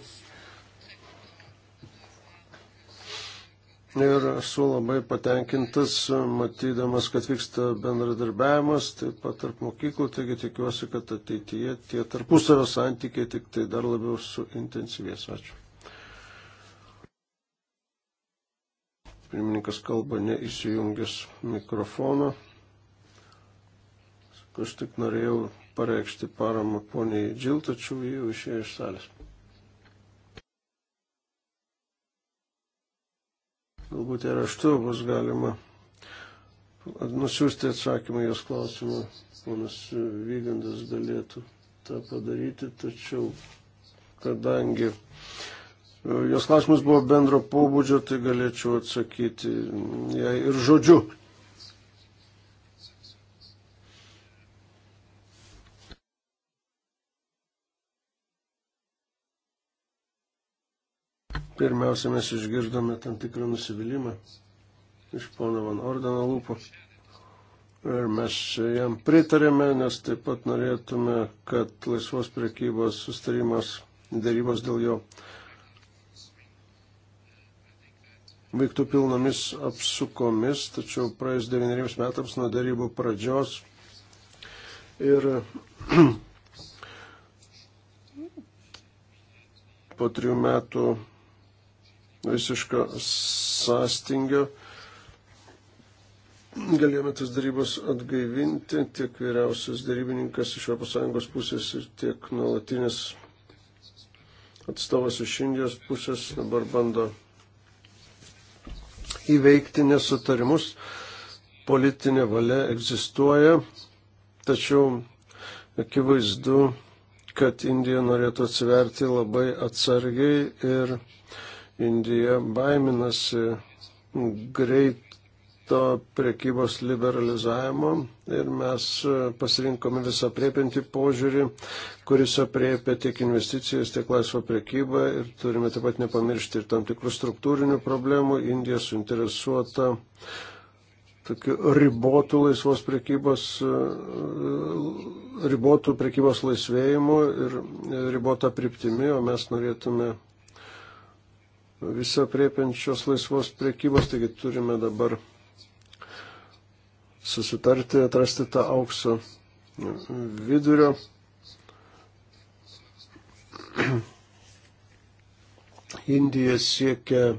Ir esu labai patenkintas, matydamas, kad vyksta bendradarbiavimas, taip pat tarp mokyklų, taigi tikiuosi, kad ateityje tie tarpusavio santykiai tik tai dar labiau suintensyvės. Ačiū. Pirmininkas kalba neįsijungęs mikrofoną. Aš tik norėjau pareikšti paramą poniai Džil, tačiau jau išėjo iš salės. Galbūt ir raštu bus galima nusiųsti atsakymą jos klausimą. Ponas Vygandas galėtų tą padaryti, tačiau kadangi Jos klausimas buvo bendro pobūdžio, tai galėčiau atsakyti jai ir žodžiu. Pirmiausia, mes išgirdome tam tikrą nusivylimą iš pono Van Ordeno lūpų. Ir mes jam pritarėme, nes taip pat norėtume, kad laisvos priekybos sustarimas, darybos dėl jo veiktų pilnomis apsukomis, tačiau praėjus devyneriems metams nuo darybų pradžios ir *clears throat* po trijų metų visiško sąstingio galėjome tas darybas atgaivinti, tiek vyriausias darybininkas iš ES pusės ir tiek nuolatinis atstovas iš Indijos pusės dabar bando įveikti nesutarimus. Politinė valia egzistuoja, tačiau akivaizdu, kad Indija norėtų atsiverti labai atsargiai ir Indija baiminasi greit to priekybos liberalizavimo ir mes e, pasirinkome visą priepinti požiūrį, kuris apriepia tiek investicijas, tiek laisvą priekybą ir turime taip pat nepamiršti ir tam tikrų struktūrinių problemų. Indija suinteresuota tokiu ribotų laisvos priekybos, e, e, ribotų priekybos laisvėjimu ir ribota priptimi, o mes norėtume visą priepiančios laisvos priekybos, taigi turime dabar susitarti, atrasti tą aukso vidurio. Indija siekia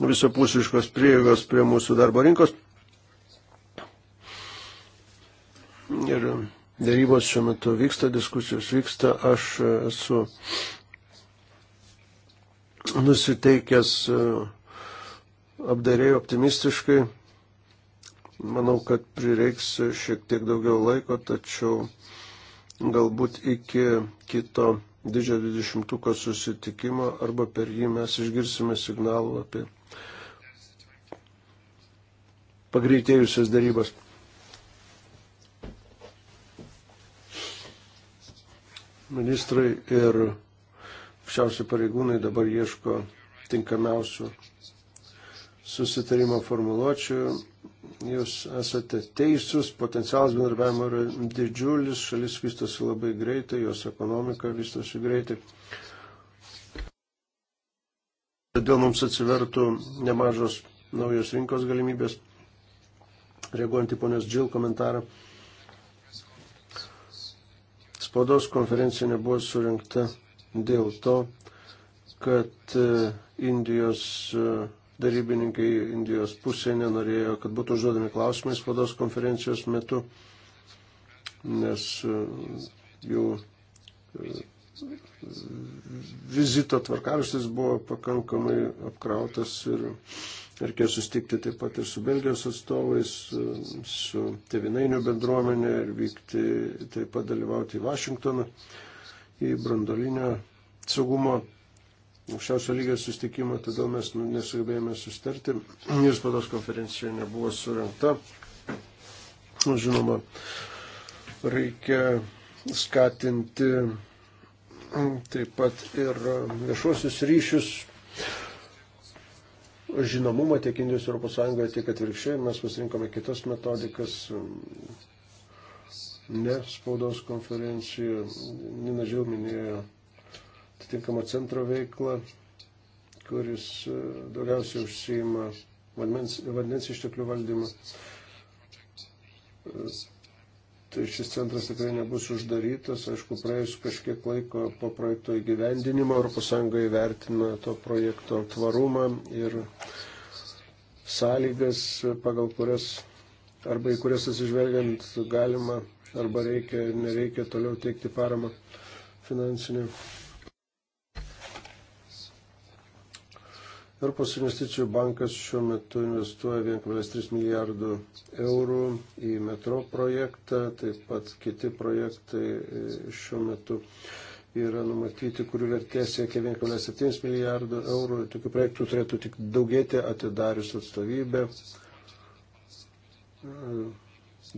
visapusiškos prieigos prie mūsų darbo rinkos. Ir dėrybos šiuo metu vyksta, diskusijos vyksta. Aš esu nusiteikęs uh, apdariai optimistiškai. Manau, kad prireiks šiek tiek daugiau laiko, tačiau galbūt iki kito didžiojo dvidešimtuko susitikimo arba per jį mes išgirsime signalų apie pagreitėjusias darybas. Ministrai ir aukščiausi pareigūnai dabar ieško tinkamiausių susitarimo formuluočių. Jūs esate teisūs, potencialas bendarbiavimo yra didžiulis, šalis vystosi labai greitai, jos ekonomika vystosi greitai. Todėl mums atsivertų nemažos naujos rinkos galimybės. Reaguojant į ponios Džil komentarą, spaudos konferencija nebuvo surinkta dėl to, kad e, Indijos e, darybininkai Indijos pusė nenorėjo, kad būtų užduodami klausimai spados konferencijos metu, nes e, jų e, vizito tvarkaraštis buvo pakankamai apkrautas ir reikėjo sustikti taip pat ir su Belgijos atstovais, e, su tevinainių bendruomenė ir vykti taip pat dalyvauti į Vašingtoną, į brandolinio saugumo aukščiausio lygio sustikimo, todėl mes nesugebėjome sustarti ir spados konferencija nebuvo surinkta. Nu, žinoma, reikia skatinti taip pat ir viešuosius ryšius žinomumą tiek Indijos Europos Sąjungoje, tiek atvirkščiai. Mes pasirinkome kitas metodikas, ne spaudos konferencija. Nina Žil minėjo atitinkamo centro veiklą, kuris e, daugiausiai užsijima vandens, vandens išteklių valdymą. E, tai šis centras tikrai nebus uždarytas, aišku, praėjus kažkiek laiko po projekto įgyvendinimo ES įvertina to projekto tvarumą ir sąlygas, pagal kurias arba į kurias atsižvelgiant galima arba reikia ir nereikia toliau teikti paramą finansinį Europos investicijų bankas šiuo metu investuoja 1,3 milijardų eurų į metro projektą, taip pat kiti projektai e, šiuo metu yra numatyti, kurių vertė siekia 1,7 milijardų eurų. Tokių projektų turėtų tik daugėti atidarius atstovybę. E,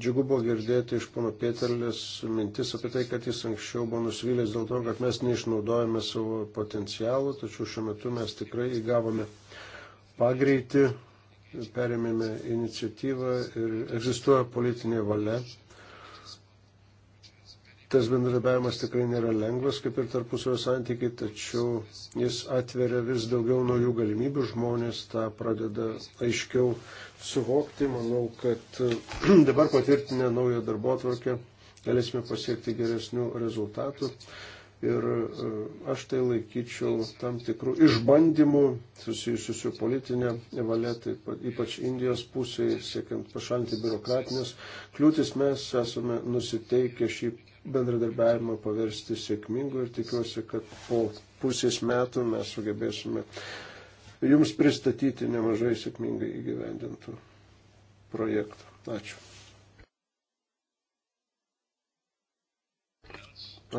Džiugu buvo girdėti iš pono Pieterlės mintis apie tai, kad jis anksčiau buvo nusivylęs dėl to, kad mes neišnaudojame savo potencialų, tačiau šiuo metu mes tikrai įgavome pagreitį, perėmėme iniciatyvą ir egzistuoja politinė valia Tas bendradarbiavimas tikrai nėra lengvas, kaip ir tarpusavio santykiai, tačiau jis atveria vis daugiau naujų galimybių, žmonės tą pradeda aiškiau suvokti. Manau, kad *clears throat* dabar patvirtinę naują darbo atvarkę galėsime pasiekti geresnių rezultatų. Ir e, aš tai laikyčiau tam tikrų išbandymų susijusių su politinė valia, taip pat ypač Indijos pusėje, siekiant pašalinti biurokratinės kliūtis, mes esame nusiteikę šį bendradarbiavimą paversti sėkmingu ir tikiuosi, kad po pusės metų mes sugebėsime jums pristatyti nemažai sėkmingai įgyvendintų projektų. Ačiū.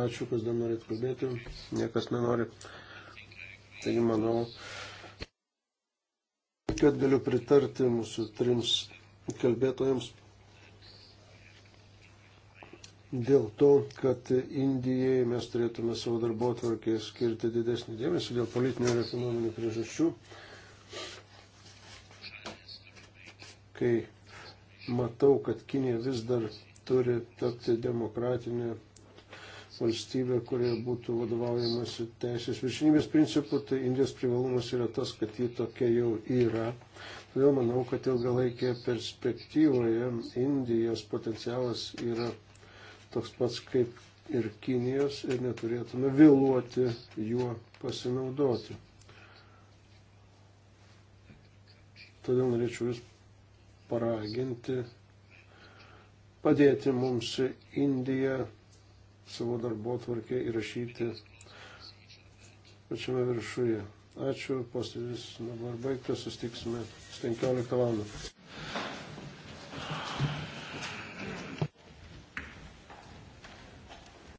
Ačiū, kas dar norėtų kalbėti. Niekas nenori. Taigi manau, kad galiu pritarti mūsų trims kalbėtojams dėl to, kad Indijai mes turėtume savo darbo atvarkėje skirti didesnį dėmesį dėl politinių ir ekonominių priežasčių, kai matau, kad Kinė vis dar turi tapti demokratinė valstybė, kurioje būtų vadovaujamasi teisės viršinybės principų, tai Indijos privalumas yra tas, kad ji tokia jau yra. Todėl manau, kad ilgalaikėje perspektyvoje Indijos potencialas yra toks pats kaip ir Kinijos ir neturėtume vėluoti juo pasinaudoti. Todėl norėčiau Jūs paraginti, padėti mums Indiją savo darbo tvarkę įrašyti pačiame viršuje. Ačiū, posėdis dabar baigtas, sustiksime 15 val.